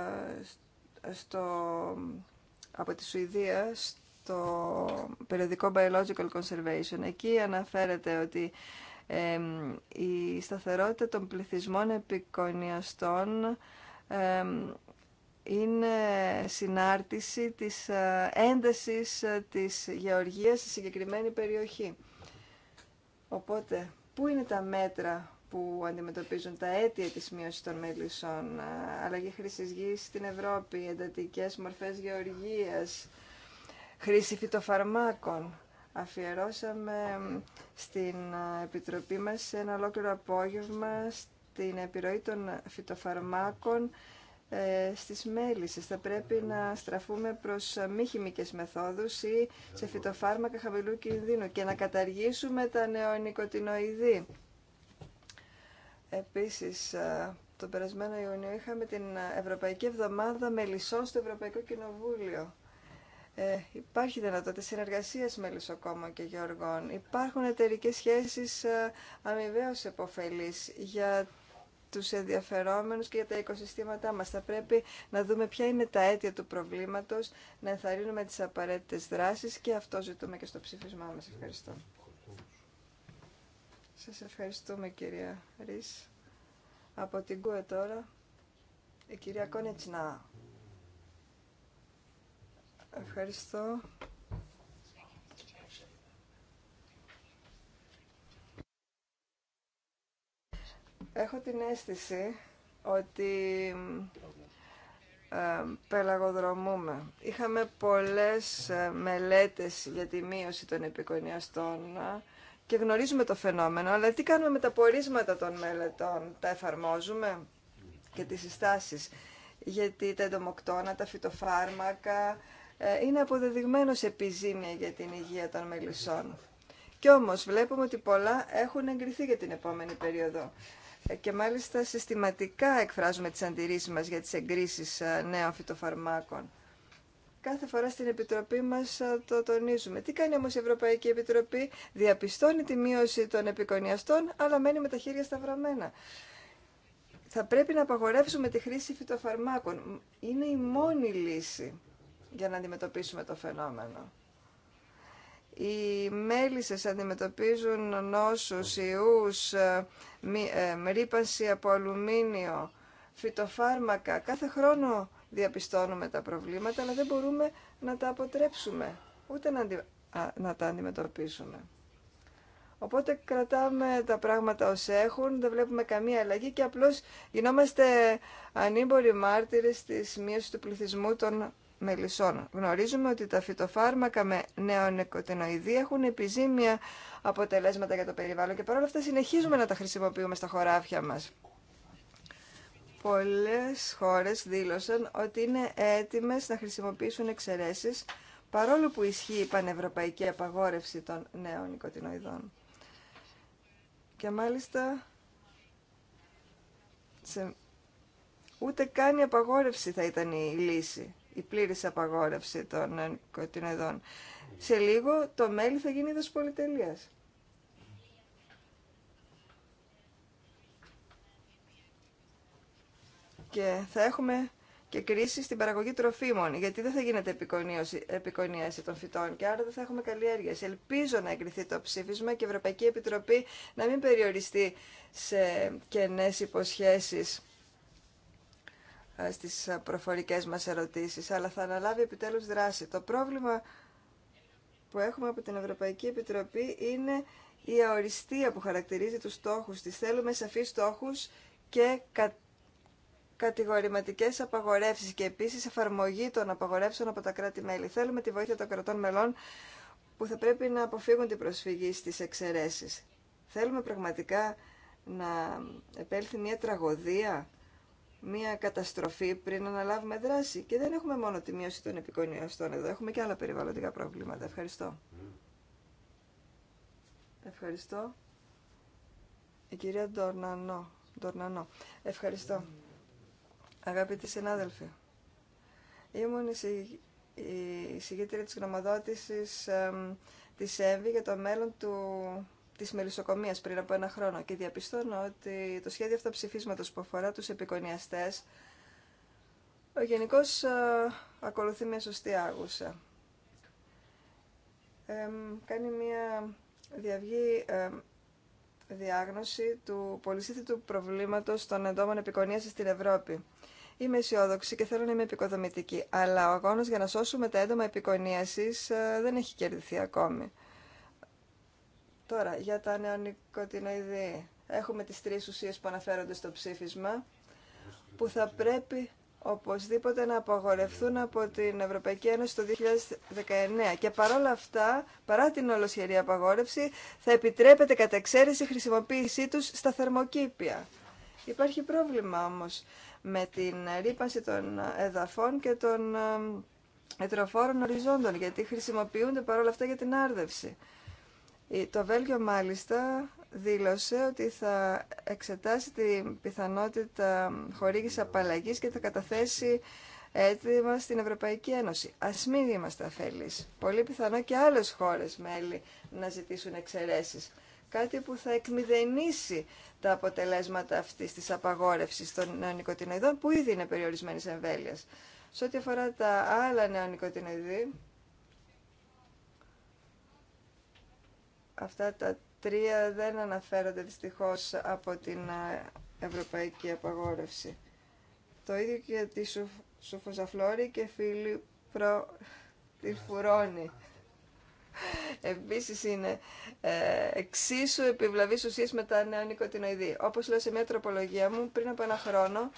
στο, από τη Σουηδία στο περιοδικό Biological Conservation. Εκεί αναφέρεται ότι η σταθερότητα των πληθυσμών επικονιαστών είναι συνάρτηση της ε, έντασης ε, της γεωργίας στη συγκεκριμένη περιοχή. Οπότε πού είναι τα μέτρα που αντιμετωπίζουν τα αίτια της μείωσης των μελισσών, αλλαγή χρήσης γης στην Ευρώπη, εντατικές μορφές γεωργίας, χρήση φυτοφαρμάκων. Αφιερώσαμε στην Επιτροπή μας ένα ολόκληρο απόγευμα στην επιρροή των φυτοφαρμάκων ε, στις μέλισσες. Θα πρέπει να στραφούμε προς μη χημικές μεθόδους ή σε φυτοφάρμακα χαμηλού κινδύνου και να καταργήσουμε τα νεονικοτινοειδή. Επίσης, ε, τον περασμένο Ιούνιο είχαμε την Ευρωπαϊκή Εβδομάδα Μελισσών στο Ευρωπαϊκό Κοινοβούλιο. Ε, υπάρχει δυνατότητα συνεργασία με και γεωργών. Υπάρχουν εταιρικέ σχέσει ε, αμοιβαίω επωφελεί για τους ενδιαφερόμενους και για τα οικοσυστήματά μας. Θα πρέπει να δούμε ποια είναι τα αίτια του προβλήματος, να ενθαρρύνουμε τις απαραίτητες δράσεις και αυτό ζητούμε και στο ψήφισμά μας. Ευχαριστώ. Σας ευχαριστούμε κυρία Ρης. Από την ΚΟΕ τώρα, η κυρία Κόνετσνα. Ευχαριστώ. Έχω την αίσθηση ότι ε, πελαγοδρομούμε. Είχαμε πολλές ε, μελέτες για τη μείωση των επικονιαστών ε, και γνωρίζουμε το φαινόμενο, αλλά τι κάνουμε με τα πορίσματα των μελετών, τα εφαρμόζουμε και τις συστάσεις. Γιατί τα εντομοκτώνα, τα φυτοφάρμακα είναι αποδεδειγμένος επιζήμια για την υγεία των μελισσών. Κι όμως βλέπουμε ότι πολλά έχουν εγκριθεί για την επόμενη περίοδο. Ε, και μάλιστα συστηματικά εκφράζουμε τις αντιρρήσεις μας για τις εγκρίσεις ε, νέων φυτοφαρμάκων. Κάθε φορά στην Επιτροπή μας ε, το τονίζουμε. Τι κάνει όμως η Ευρωπαϊκή Επιτροπή, διαπιστώνει τη μείωση των επικονιαστών, αλλά μένει με τα χέρια σταυρωμένα. Θα πρέπει να απαγορεύσουμε τη χρήση φυτοφαρμάκων. Είναι η μόνη λύση για να αντιμετωπίσουμε το φαινόμενο οι μέλισσες αντιμετωπίζουν νόσους, ιούς, ε, ε, ρήπανση από αλουμίνιο, φυτοφάρμακα. Κάθε χρόνο διαπιστώνουμε τα προβλήματα, αλλά δεν μπορούμε να τα αποτρέψουμε, ούτε να, να τα αντιμετωπίσουμε. Οπότε κρατάμε τα πράγματα ως έχουν, δεν βλέπουμε καμία αλλαγή και απλώς γινόμαστε ανήμποροι μάρτυρες της μείωσης του πληθυσμού των μελισσών. Γνωρίζουμε ότι τα φυτοφάρμακα με νεονεκοτενοειδή έχουν επιζήμια αποτελέσματα για το περιβάλλον και παρόλα αυτά συνεχίζουμε να τα χρησιμοποιούμε στα χωράφια μας. Πολλές χώρες δήλωσαν ότι είναι έτοιμες να χρησιμοποιήσουν εξαιρέσει παρόλο που ισχύει η πανευρωπαϊκή απαγόρευση των νέων νοικοτινοειδών. Και μάλιστα σε... ούτε καν η απαγόρευση θα ήταν η λύση η πλήρης απαγόρευση των νοικοτινοειδών. Σε λίγο το μέλι θα γίνει είδος πολυτελείας. Και θα έχουμε και κρίση στην παραγωγή τροφίμων, γιατί δεν θα γίνεται επικονίαση των φυτών και άρα δεν θα έχουμε καλλιέργεια. Ελπίζω να εγκριθεί το ψήφισμα και η Ευρωπαϊκή Επιτροπή να μην περιοριστεί σε κενές υποσχέσεις ε, στις ε, προφορικές μας ερωτήσεις, αλλά θα αναλάβει επιτέλους δράση. Το πρόβλημα που έχουμε από την Ευρωπαϊκή Επιτροπή είναι η αοριστία που χαρακτηρίζει τους στόχους της. Θέλουμε σαφείς στόχους και κα... κατηγορηματικές απαγορεύσεις και επίσης εφαρμογή των απαγορεύσεων από τα κράτη-μέλη. Θέλουμε τη βοήθεια των κρατών μελών που θα πρέπει να αποφύγουν την προσφυγή στις εξαιρέσεις. Θέλουμε πραγματικά να επέλθει μια τραγωδία μία καταστροφή πριν αναλάβουμε δράση. Και δεν έχουμε μόνο τη μείωση των επικοινωνιαστών εδώ, έχουμε και άλλα περιβαλλοντικά προβλήματα. Ευχαριστώ. Ευχαριστώ. Η κυρία Ντορνανό. Ντορνανό. Ευχαριστώ. Αγαπητοί συνάδελφοι, ήμουν η συγγήτρια της γνωμοδότησης της ΕΒΗ για το μέλλον του της μελισσοκομίας πριν από ένα χρόνο και διαπιστώνω ότι το σχέδιο αυτοψηφίσματος που αφορά τους ο γενικό ε, ακολουθεί μια σωστή άγουσα. κάνει μια διαυγή διάγνωση του πολυσύθητου προβλήματος των εντόμων επικονίας στην Ευρώπη. Είμαι αισιόδοξη και θέλω να είμαι επικοδομητική, αλλά ο αγώνας για να σώσουμε τα έντομα επικονίασης ε, δεν έχει κερδιθεί ακόμη. Τώρα, για τα νεονικοτινοειδή. Έχουμε τις τρεις ουσίες που αναφέρονται στο ψήφισμα, που θα πρέπει οπωσδήποτε να απαγορευτούν από την Ευρωπαϊκή Ένωση το 2019. Και παρόλα αυτά, παρά την ολοσχερή απαγόρευση, θα επιτρέπεται κατά εξαίρεση χρησιμοποίησή τους στα θερμοκήπια. Υπάρχει πρόβλημα όμως με την ρήπανση των εδαφών και των ετροφόρων ε, οριζόντων, γιατί χρησιμοποιούνται παρόλα αυτά για την άρδευση. Ε, το Βέλγιο μάλιστα δήλωσε ότι θα εξετάσει την πιθανότητα χορήγηση απαλλαγής και θα καταθέσει έτοιμα στην Ευρωπαϊκή Ένωση. Α μην είμαστε αφέλεις. Πολύ πιθανό και άλλες χώρες μέλη να ζητήσουν εξαιρέσεις. Κάτι που θα εκμηδενήσει τα αποτελέσματα αυτής της απαγόρευσης των νεονικοτινοειδών που ήδη είναι περιορισμένη εμβέλειας. Σε ό,τι αφορά τα άλλα νεονικοτινοειδή, Αυτά τα τρία δεν αναφέρονται δυστυχώς από την ε, ευρωπαϊκή απαγόρευση. Το ίδιο και για τη και φίλοι προ τη Επίσης είναι ε, εξίσου επιβλαβής ουσίες με τα νέα νοικοτινοειδή. Όπως λέω σε μια τροπολογία μου πριν από ένα χρόνο,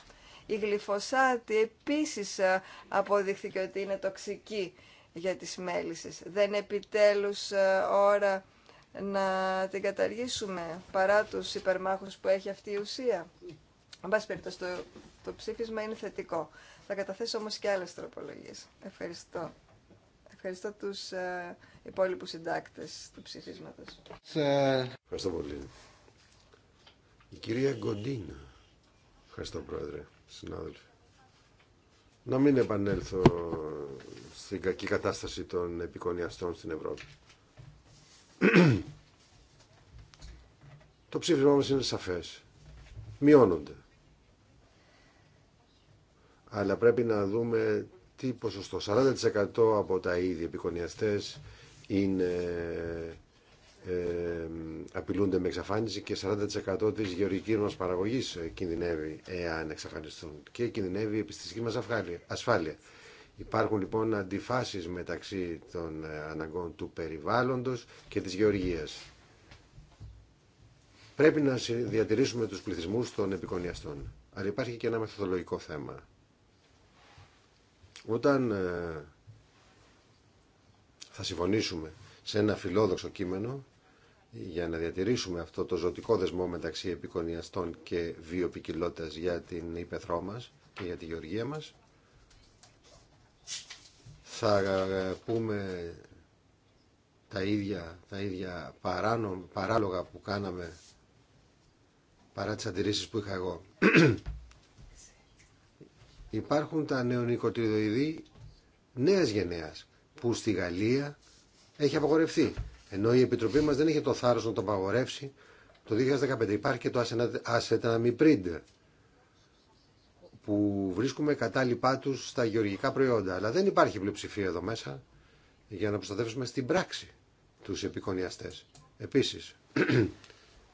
η γλυφοσάτη επίσης ε, αποδείχθηκε ότι είναι τοξική για τις μέλισσες. Δεν επιτέλους ώρα να την καταργήσουμε παρά τους υπερμάχους που έχει αυτή η ουσία. Εν πάση περιπτώσει, το, το ψήφισμα είναι θετικό. Θα καταθέσω όμως και άλλες τροπολογίες. Ευχαριστώ. Ευχαριστώ τους ε, υπόλοιπους συντάκτες του ψηφίσματος. Ευχαριστώ πολύ. Η κυρία Γκοντίνα. Ευχαριστώ πρόεδρε, συνάδελφοι. Να μην επανέλθω στην κακή κατάσταση των επικονιαστών στην Ευρώπη. Το ψήφισμά μας είναι σαφές. Μειώνονται. Αλλά πρέπει να δούμε τι ποσοστό. 40% από τα ίδια επικονιαστές είναι, ε, απειλούνται με εξαφάνιση και 40% της γεωργικής μας παραγωγής ε, κινδυνεύει εάν εξαφανιστούν και κινδυνεύει η επιστησική μας ασφάλεια. Υπάρχουν λοιπόν αντιφάσεις μεταξύ των ε, αναγκών του περιβάλλοντος και της γεωργίας. Πρέπει να διατηρήσουμε τους πληθυσμούς των επικονιαστών. Αλλά υπάρχει και ένα μεθοδολογικό θέμα. Όταν ε, θα συμφωνήσουμε σε ένα φιλόδοξο κείμενο για να διατηρήσουμε αυτό το ζωτικό δεσμό μεταξύ επικονιαστών και βιοπικιλότητας για την υπεθρό μας και για τη γεωργία μας, θα ε, πούμε τα ίδια, τα ίδια παράνο, παράλογα που κάναμε παρά τις αντιρρήσεις που είχα εγώ. [COUGHS] Υπάρχουν τα νεονικοτριδοειδή νέας γενέας που στη Γαλλία έχει απαγορευτεί. Ενώ η Επιτροπή μας δεν είχε το θάρρος να το απαγορεύσει το 2015. Υπάρχει και το ασεταναμιπρίντ που βρίσκουμε κατάλοιπά του στα γεωργικά προϊόντα. Αλλά δεν υπάρχει πλειοψηφία εδώ μέσα για να προστατεύσουμε στην πράξη του επικονιαστές. Επίση, [CLEARS THROAT]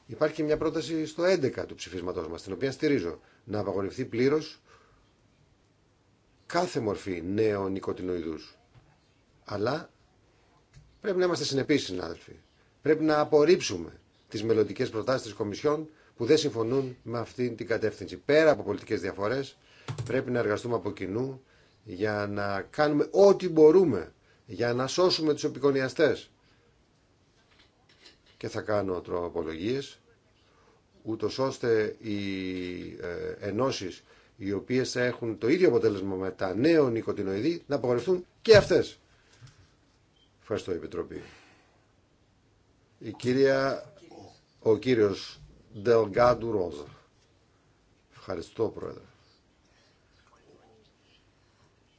υπάρχει μια πρόταση στο 11 του ψηφίσματο μα την οποία στηρίζω, να απαγορευτεί πλήρω κάθε μορφή νέων νοικοτινοειδούς. Αλλά πρέπει να είμαστε συνεπείς, συνάδελφοι. Πρέπει να απορρίψουμε τις μελλοντικέ προτάσεις της Κομισιόν που δεν συμφωνούν με αυτήν την κατεύθυνση. Πέρα από πολιτικές διαφορές, Πρέπει να εργαστούμε από κοινού για να κάνουμε ό,τι μπορούμε για να σώσουμε τους επικονιαστές. Και θα κάνω τροπολογίες, ούτως ώστε οι ε, ενώσεις οι οποίες θα έχουν το ίδιο αποτέλεσμα με τα νέα νοικοτινοειδή να απογορευτούν και αυτές. Ευχαριστώ, Επιτροπή. Η κυρία, ο κύριος Ντελγκάντου Ρόζα. Ευχαριστώ, Πρόεδρε.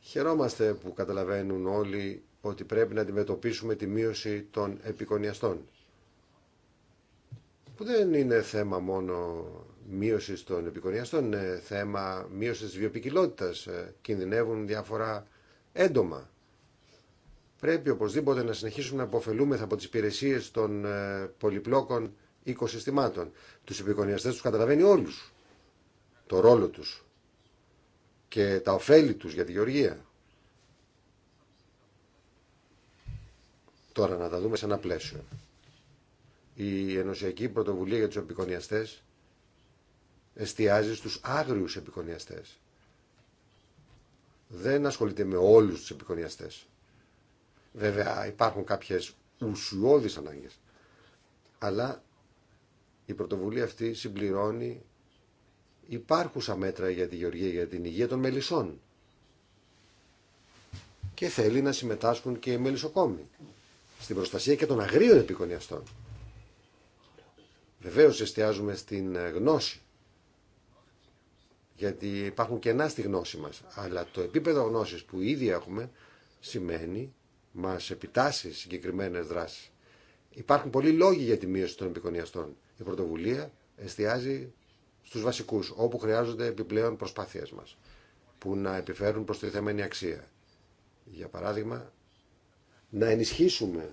Χαιρόμαστε που καταλαβαίνουν όλοι ότι πρέπει να αντιμετωπίσουμε τη μείωση των επικονιαστών. Που δεν είναι θέμα μόνο μείωση των επικονιαστών, είναι θέμα μείωση τη βιοπικιλότητα. Ε, κινδυνεύουν διάφορα έντομα. Πρέπει οπωσδήποτε να συνεχίσουμε να αποφελούμεθα από τι υπηρεσίε των ε, πολυπλόκων οικοσυστημάτων. Του επικονιαστέ του καταλαβαίνει όλου το ρόλο τους και τα ωφέλη τους για τη γεωργία. Τώρα να τα δούμε σε ένα πλαίσιο. Η Ενωσιακή Πρωτοβουλία για τους Επικονιαστές εστιάζει στους άγριους επικονιαστές. Δεν ασχολείται με όλους τους επικονιαστές. Βέβαια υπάρχουν κάποιες ουσιώδεις ανάγκες. Αλλά η πρωτοβουλία αυτή συμπληρώνει υπάρχουσα μέτρα για τη γεωργία, για την υγεία των μελισσών. Και θέλει να συμμετάσχουν και οι μελισσοκόμοι στην προστασία και των αγρίων επικονιαστών. Βεβαίως εστιάζουμε στην γνώση, γιατί υπάρχουν κενά στη γνώση μας, αλλά το επίπεδο γνώσης που ήδη έχουμε σημαίνει μας επιτάσσει συγκεκριμένες δράσεις. Υπάρχουν πολλοί λόγοι για τη μείωση των επικονιαστών. Η πρωτοβουλία εστιάζει στους βασικούς, όπου χρειάζονται επιπλέον προσπάθειές μας, που να επιφέρουν προς τη θεμένη αξία. Για παράδειγμα, να ενισχύσουμε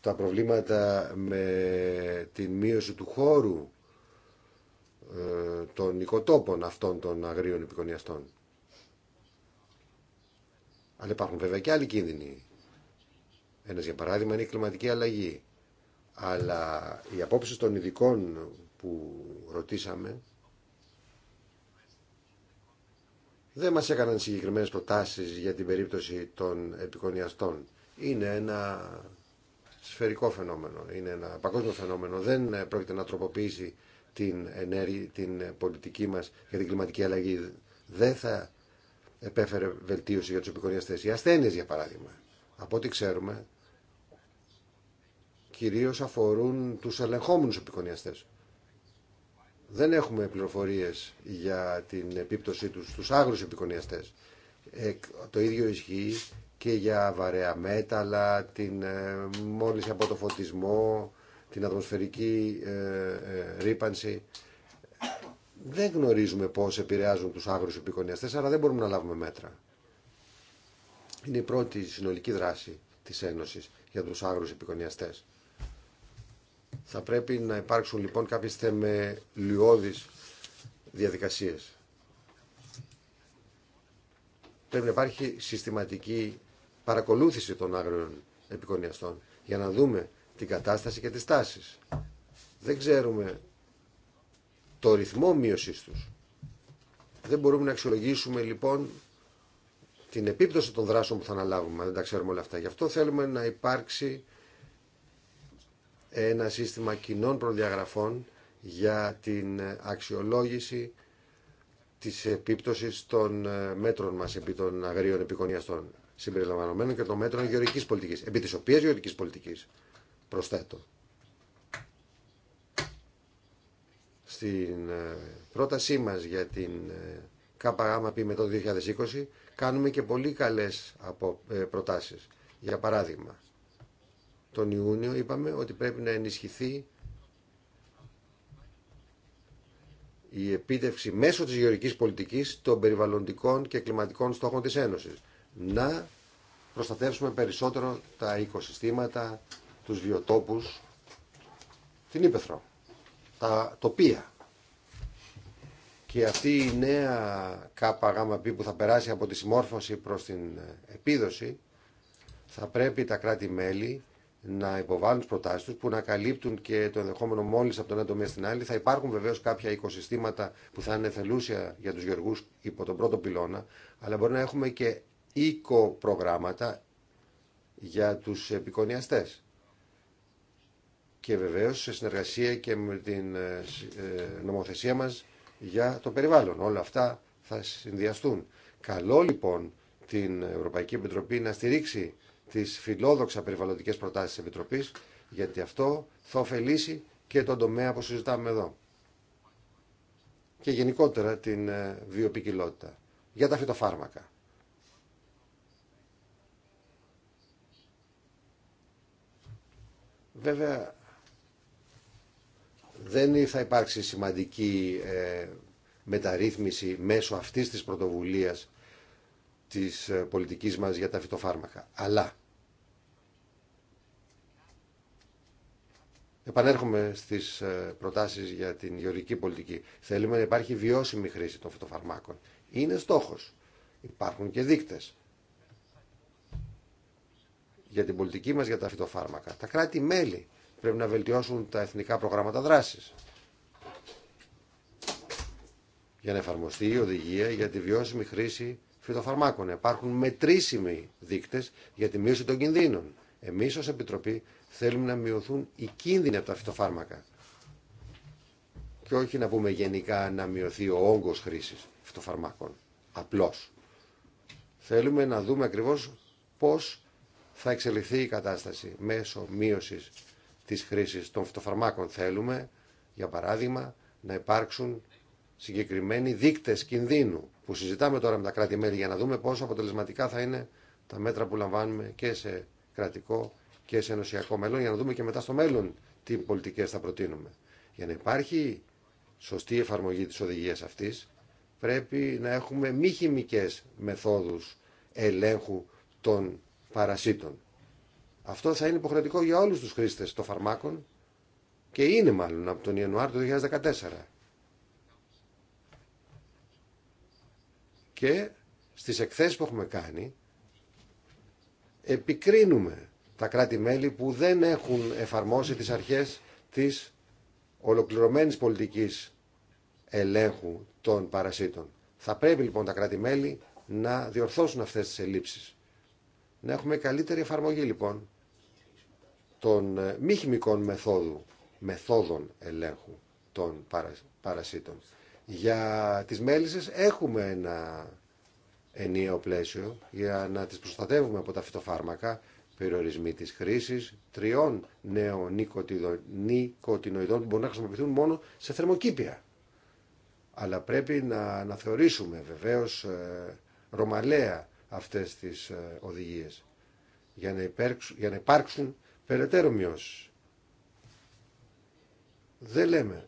τα προβλήματα με την μείωση του χώρου ε, των οικοτόπων αυτών των αγρίων επικονιαστών. Αλλά υπάρχουν βέβαια και άλλοι κίνδυνοι. Ένας για παράδειγμα είναι η κλιματική αλλαγή. Αλλά οι απόψεις των ειδικών που ρωτήσαμε δεν μας έκαναν συγκεκριμένες προτάσεις για την περίπτωση των επικονιαστών. Είναι ένα σφαιρικό φαινόμενο, είναι ένα παγκόσμιο φαινόμενο. Δεν πρόκειται να τροποποιήσει την, την πολιτική μας για την κλιματική αλλαγή. Δεν θα επέφερε βελτίωση για τους επικονιαστές. Οι ασθένειες, για παράδειγμα, από ό,τι ξέρουμε, κυρίως αφορούν τους ελεγχόμενους επικονιαστές δεν έχουμε πληροφορίες για την επίπτωσή τους στους άγρους επικονιαστές. Ε, το ίδιο ισχύει και για βαρέα μέταλλα, την ε, μόλις από το φωτισμό, την ατμοσφαιρική ε, ρήπανση. Δεν γνωρίζουμε πώς επηρεάζουν τους άγρους επικονιαστές, αλλά δεν μπορούμε να λάβουμε μέτρα. Είναι η πρώτη συνολική δράση της Ένωσης για τους άγρους επικονιαστές. Θα πρέπει να υπάρξουν λοιπόν κάποιες θεμελιώδεις διαδικασίες. Πρέπει να υπάρχει συστηματική παρακολούθηση των άγριων επικονιαστών για να δούμε την κατάσταση και τις τάσεις. Δεν ξέρουμε το ρυθμό μείωσης τους. Δεν μπορούμε να αξιολογήσουμε λοιπόν την επίπτωση των δράσεων που θα αναλάβουμε, δεν τα ξέρουμε όλα αυτά. Γι' αυτό θέλουμε να υπάρξει ένα σύστημα κοινών προδιαγραφών για την αξιολόγηση της επίπτωσης των ε, μέτρων μας επί των αγρίων επικονιαστών συμπεριλαμβανομένων και των μέτρων γεωρικής πολιτικής, επί της οποίας γεωρικής πολιτικής προσθέτω. Στην ε, πρότασή μας για την ε, ΚΑΠΑΓΑΜΑΠΗ μετά το 2020 κάνουμε και πολύ καλές προτάσεις. Για παράδειγμα, τον Ιούνιο είπαμε ότι πρέπει να ενισχυθεί η επίτευξη μέσω της γεωρικής πολιτικής των περιβαλλοντικών και κλιματικών στόχων της Ένωσης. Να προστατεύσουμε περισσότερο τα οικοσυστήματα, τους βιοτόπους, την Ήπεθρο, τα τοπία. Και αυτή η νέα ΚΓΠ που θα περάσει από τη συμμόρφωση προς την επίδοση θα πρέπει τα κράτη-μέλη να υποβάλουν τι προτάσει του που να καλύπτουν και το ενδεχόμενο μόλι από τον ένα τομέα στην άλλη. Θα υπάρχουν βεβαίω κάποια οικοσυστήματα που θα είναι θελούσια για του γεωργού υπό τον πρώτο πυλώνα, αλλά μπορεί να έχουμε και οικοπρογράμματα για του επικονιαστέ. Και βεβαίω σε συνεργασία και με την ε, ε, νομοθεσία μα για το περιβάλλον. Όλα αυτά θα συνδυαστούν. Καλό λοιπόν την Ευρωπαϊκή Επιτροπή να στηρίξει τι φιλόδοξα περιβαλλοντικέ προτάσει τη Επιτροπής, γιατί αυτό θα ωφελήσει και τον τομέα που συζητάμε εδώ. Και γενικότερα την ε, βιοπικιλότητα. Για τα φυτοφάρμακα. Βέβαια, δεν θα υπάρξει σημαντική ε, μεταρρύθμιση μέσω αυτής της πρωτοβουλίας της ε, πολιτικής μας για τα φυτοφάρμακα. Αλλά Επανέρχομαι στις ε, προτάσεις για την γεωργική πολιτική. Θέλουμε να υπάρχει βιώσιμη χρήση των φυτοφαρμάκων. Είναι στόχος. Υπάρχουν και δείκτε για την πολιτική μας για τα φυτοφάρμακα. Τα κράτη-μέλη πρέπει να βελτιώσουν τα εθνικά προγράμματα δράσης για να εφαρμοστεί η οδηγία για τη βιώσιμη χρήση φυτοφαρμάκων. Υπάρχουν μετρήσιμοι δείκτε για τη μείωση των κινδύνων, Εμεί ω Επιτροπή θέλουμε να μειωθούν οι κίνδυνοι από τα φυτοφάρμακα. Και όχι να πούμε γενικά να μειωθεί ο όγκος χρήση φυτοφαρμάκων. Απλώς. Θέλουμε να δούμε ακριβώς πώς θα εξελιχθεί η κατάσταση μέσω μείωση της χρήση των φυτοφαρμάκων. Θέλουμε, για παράδειγμα, να υπάρξουν συγκεκριμένοι δείκτες κινδύνου που συζητάμε τώρα με τα κράτη-μέλη για να δούμε πόσο αποτελεσματικά θα είναι τα μέτρα που λαμβάνουμε και σε κρατικό και σε ενωσιακό μέλλον για να δούμε και μετά στο μέλλον τι πολιτικές θα προτείνουμε. Για να υπάρχει σωστή εφαρμογή της οδηγίας αυτής πρέπει να έχουμε μη χημικές μεθόδους ελέγχου των παρασίτων. Αυτό θα είναι υποχρεωτικό για όλους τους χρήστες των φαρμάκων και είναι μάλλον από τον Ιανουάριο του 2014. Και στις εκθέσεις που έχουμε κάνει επικρίνουμε τα κράτη-μέλη που δεν έχουν εφαρμόσει τις αρχές της ολοκληρωμένης πολιτικής ελέγχου των παρασίτων. Θα πρέπει λοιπόν τα κράτη-μέλη να διορθώσουν αυτές τις ελλείψεις. Να έχουμε καλύτερη εφαρμογή λοιπόν των ε, μη χημικών μεθόδου, μεθόδων ελέγχου των παρασίτων. Για τις μέλισσες έχουμε ένα ενιαίο πλαίσιο για να τις προστατεύουμε από τα φυτοφάρμακα, περιορισμοί της χρήσης τριών νέων που μπορούν να χρησιμοποιηθούν μόνο σε θερμοκήπια. Αλλά πρέπει να θεωρήσουμε βεβαίως ε, ρωμαλαία αυτές τις ε, οδηγίες για να, υπάρξουν, για να υπάρξουν περαιτέρω μειώσεις. Δεν λέμε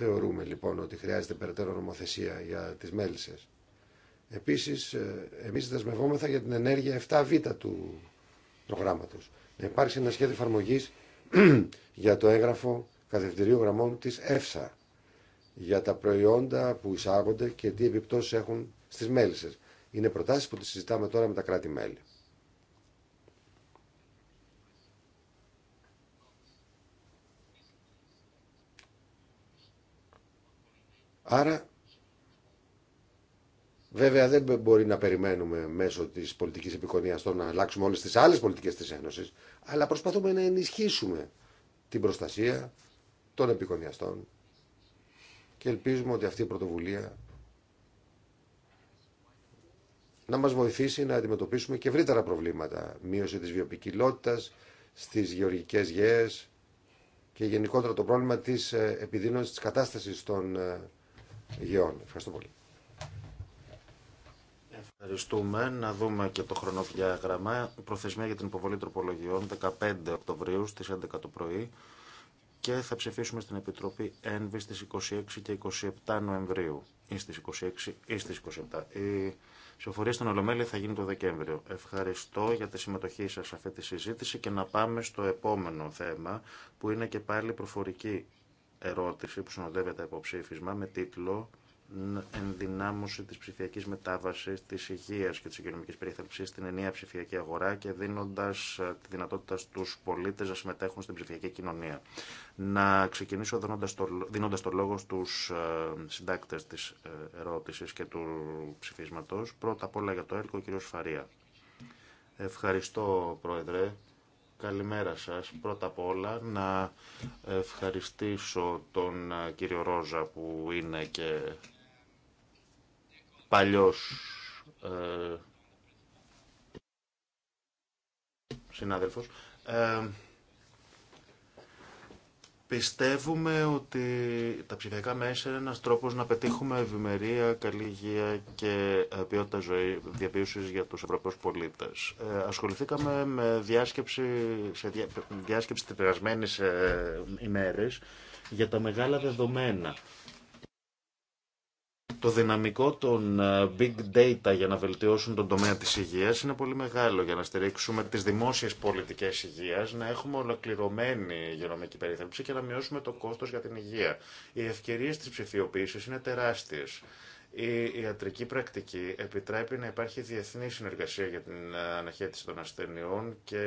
Θεωρούμε λοιπόν ότι χρειάζεται περαιτέρω νομοθεσία για τις μέλισσε. Επίσης, ε, εμείς δεσμευόμεθα για την ενέργεια 7β του προγράμματος. Να υπάρξει ένα σχέδιο εφαρμογή [CLEARS THROAT] για το έγγραφο καθευτηρίου γραμμών της ΕΦΣΑ για τα προϊόντα που εισάγονται και τι επιπτώσει έχουν στις μέλισσε. Είναι προτάσει που τι συζητάμε τώρα με τα κράτη-μέλη. Άρα Βέβαια δεν μπορεί να περιμένουμε μέσω της πολιτικής επικονίας το να αλλάξουμε όλες τις άλλες πολιτικές της Ένωσης, αλλά προσπαθούμε να ενισχύσουμε την προστασία των επικονιαστών και ελπίζουμε ότι αυτή η πρωτοβουλία να μας βοηθήσει να αντιμετωπίσουμε και ευρύτερα προβλήματα. Μείωση της βιοπικιλότητας στις γεωργικές γέες και γενικότερα το πρόβλημα της ε, επιδείνωσης της κατάστασης των ε, Ευχαριστώ πολύ. Ευχαριστούμε. Να δούμε και το χρονοδιάγραμμα. Προθεσμία για την υποβολή τροπολογιών 15 Οκτωβρίου στις 11 το πρωί και θα ψηφίσουμε στην Επιτροπή ΕΝΒΙ στις 26 και 27 Νοεμβρίου ή στις 26 ή στις 27. Η ψηφοφορία στην Ολομέλη θα γίνει το Δεκέμβριο. Ευχαριστώ για τη συμμετοχή σας σε αυτή τη συζήτηση και να πάμε στο επόμενο θέμα που είναι και πάλι προφορική ερώτηση που συνοδεύεται από ψήφισμα με τίτλο ενδυνάμωση της ψηφιακής μετάβασης, της υγείας και της οικονομικής περιθαλψής στην ενιαία ψηφιακή αγορά και δίνοντας ε, τη δυνατότητα στους πολίτες να συμμετέχουν στην ψηφιακή κοινωνία. Να ξεκινήσω δίνοντας το, λόγο στους ε, συντάκτες της ε, ερώτησης και του ψηφίσματος. Πρώτα απ' όλα για το έλκο ο κ. Φαρία. Ευχαριστώ, Πρόεδρε. Καλημέρα σας. Πρώτα απ' όλα να ευχαριστήσω τον ε, κύριο Ρόζα που είναι και παλιός ε, συνάδελφος. Ε, Πιστεύουμε ότι τα ψηφιακά μέσα είναι ένας τρόπος να πετύχουμε ευημερία, καλή υγεία και ε, ποιότητα ζωή διαβίωσης για τους Ευρωπαίους πολίτες. Ε, ασχοληθήκαμε με διάσκεψη, σε διά, διάσκεψη ε, ημέρες για τα μεγάλα δεδομένα το δυναμικό των ε, big data για να βελτιώσουν τον τομέα της υγείας είναι πολύ μεγάλο για να στηρίξουμε τις δημόσιες πολιτικές υγείας, να έχουμε ολοκληρωμένη υγειονομική περίθαλψη και να μειώσουμε το κόστος για την υγεία. Οι ευκαιρίες της ψηφιοποίησης είναι τεράστιες. Η ιατρική πρακτική επιτρέπει να υπάρχει διεθνή συνεργασία για την αναχέτηση των ασθενειών και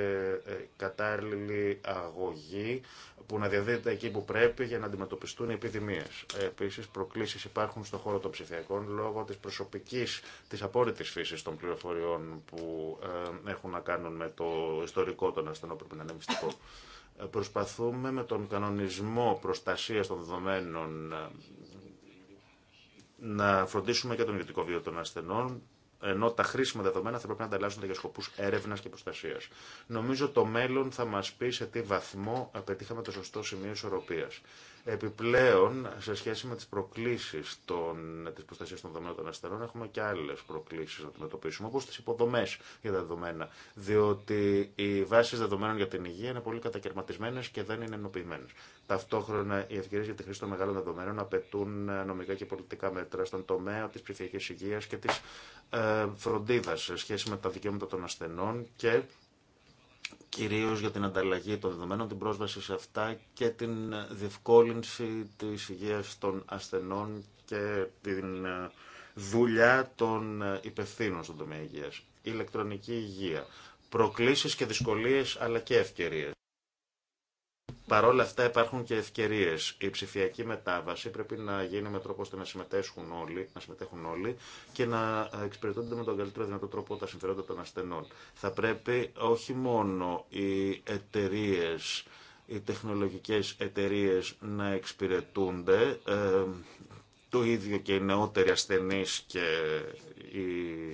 ε, κατάλληλη αγωγή που να διαδίδεται εκεί που πρέπει για να αντιμετωπιστούν οι επιδημίες. Επίσης, προκλήσεις υπάρχουν στον χώρο των ψηφιακών λόγω της προσωπικής, της απόρριτης φύσης των πληροφοριών που ε, έχουν να κάνουν με το ιστορικό των ασθενών, πρέπει να είναι μυστικό. Ε, προσπαθούμε με τον κανονισμό προστασίας των δεδομένων να φροντίσουμε και τον ιδιωτικό βίο των ασθενών, ενώ τα χρήσιμα δεδομένα θα πρέπει να ανταλλάσσονται για σκοπού έρευνα και προστασία. Νομίζω το μέλλον θα μα πει σε τι βαθμό πετύχαμε το σωστό σημείο ισορροπία. Επιπλέον, σε σχέση με τις προκλήσεις τη της προστασίας των δεδομένων των ασθενών, έχουμε και άλλες προκλήσεις να αντιμετωπίσουμε, όπως τις υποδομές για τα δεδομένα, διότι οι βάσεις δεδομένων για την υγεία είναι πολύ κατακαιρματισμένες και δεν είναι ενοποιημένες. Ταυτόχρονα, οι ευκαιρίες για τη χρήση των μεγάλων δεδομένων απαιτούν ε, νομικά και πολιτικά μέτρα στον τομέα της ψηφιακής υγείας και της ε, φροντίδας σε σχέση με τα δικαιώματα των ασθενών και κυρίως για την ανταλλαγή των δεδομένων, την πρόσβαση σε αυτά και την διευκόλυνση της υγείας των ασθενών και την ε, δουλειά των ε, υπευθύνων στον τομέα υγείας. Ηλεκτρονική υγεία. Προκλήσεις και δυσκολίες αλλά και ευκαιρίες παρόλα αυτά υπάρχουν και ευκαιρίε. Η ψηφιακή μετάβαση πρέπει να γίνει με τρόπο ώστε να συμμετέχουν όλοι, να συμμετέχουν όλοι και να εξυπηρετούνται με τον καλύτερο δυνατό τρόπο τα συμφέροντα των ασθενών. Θα πρέπει όχι μόνο οι εταιρείε οι τεχνολογικές εταιρείε να εξυπηρετούνται, ε, το ίδιο και οι νεότεροι ασθενεί και οι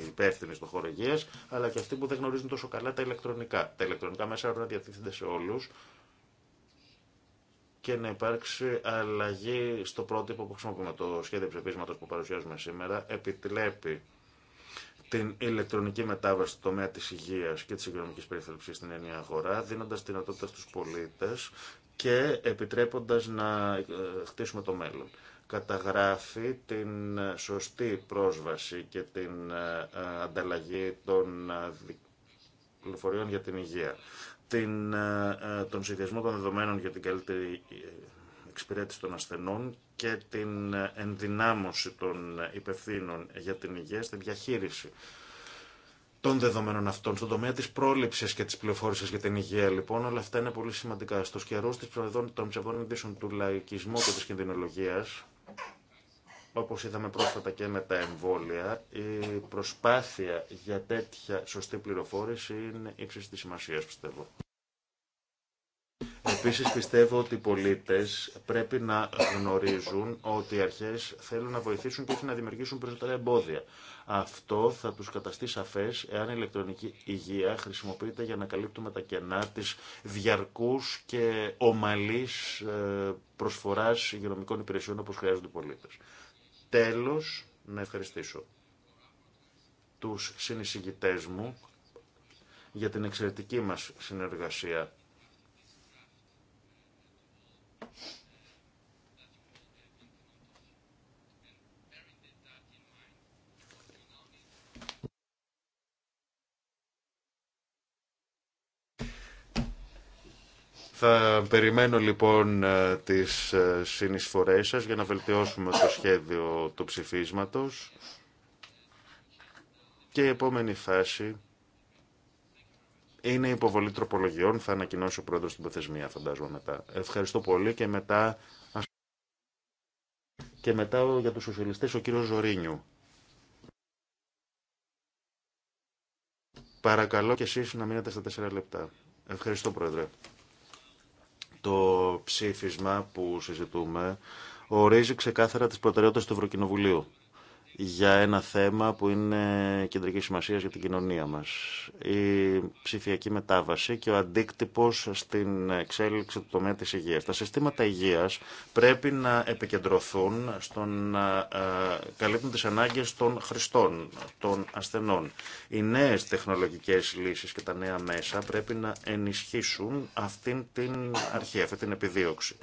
υπεύθυνοι στο χώρο υγείας, αλλά και αυτοί που δεν γνωρίζουν τόσο καλά τα ηλεκτρονικά. Τα ηλεκτρονικά μέσα πρέπει να διατίθενται σε όλου και να υπάρξει αλλαγή στο πρότυπο που χρησιμοποιούμε. Το σχέδιο ψηφίσματο που παρουσιάζουμε σήμερα επιτρέπει την ηλεκτρονική μετάβαση στο τομέα τη υγεία και τη οικονομική περιθαλψή στην ενιαία αγορά, δίνοντα δυνατότητα στου πολίτε και επιτρέποντα να ε, χτίσουμε το μέλλον. Καταγράφει την σωστή πρόσβαση και την ε, ε, ανταλλαγή των πληροφοριών για την υγεία την, ε, ε, τον συνδυασμό των δεδομένων για την καλύτερη ε, εξυπηρέτηση των ασθενών και την ενδυνάμωση των υπευθύνων για την υγεία στην διαχείριση των δεδομένων αυτών, στον τομέα τη πρόληψη και τη πληροφόρηση για την υγεία, λοιπόν, όλα αυτά είναι πολύ σημαντικά. Στου καιρού των ψευδών ειδήσεων του λαϊκισμού και τη κινδυνολογία, όπως είδαμε πρόσφατα και με τα εμβόλια, η προσπάθεια για τέτοια σωστή πληροφόρηση είναι ύψης της σημασίας, πιστεύω. Επίσης πιστεύω ότι οι πολίτες πρέπει να γνωρίζουν ότι οι αρχές θέλουν να βοηθήσουν και όχι να δημιουργήσουν περισσότερα εμπόδια. Αυτό θα τους καταστεί σαφές εάν η ηλεκτρονική υγεία χρησιμοποιείται για να καλύπτουμε τα κενά της διαρκούς και ομαλής ε, προσφοράς υγειονομικών υπηρεσιών όπως χρειάζονται οι πολίτες. Τέλος, να ευχαριστήσω τους συνεισηγητές μου για την εξαιρετική μας συνεργασία Θα περιμένω λοιπόν ε, τις ε, συνεισφορές σας για να βελτιώσουμε το σχέδιο του ψηφίσματος και η επόμενη φάση είναι η υποβολή τροπολογιών. Θα ανακοινώσει ο πρόεδρος την προθεσμία φαντάζομαι μετά. Ευχαριστώ πολύ και μετά, και μετά για τους σοσιαλιστές ο κύριος Ζωρίνιου. Παρακαλώ και εσείς να μείνετε στα τέσσερα λεπτά. Ευχαριστώ πρόεδρε. Το ψήφισμα που συζητούμε ορίζει ξεκάθαρα τις προτεραιότητες του Ευρωκοινοβουλίου για ένα θέμα που είναι κεντρική σημασία για την κοινωνία μας. Η ψηφιακή μετάβαση και ο αντίκτυπος στην εξέλιξη του τομέα της υγείας. Τα συστήματα υγείας πρέπει να επικεντρωθούν στο να ε, καλύπτουν τις ανάγκες των χρηστών, των ασθενών. Οι νέες τεχνολογικές λύσεις και τα νέα μέσα πρέπει να ενισχύσουν αυτήν την αρχή, αυτή την επιδίωξη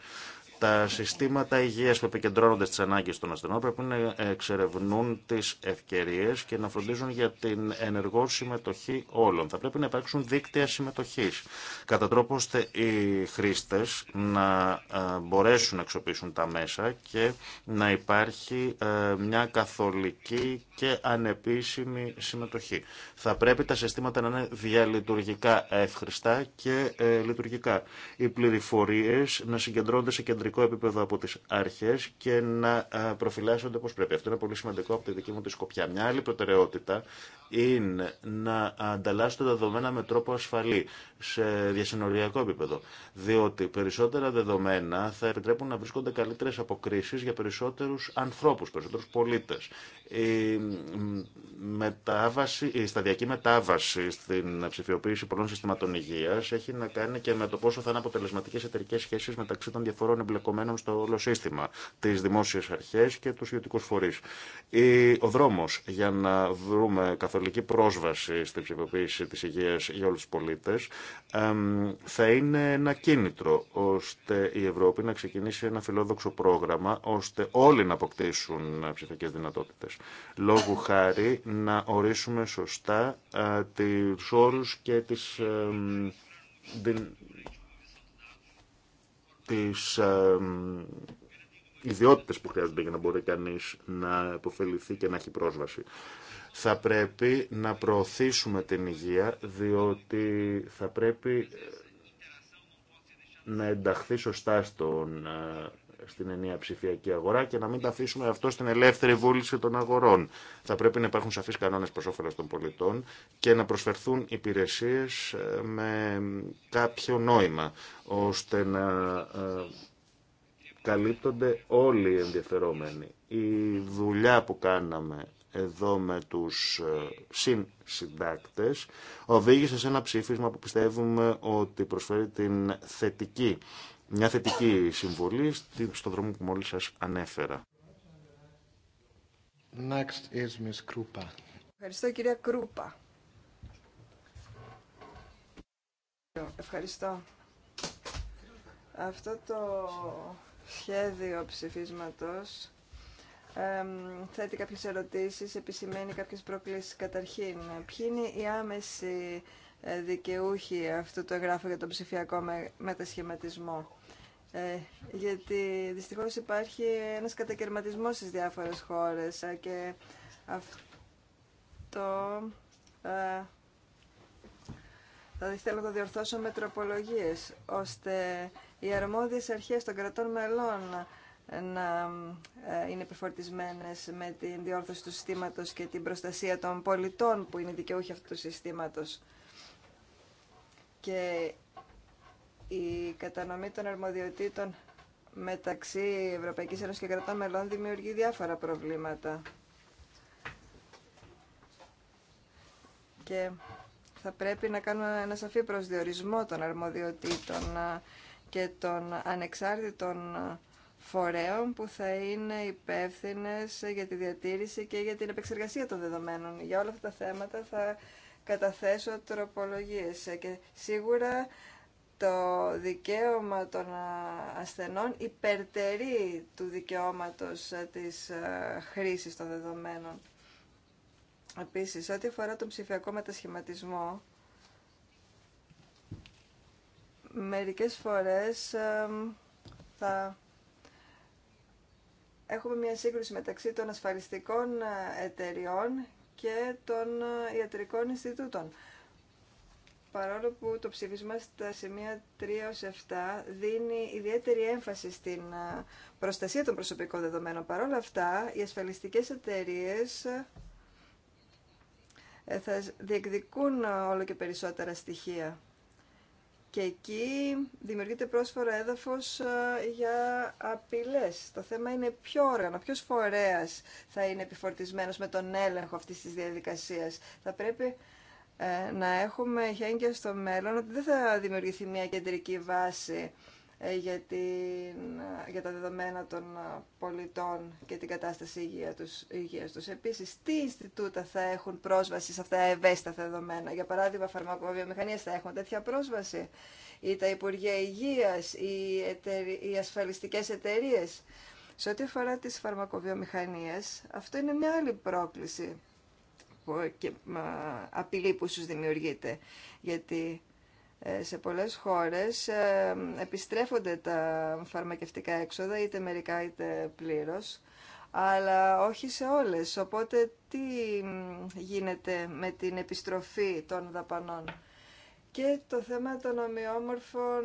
τα συστήματα υγείας που επικεντρώνονται στις ανάγκες των ασθενών πρέπει να εξερευνούν τις ευκαιρίες και να φροντίζουν για την ενεργό συμμετοχή όλων. Θα πρέπει να υπάρξουν δίκτυα συμμετοχής, κατά τρόπο ώστε οι χρήστες να ε, μπορέσουν να εξοπλίσουν τα μέσα και να υπάρχει ε, μια καθολική και ανεπίσημη συμμετοχή. Θα πρέπει τα συστήματα να είναι διαλειτουργικά εύχριστα και ε, λειτουργικά. Οι πληροφορίες να συγκεντρώνονται σε κεντρικό πολιτικό επίπεδο από τι αρχέ και να προφυλάσσονται όπω πρέπει. Αυτό είναι πολύ σημαντικό από τη δική μου τη σκοπιά. Μια άλλη προτεραιότητα είναι να τα δεδομένα με τρόπο ασφαλή σε διασυνοριακό επίπεδο. Διότι περισσότερα δεδομένα θα επιτρέπουν να βρίσκονται καλύτερε αποκρίσει για περισσότερου ανθρώπου, περισσότερου πολίτε. Η, μετάβαση, η σταδιακή μετάβαση στην ψηφιοποίηση πολλών συστημάτων υγεία έχει να κάνει και με το πόσο θα είναι αποτελεσματικέ εταιρικέ σχέσει μεταξύ των διαφορών εμπλεκομένων στο όλο σύστημα, τι δημόσιε αρχέ και του ιδιωτικού φορεί. Ο δρόμο για να βρούμε καθόλου καθολική πρόσβαση στην ψηφιοποίηση της υγείας για όλους τους πολίτες θα είναι ένα κίνητρο ώστε η Ευρώπη να ξεκινήσει ένα φιλόδοξο πρόγραμμα ώστε όλοι να αποκτήσουν ψηφιακές δυνατότητες. λόγω χάρη να ορίσουμε σωστά τους όρους και τις τις ιδιότητες που χρειάζονται για να μπορεί κανείς να υποφεληθεί και να έχει πρόσβαση θα πρέπει να προωθήσουμε την υγεία, διότι θα πρέπει ε, να ενταχθεί σωστά στον, ε, στην ενιαία ψηφιακή αγορά και να μην τα αφήσουμε αυτό στην ελεύθερη βούληση των αγορών. Θα πρέπει να υπάρχουν σαφείς κανόνες προς όφελος των πολιτών και να προσφερθούν υπηρεσίες ε, με κάποιο νόημα, ώστε να καλύπτονται όλοι οι ενδιαφερόμενοι. Η δουλειά που κάναμε εδώ με τους συνσυντάκτες ε, οδήγησε σε ένα ψήφισμα που πιστεύουμε ότι προσφέρει την θετική, μια θετική συμβολή στον δρόμο που μόλις σας ανέφερα. Next is Ms. Krupa. Ευχαριστώ κυρία Κρούπα. Ευχαριστώ. Αυτό το σχέδιο ψηφίσματος θέτει κάποιες ερωτήσεις, επισημαίνει κάποιες προκλήσεις. Καταρχήν, ποιοι είναι οι άμεση ε, δικαιούχοι αυτού του εγγράφου για τον ψηφιακό μετασχηματισμό. Ε, γιατί δυστυχώς υπάρχει ένας κατακαιρματισμός στις διάφορες χώρες ε, και αυτό θα δηλαδή θέλω να το διορθώσω με τροπολογίες, ώστε οι αρμόδιες αρχές των κρατών μελών να ε, είναι επιφορτισμένες με την διόρθωση του συστήματος και την προστασία των πολιτών που είναι δικαιούχοι αυτού του συστήματος. Και η κατανομή των αρμοδιοτήτων μεταξύ Ευρωπαϊκής Ένωσης και κρατών μελών δημιουργεί διάφορα προβλήματα. Και θα πρέπει να κάνουμε ένα σαφή προσδιορισμό των αρμοδιοτήτων ε, και των ανεξάρτητων ε, φορέων που θα είναι υπεύθυνε για τη διατήρηση και για την επεξεργασία των δεδομένων. Για όλα αυτά τα θέματα θα καταθέσω τροπολογίες και σίγουρα το δικαίωμα των ασθενών υπερτερεί του δικαιώματος της ε, χρήσης των δεδομένων. Επίσης, ό,τι αφορά τον ψηφιακό μετασχηματισμό, μερικές φορές ε, θα έχουμε μια σύγκρουση μεταξύ των ασφαλιστικών ε, εταιριών και των ε, ιατρικών Ινστιτούτων. Παρόλο που το ψήφισμα στα σημεία 3 7 δίνει ιδιαίτερη έμφαση στην ε, προστασία των προσωπικών δεδομένων. παρόλα αυτά, οι ασφαλιστικές εταιρείες θα διεκδικούν όλο και περισσότερα στοιχεία και εκεί δημιουργείται πρόσφορο έδαφος ε, για απειλές. Το θέμα είναι ποιο όργανο, ποιος φορέας θα είναι επιφορτισμένος με τον έλεγχο αυτής της διαδικασίας. Θα πρέπει ε, να έχουμε χέγγια στο μέλλον ότι δεν θα δημιουργηθεί μια κεντρική βάση ε, για, την, ε, για τα δεδομένα των ε, πολιτών και την κατάσταση υγεία τους, υγείας τους. Επίσης, τι Ινστιτούτα θα έχουν πρόσβαση σε αυτά τα ευαίσθητα δεδομένα. Για παράδειγμα, φαρμακοβιομηχανίες θα έχουν τέτοια πρόσβαση. Ή τα Υπουργεία Υγείας, οι, οι ασφαλιστικές εταιρείε. Σε ό,τι αφορά τις φαρμακοβιομηχανίες, αυτό είναι μια άλλη πρόκληση και, απειλή που ίσως δημιουργείται. Γιατί ε, σε πολλές χώρες ε, επιστρέφονται τα φαρμακευτικά έξοδα, είτε μερικά είτε πλήρως, αλλά όχι σε όλες. Οπότε τι γίνεται με την επιστροφή των δαπανών. Και το θέμα των ομοιόμορφων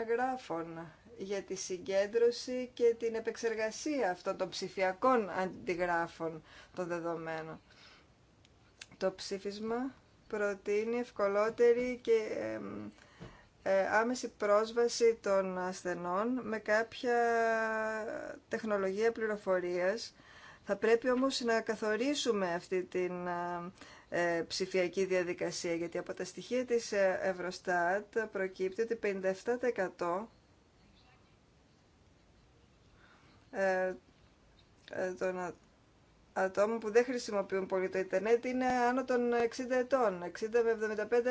εγγράφων για τη συγκέντρωση και την επεξεργασία αυτών των ψηφιακών αντιγράφων των δεδομένων. Το ψήφισμα προτείνει ευκολότερη και ε, άμεση πρόσβαση των ασθενών με κάποια τεχνολογία πληροφορίας. Θα πρέπει όμως να καθορίσουμε αυτή την ε, ε, ψηφιακή διαδικασία, γιατί από τα στοιχεία της Ευρωστάτ προκύπτει ότι 57% των ατόμων που δεν χρησιμοποιούν πολύ το Ιντερνετ είναι άνω των 60 ετών, 60 με 75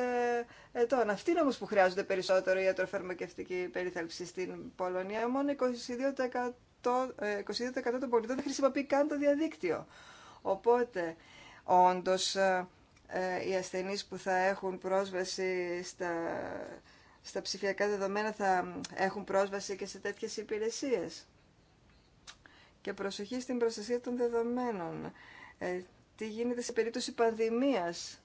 ετών. Αυτοί είναι όμω που χρειάζονται περισσότερο η ιατροφαρμακευτική περίθαλψη στην Πολωνία. Μόνο 22%, 22 ε, των πολιτών δεν χρησιμοποιεί καν το διαδίκτυο. Οπότε, όντω ε, ε, οι ασθενείς που θα έχουν πρόσβαση στα, στα ψηφιακά δεδομένα θα έχουν πρόσβαση και σε τέτοιες υπηρεσίες και προσοχή στην προστασία των δεδομένων. Ε, τι γίνεται σε περίπτωση πανδημίας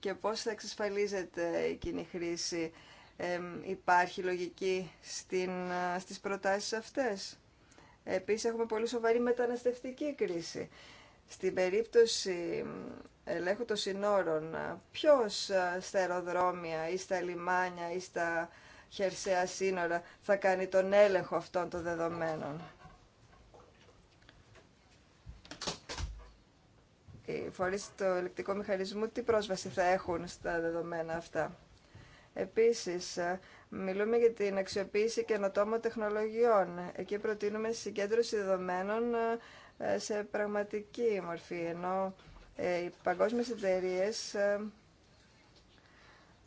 και πώς θα εξασφαλίζεται η κοινή χρήση. Ε, υπάρχει λογική στην, ε, στις προτάσεις αυτές. Επίσης έχουμε πολύ σοβαρή μεταναστευτική κρίση. Στην περίπτωση ελέγχου των συνόρων, ποιος στα αεροδρόμια ή στα λιμάνια ή στα χερσαία σύνορα θα κάνει τον έλεγχο αυτών των δεδομένων. οι φορείς του ελεκτικού μηχανισμού τι πρόσβαση θα έχουν στα δεδομένα αυτά. Επίσης, ε, μιλούμε για την αξιοποίηση καινοτόμων τεχνολογιών. Εκεί προτείνουμε συγκέντρωση δεδομένων ε, σε πραγματική μορφή, ενώ ε, οι παγκόσμιες εταιρείε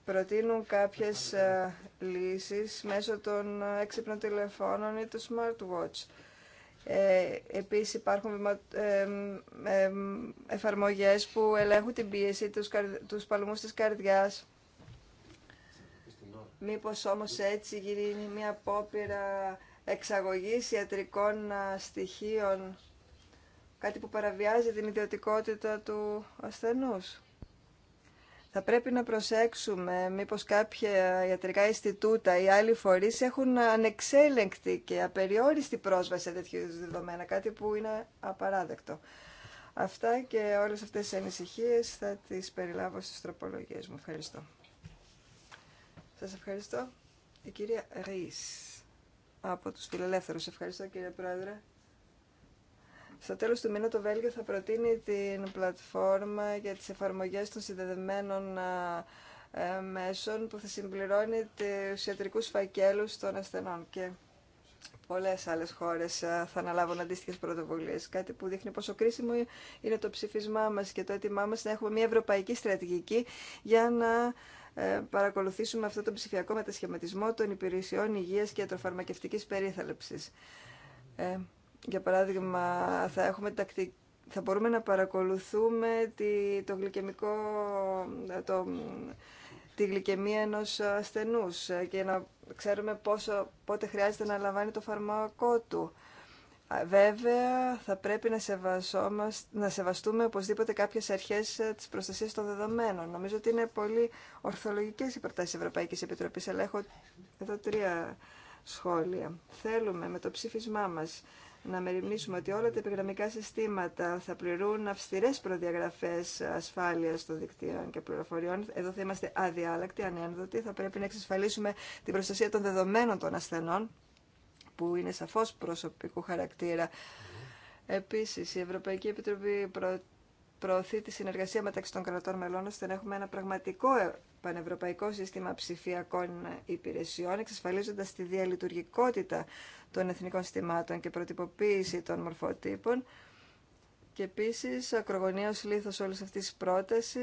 προτείνουν κάποιες λύσεις μέσω των έξυπνων τηλεφώνων ή του smartwatch. Ε, επίσης υπάρχουν ε, ε, εφαρμογές που ελέγχουν την πίεση, τους, καρ, τους παλμούς της καρδιάς. Μήπως όμως έτσι γίνει μια απόπειρα εξαγωγής ιατρικών στοιχείων, κάτι που παραβιάζει την ιδιωτικότητα του ασθενούς. Θα πρέπει να προσέξουμε μήπως κάποια ιατρικά ιστιτούτα ή άλλοι φορείς έχουν ανεξέλεγκτη και απεριόριστη πρόσβαση σε τέτοιου δεδομένα, κάτι που είναι απαράδεκτο. Αυτά και όλες αυτές τις ανησυχίες θα τις περιλάβω στις τροπολογίες μου. Ευχαριστώ. Σας ευχαριστώ. Η κυρία Ρίς από τους φιλελεύθερους. Ευχαριστώ κύριε Πρόεδρε. Στο τέλος του μήνα το Βέλγιο θα προτείνει την πλατφόρμα για τις εφαρμογές των συνδεδεμένων ε, μέσων που θα συμπληρώνει τους ιατρικούς φακέλους των ασθενών και πολλές άλλες χώρες θα αναλάβουν αντίστοιχες πρωτοβουλίε. Κάτι που δείχνει πόσο κρίσιμο είναι το ψηφισμά μας και το έτοιμά μας να έχουμε μια ευρωπαϊκή στρατηγική για να ε, παρακολουθήσουμε αυτό το ψηφιακό μετασχηματισμό των υπηρεσιών υγείας και ιατροφαρμακευτικής περίθαλψης. Ε, για παράδειγμα, θα, έχουμε τακτική, θα μπορούμε να παρακολουθούμε τη, το γλυκαιμικό, το, τη γλυκαιμία ενός ασθενούς και να ξέρουμε πόσο, πότε χρειάζεται να λαμβάνει το φαρμακό του. Βέβαια, θα πρέπει να, να σεβαστούμε οπωσδήποτε κάποιες αρχές ε, της προστασίας των δεδομένων. Νομίζω ότι είναι πολύ ορθολογικές οι προτάσεις της Ευρωπαϊκής Επιτροπής, αλλά έχω εδώ τρία σχόλια. Θέλουμε με το ψήφισμά μας να μεριμνήσουμε ότι όλα τα επιγραμμικά συστήματα θα πληρούν αυστηρέ προδιαγραφές ασφάλειας των δικτύων και πληροφοριών. Εδώ θα είμαστε αδιάλακτοι, ανένδοτοι. Θα πρέπει να εξασφαλίσουμε την προστασία των δεδομένων των ασθενών, που είναι σαφώς προσωπικού χαρακτήρα. Επίση, η Ευρωπαϊκή Επιτροπή προωθεί τη συνεργασία μεταξύ των κρατών μελών ώστε να έχουμε ένα πραγματικό ε, πανευρωπαϊκό σύστημα ψηφιακών υπηρεσιών, εξασφαλίζοντα τη διαλειτουργικότητα των εθνικών συστημάτων και προτυποποίηση των μορφοτύπων. Και επίσης, ακρογωνίως λήθος όλη αυτή τη πρόταση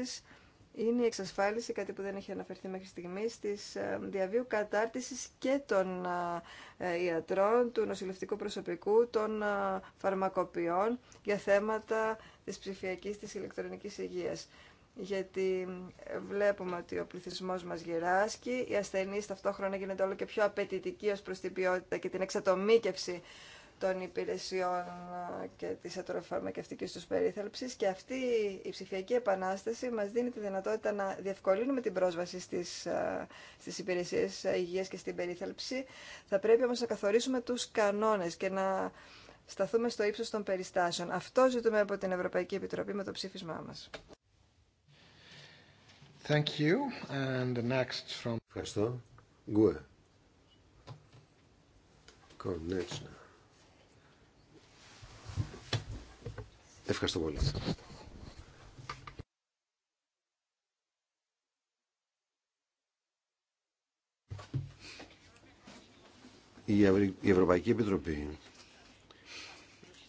είναι η εξασφάλιση, κάτι που δεν έχει αναφερθεί μέχρι στιγμή, τη ε, διαβίου κατάρτιση και των ε, ε, ιατρών, του νοσηλευτικού προσωπικού, των φαρμακοποιών για θέματα της ψηφιακής, της ηλεκτρονικής υγείας. Γιατί βλέπουμε ότι ο πληθυσμός μας γυράσκει, οι ασθενείς ταυτόχρονα γίνονται όλο και πιο απαιτητικοί ω προς την ποιότητα και την εξατομήκευση των υπηρεσιών ε, και της ατροφαρμακευτικής τους περίθαλψης και αυτή η ψηφιακή επανάσταση μας δίνει τη δυνατότητα να διευκολύνουμε την πρόσβαση στις, ε, στις υπηρεσίες ε, υγείας και στην περίθαλψη. Θα πρέπει όμως να καθορίσουμε τους κανόνες και να σταθούμε στο ύψος των περιστάσεων. Αυτό ζητούμε από την Ευρωπαϊκή Επιτροπή με το ψήφισμά μας. Thank you. And next from... Ευχαριστώ. Γκουε. Ευχαριστώ πολύ. Η Ευρωπαϊκή Επιτροπή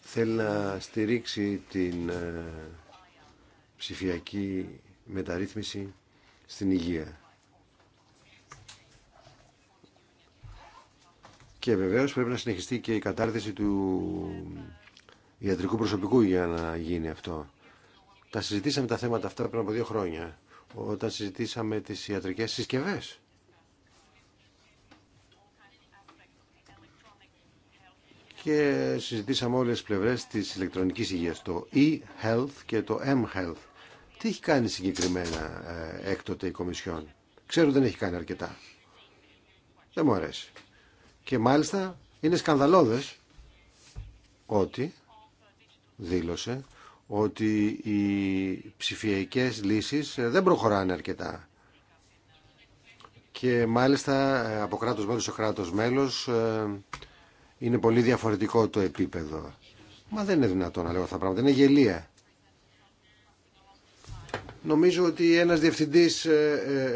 θέλει να στηρίξει την ε, ψηφιακή μεταρρύθμιση στην υγεία. Και βεβαίως πρέπει να συνεχιστεί και η κατάρτιση του ιατρικού προσωπικού για να γίνει αυτό. Τα συζητήσαμε τα θέματα αυτά πριν από δύο χρόνια, όταν συζητήσαμε τις ιατρικές συσκευές. Και συζητήσαμε όλες τις πλευρές της ηλεκτρονικής υγείας, το e-health και το m-health. Τι έχει κάνει συγκεκριμένα ε, έκτοτε η Κομισιόν. Ξέρω δεν έχει κάνει αρκετά. Δεν μου αρέσει. Και μάλιστα είναι σκανδαλώδες ότι δήλωσε ότι οι ψηφιακές λύσεις ε, δεν προχωράνε αρκετά. Και μάλιστα ε, από κράτος μέλος σε κράτος μέλος ε, είναι πολύ διαφορετικό το επίπεδο. Μα δεν είναι δυνατόν να λέω αυτά τα πράγματα. Είναι γελία. Νομίζω ότι ένας διευθυντής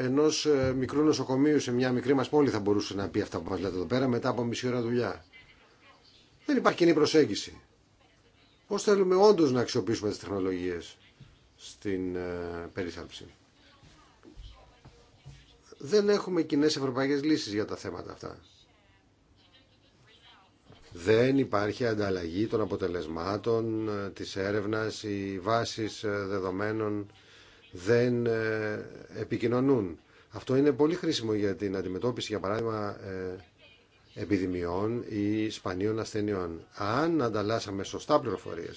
ενός μικρού νοσοκομείου σε μια μικρή μας πόλη θα μπορούσε να πει αυτά που μας λέτε εδώ πέρα μετά από μισή ώρα δουλειά. Δεν υπάρχει κοινή προσέγγιση πώς θέλουμε όντως να αξιοποιήσουμε τις τεχνολογίες στην ε, περίθαλψη. Δεν έχουμε κοινέ ευρωπαϊκές λύσεις για τα θέματα αυτά. Δεν υπάρχει ανταλλαγή των αποτελεσμάτων, ε, της έρευνας, οι βάσεις ε, δεδομένων δεν επικοινωνούν. Αυτό είναι πολύ χρήσιμο για την αντιμετώπιση, για παράδειγμα, επιδημιών ή σπανίων ασθενειών. Αν ανταλλάσσαμε σωστά πληροφορίε,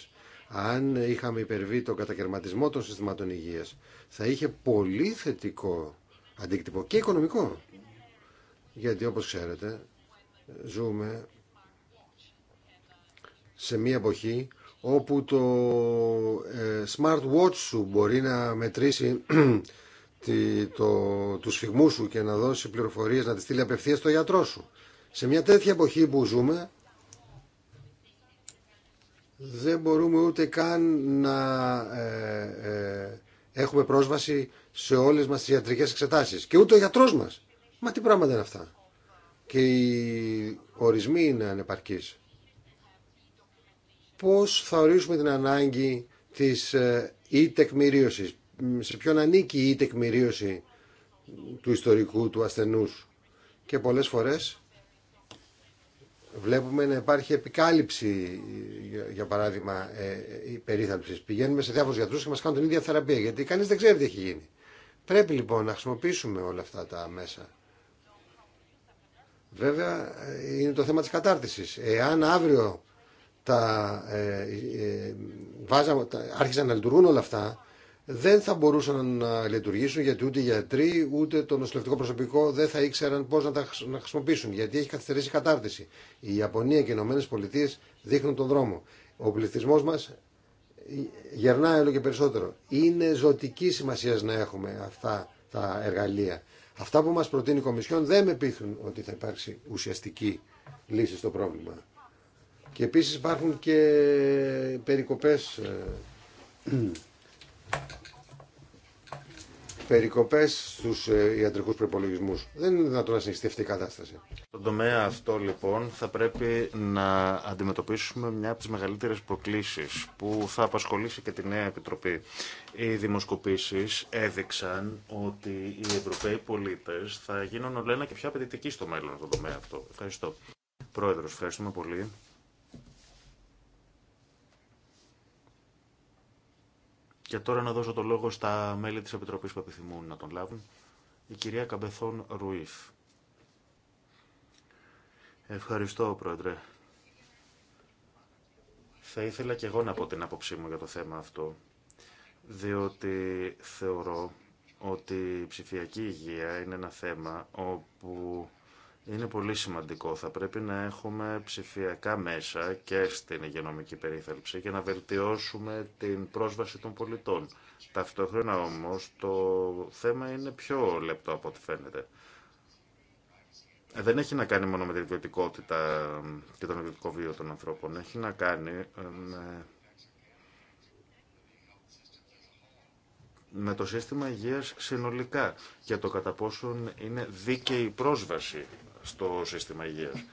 αν είχαμε υπερβεί τον κατακαιρματισμό των συστημάτων Υγεία, θα είχε πολύ θετικό αντίκτυπο και οικονομικό. Γιατί όπως ξέρετε ζούμε σε μια εποχή όπου το ε, smartwatch σου μπορεί να μετρήσει [CLEARS THROAT] τη, το, τους φυγμούς σου και να δώσει πληροφορίες, να τις στείλει απευθείας στο γιατρό σου. Σε μια τέτοια εποχή που ζούμε δεν μπορούμε ούτε καν να ε, ε, έχουμε πρόσβαση σε όλες μας τις ιατρικές εξετάσεις. Και ούτε ο γιατρός μας. Μα τι πράγματα είναι αυτά. Και οι ορισμοί είναι ανεπαρκείς. Πώς θα ορίσουμε την ανάγκη της ή ε, τεκμηρίωσης. Σε ποιον ανήκει η τεκμηρίωση του ιστορικού του ασθενούς. Και πολλές φορές βλέπουμε να υπάρχει επικάλυψη, για παράδειγμα, ε, ε Πηγαίνουμε σε διάφορου γιατρού και μα κάνουν την ίδια θεραπεία, γιατί κανεί δεν ξέρει τι έχει γίνει. Πρέπει λοιπόν να χρησιμοποιήσουμε όλα αυτά τα μέσα. Βέβαια, ε, είναι το θέμα της κατάρτισης. Εάν αύριο τα, ε, ε βάζα, τα, άρχισαν να λειτουργούν όλα αυτά, δεν θα μπορούσαν να λειτουργήσουν γιατί ούτε οι γιατροί ούτε το νοσηλευτικό προσωπικό δεν θα ήξεραν πώ να τα να χρησιμοποιήσουν γιατί έχει καθυστερήσει η κατάρτιση. Η Ιαπωνία και οι Ηνωμένε Πολιτείε δείχνουν τον δρόμο. Ο πληθυσμό μα γερνάει όλο και περισσότερο. Είναι ζωτική σημασία να έχουμε αυτά τα εργαλεία. Αυτά που μα προτείνει η Κομισιόν δεν με πείθουν ότι θα υπάρξει ουσιαστική λύση στο πρόβλημα. Και επίση υπάρχουν και περικοπέ ε, περικοπές στους ε, ιατρικούς προπολογισμού. Δεν είναι δυνατόν να συνεχιστεί αυτή η κατάσταση. Στον τομέα αυτό λοιπόν θα πρέπει να αντιμετωπίσουμε μια από τις μεγαλύτερες προκλήσεις που θα απασχολήσει και τη νέα Επιτροπή. Οι δημοσκοπήσεις έδειξαν ότι οι Ευρωπαίοι πολίτες θα γίνουν ολένα και πιο απαιτητικοί στο μέλλον στον τομέα αυτό. Ευχαριστώ. Πρόεδρο, ευχαριστούμε πολύ. Και τώρα να δώσω το λόγο στα μέλη της Επιτροπής που επιθυμούν να τον λάβουν. Η κυρία Καμπεθόν Ρουίφ. Ευχαριστώ, Πρόεδρε. Θα ήθελα και εγώ να πω την άποψή μου για το θέμα αυτό, διότι θεωρώ ότι η ψηφιακή υγεία είναι ένα θέμα όπου είναι πολύ σημαντικό. Θα πρέπει να έχουμε ψηφιακά μέσα και στην υγειονομική περίθαλψη και να βελτιώσουμε την πρόσβαση των πολιτών. Ταυτόχρονα όμως το θέμα είναι πιο λεπτό από ό,τι φαίνεται. Δεν έχει να κάνει μόνο με την ιδιωτικότητα και τον ιδιωτικό βίο των ανθρώπων. Έχει να κάνει ε, με με το σύστημα υγείας συνολικά και το κατά πόσον είναι δίκαιη η πρόσβαση στο σύστημα υγείας.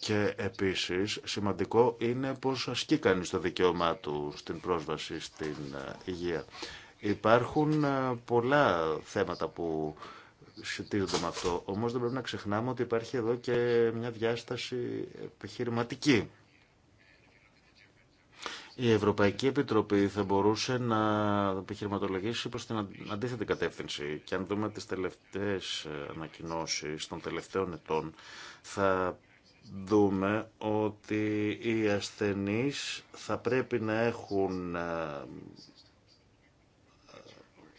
Και επίσης σημαντικό είναι πως ασκεί κανείς το δικαίωμά του στην πρόσβαση στην ε, υγεία. Υπάρχουν ε, πολλά θέματα που σχετίζονται με αυτό, όμως δεν πρέπει να ξεχνάμε ότι υπάρχει εδώ και μια διάσταση επιχειρηματική η Ευρωπαϊκή Επιτροπή θα μπορούσε να επιχειρηματολογήσει προς την αντίθετη κατεύθυνση και αν δούμε τις τελευταίες ε, ανακοινώσει των τελευταίων ετών θα δούμε ότι οι ασθενείς θα πρέπει να έχουν ε,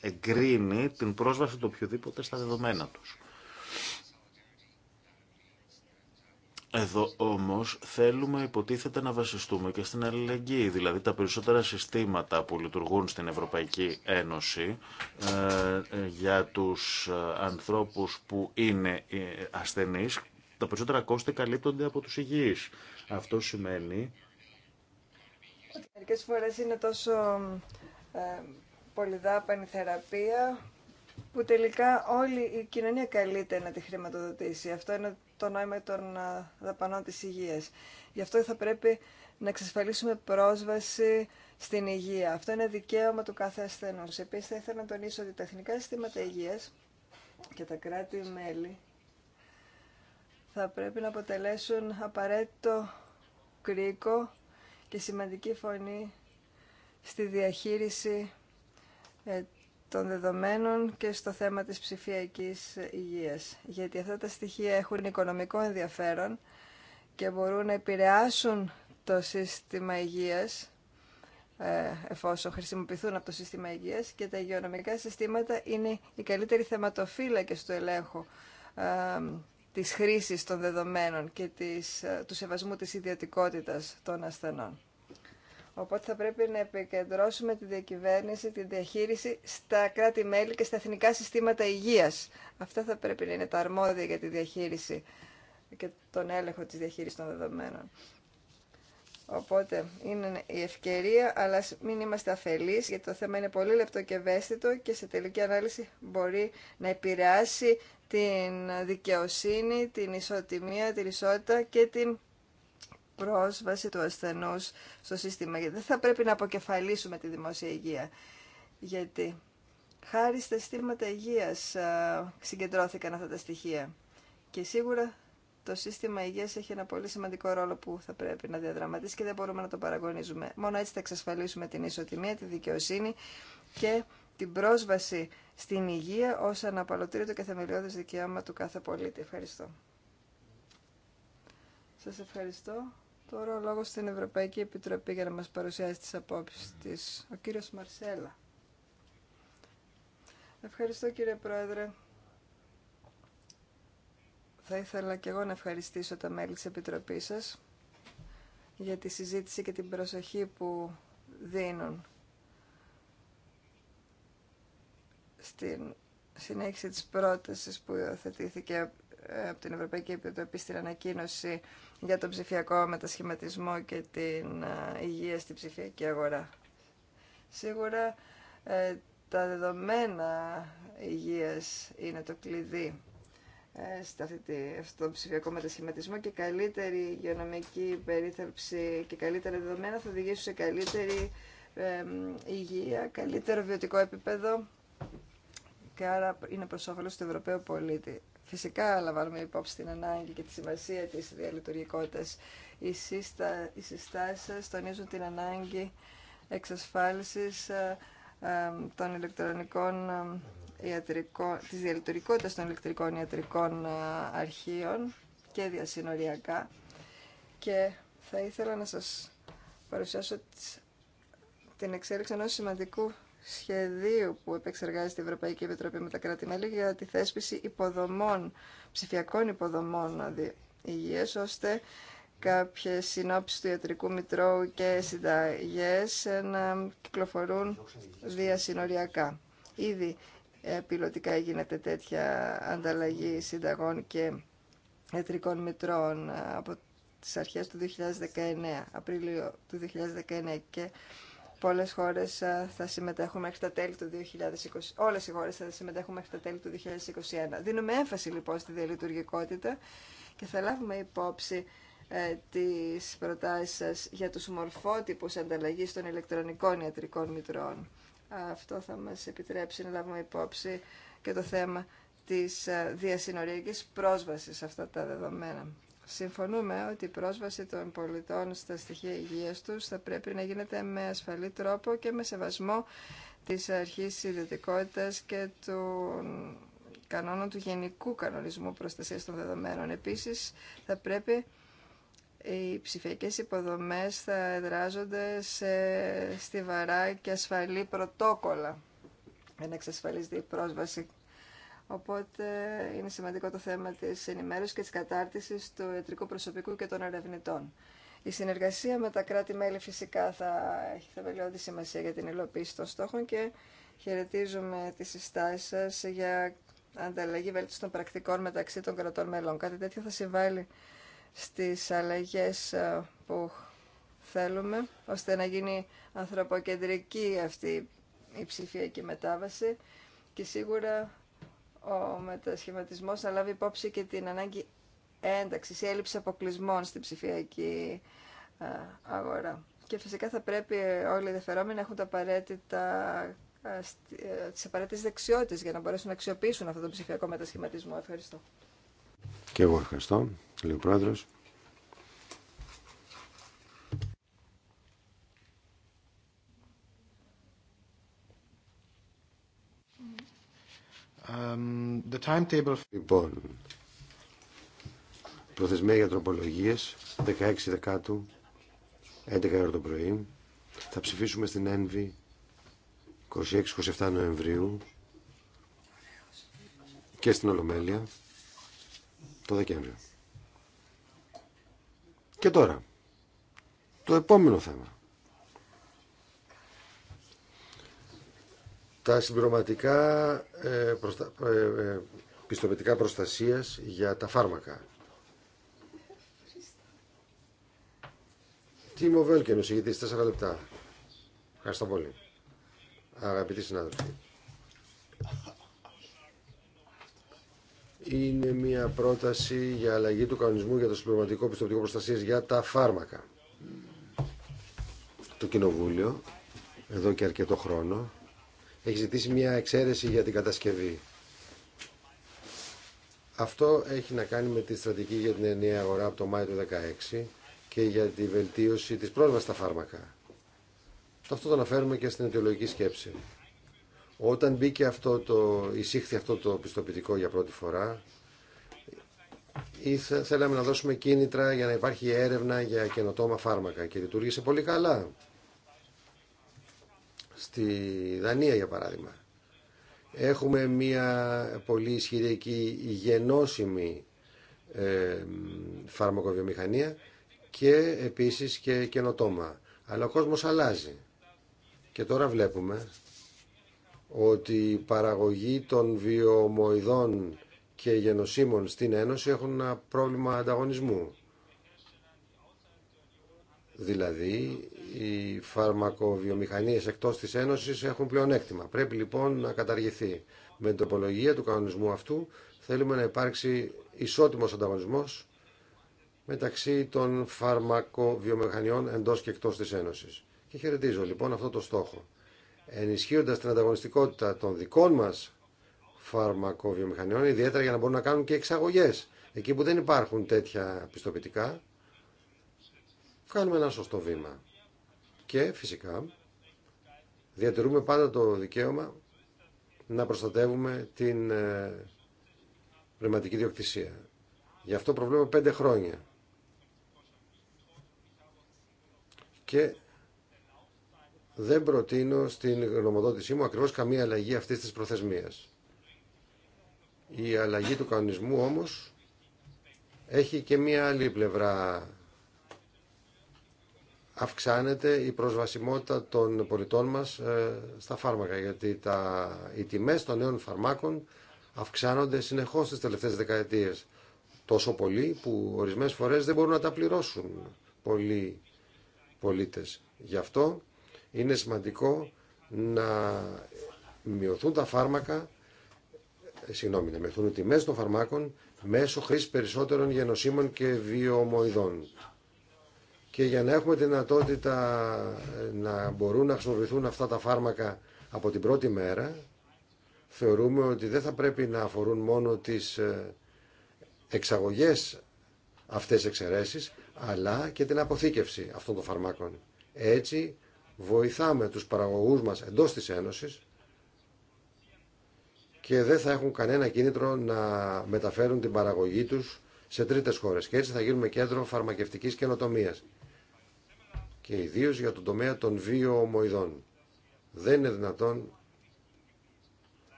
εγκρίνει την πρόσβαση του οποιοδήποτε στα δεδομένα τους. Εδώ όμως θέλουμε υποτίθεται να βασιστούμε και στην αλληλεγγύη, δηλαδή τα περισσότερα συστήματα που λειτουργούν στην Ευρωπαϊκή Ένωση ε, για τους ε, ανθρώπους που είναι ε, ασθενείς, τα περισσότερα κόστη καλύπτονται από τους υγιείς. Αυτό σημαίνει... Ότι μερικές φορές είναι τόσο ε, πολυδάπανη θεραπεία που τελικά όλη η κοινωνία καλείται να τη χρηματοδοτήσει. Αυτό είναι το νόημα των δαπανών της υγείας. Γι' αυτό θα πρέπει να εξασφαλίσουμε πρόσβαση στην υγεία. Αυτό είναι δικαίωμα του κάθε ασθενούς. Επίσης θα ήθελα να τονίσω ότι τα εθνικά συστήματα υγείας και τα κράτη-μέλη θα πρέπει να αποτελέσουν απαραίτητο κρίκο και σημαντική φωνή στη διαχείριση ε, των δεδομένων και στο θέμα της ψηφιακής υγείας. Γιατί αυτά τα στοιχεία έχουν οικονομικό ενδιαφέρον και μπορούν να επηρεάσουν το σύστημα υγείας ε, εφόσον χρησιμοποιηθούν από το σύστημα υγείας και τα υγειονομικά συστήματα είναι οι καλύτεροι θεματοφύλακες του ελέγχου ε, της χρήσης των δεδομένων και της, ε, του σεβασμού της ιδιωτικότητας των ασθενών. Οπότε θα πρέπει να επικεντρώσουμε τη διακυβέρνηση, τη διαχείριση στα κράτη-μέλη και στα εθνικά συστήματα υγείας. Αυτά θα πρέπει να είναι τα αρμόδια για τη διαχείριση και τον έλεγχο της διαχείρισης των δεδομένων. Οπότε είναι η ευκαιρία, αλλά μην είμαστε αφελείς, γιατί το θέμα είναι πολύ λεπτό και ευαίσθητο και σε τελική ανάλυση μπορεί να επηρεάσει την δικαιοσύνη, την ισοτιμία, την ισότητα και την πρόσβαση του ασθενού στο σύστημα. Γιατί δεν θα πρέπει να αποκεφαλίσουμε τη δημόσια υγεία. Γιατί χάρη στα αισθήματα υγείας συγκεντρώθηκαν αυτά τα στοιχεία. Και σίγουρα το σύστημα υγείας έχει ένα πολύ σημαντικό ρόλο που θα πρέπει να διαδραματίσει και δεν μπορούμε να το παραγωνίζουμε. Μόνο έτσι θα εξασφαλίσουμε την ισοτιμία, τη δικαιοσύνη και την πρόσβαση στην υγεία ως αναπαλωτήριο και θεμελιώδες δικαίωμα του κάθε πολίτη. Ευχαριστώ. Σας ευχαριστώ. Τώρα ο λόγος στην Ευρωπαϊκή Επιτροπή για να μας παρουσιάσει τις απόψεις της. Ο κύριος Μαρσέλα. Ευχαριστώ κύριε Πρόεδρε. Θα ήθελα και εγώ να ευχαριστήσω τα μέλη της Επιτροπής σας για τη συζήτηση και την προσοχή που δίνουν στην συνέχιση της πρότασης που υιοθετήθηκε ε, από την Ευρωπαϊκή Επιτροπή στην ανακοίνωση για τον ψηφιακό μετασχηματισμό και την ε, υγεία στην ψηφιακή αγορά. Σίγουρα ε, τα δεδομένα υγείας είναι το κλειδί στον ψηφιακό μετασχηματισμό και καλύτερη υγειονομική περίθαλψη και καλύτερα δεδομένα θα οδηγήσουν σε καλύτερη υγεία, καλύτερο βιωτικό επίπεδο και άρα είναι προς όφελος του Ευρωπαίου πολίτη. Φυσικά λαμβάνουμε υπόψη την ανάγκη και τη σημασία της διαλειτουργικότητας. Οι, σύστα, οι τονίζουν την ανάγκη εξασφάλισης ε, ε, των ηλεκτρονικών ε, ιατρικών, της διαλειτουργικότητας των ηλεκτρικών ιατρικών αρχείων και διασυνοριακά και θα ήθελα να σας παρουσιάσω την εξέλιξη ενός σημαντικού σχεδίου που επεξεργάζεται η Ευρωπαϊκή Επιτροπή με τα κράτη-μέλη για τη θέσπιση υποδομών, ψηφιακών υποδομών υγεία, ώστε κάποιε συνόψεις του ιατρικού μητρώου και συνταγέ να κυκλοφορούν διασυνοριακά. Ήδη πιλωτικά γίνεται τέτοια ανταλλαγή συνταγών και ιατρικών μητρώων από τις αρχές του 2019, Απρίλιο του 2019 και πολλές χώρες ε, θα συμμετέχουν μέχρι τα τέλη του 2020. Όλες οι χώρες θα συμμετέχουν μέχρι τα τέλη του 2021. Δίνουμε έμφαση λοιπόν στη διαλειτουργικότητα και θα λάβουμε υπόψη ε, τις προτάσεις σας για τους μορφότυπους ανταλλαγή των ηλεκτρονικών ιατρικών μητρών. Αυτό θα μας επιτρέψει να λάβουμε υπόψη και το θέμα της ε, διασυνοριακής πρόσβασης σε αυτά τα δεδομένα. Συμφωνούμε ότι η πρόσβαση των πολιτών στα στοιχεία υγείας τους θα πρέπει να γίνεται με ασφαλή τρόπο και με σεβασμό της αρχής ιδιωτικότητας και των κανόνων του Γενικού Κανονισμού προστασία των Δεδομένων. Επίσης, θα πρέπει οι ψηφιακές υποδομές θα εδράζονται σε στιβαρά και ασφαλή πρωτόκολλα για να εξασφαλίζεται η πρόσβαση Οπότε είναι σημαντικό το θέμα της ενημέρωσης και της κατάρτισης του ιατρικού προσωπικού και των ερευνητών. Η συνεργασία με τα κράτη-μέλη φυσικά θα έχει θεμελιώδη σημασία για την υλοποίηση των στόχων και χαιρετίζουμε τι συστάσει σας για ανταλλαγή βέλτιστων των πρακτικών μεταξύ των κρατών μελών. Κάτι τέτοιο θα συμβάλλει στις αλλαγές ε, που θέλουμε, ώστε να γίνει ανθρωποκεντρική αυτή η ψηφιακή μετάβαση και σίγουρα ο μετασχηματισμός να λάβει υπόψη και την ανάγκη ένταξης ή έλλειψη αποκλεισμών στην ψηφιακή ε, αγορά. Και φυσικά θα πρέπει όλοι οι ενδιαφερόμενοι να έχουν τα απαραίτητε ε, τις δεξιότητες για να μπορέσουν να αξιοποιήσουν αυτό το ψηφιακό μετασχηματισμό. Ευχαριστώ. Και εγώ ευχαριστώ, λέει ο Πρόεδρος. Um, the timetable... Λοιπόν, προθεσμία για τροπολογίες 16 Δεκάτου 11 ώρα το πρωί θα ψηφίσουμε στην ΕΝΒΗ 26-27 Νοεμβρίου και στην Ολομέλεια το Δεκέμβριο. Και τώρα, το επόμενο θέμα. τα συμπληρωματικά ε, ε, ε, πιστοποιητικά προστασίας για τα φάρμακα. Τίμο Βέλκεν, ο 4 λεπτά. Ευχαριστώ πολύ. Αγαπητοί συνάδελφοι. Είναι μια πρόταση για αλλαγή του κανονισμού για το συμπληρωματικό πιστοποιητικό προστασίας για τα φάρμακα. Το Κοινοβούλιο, εδώ και αρκετό χρόνο, έχει ζητήσει μια εξαίρεση για την κατασκευή. Αυτό έχει να κάνει με τη στρατηγική για την ενιαία αγορά από το Μάιο του 2016 και για τη βελτίωση της πρόσβασης στα φάρμακα. Αυτό το αναφέρουμε και στην αιτιολογική σκέψη. Όταν μπήκε αυτό το, εισήχθη αυτό το πιστοποιητικό για πρώτη φορά, ήθελαμε να δώσουμε κίνητρα για να υπάρχει έρευνα για καινοτόμα φάρμακα και λειτουργήσε πολύ καλά στη Δανία για παράδειγμα. Έχουμε μια πολύ ισχυρή εκεί γενώσιμη ε, φαρμακοβιομηχανία και επίσης και καινοτόμα. Αλλά ο κόσμος αλλάζει. Και τώρα βλέπουμε ότι η παραγωγή των βιομοειδών και γενοσύμων στην Ένωση έχουν ένα πρόβλημα ανταγωνισμού. Δηλαδή, οι φαρμακοβιομηχανίες εκτός της Ένωσης έχουν πλεονέκτημα. Πρέπει λοιπόν να καταργηθεί. Με την τροπολογία του κανονισμού αυτού θέλουμε να υπάρξει ισότιμος ανταγωνισμός μεταξύ των φαρμακοβιομηχανιών εντός και εκτός της Ένωσης. Και χαιρετίζω λοιπόν αυτό το στόχο. Ενισχύοντας την ανταγωνιστικότητα των δικών μας φαρμακοβιομηχανιών, ιδιαίτερα για να μπορούν να κάνουν και εξαγωγές, εκεί που δεν υπάρχουν τέτοια πιστοποιητικά, κάνουμε ένα σωστό βήμα. Και φυσικά διατηρούμε πάντα το δικαίωμα να προστατεύουμε την ε, πνευματική διοκτησία. Γι' αυτό προβλέπω πέντε χρόνια. Και δεν προτείνω στην γνωμοδότησή μου ακριβώς καμία αλλαγή αυτής της προθεσμίας. Η αλλαγή του κανονισμού όμως έχει και μία άλλη πλευρά αυξάνεται η προσβασιμότητα των πολιτών μας ε, στα φάρμακα γιατί τα, οι τιμές των νέων φαρμάκων αυξάνονται συνεχώς τις τελευταίες δεκαετίες τόσο πολύ που ορισμένες φορές δεν μπορούν να τα πληρώσουν πολλοί πολίτες. Γι' αυτό είναι σημαντικό να μειωθούν τα φάρμακα, ε, συγγνώμη, να μειωθούν οι τιμές των φαρμάκων μέσω χρήση περισσότερων γενοσύμων και βιομοειδών και για να έχουμε τη δυνατότητα ε, να μπορούν να χρησιμοποιηθούν αυτά τα φάρμακα από την πρώτη μέρα, θεωρούμε ότι δεν θα πρέπει να αφορούν μόνο τις ε, εξαγωγές αυτές εξαιρέσεις, αλλά και την αποθήκευση αυτών των φαρμάκων. Έτσι βοηθάμε τους παραγωγούς μας εντός της Ένωσης και δεν θα έχουν κανένα κίνητρο να μεταφέρουν την παραγωγή τους σε τρίτες χώρες. Και έτσι θα γίνουμε κέντρο φαρμακευτικής καινοτομίας και ιδίω για τον τομέα των βίο-ομοιδών Δεν είναι δυνατόν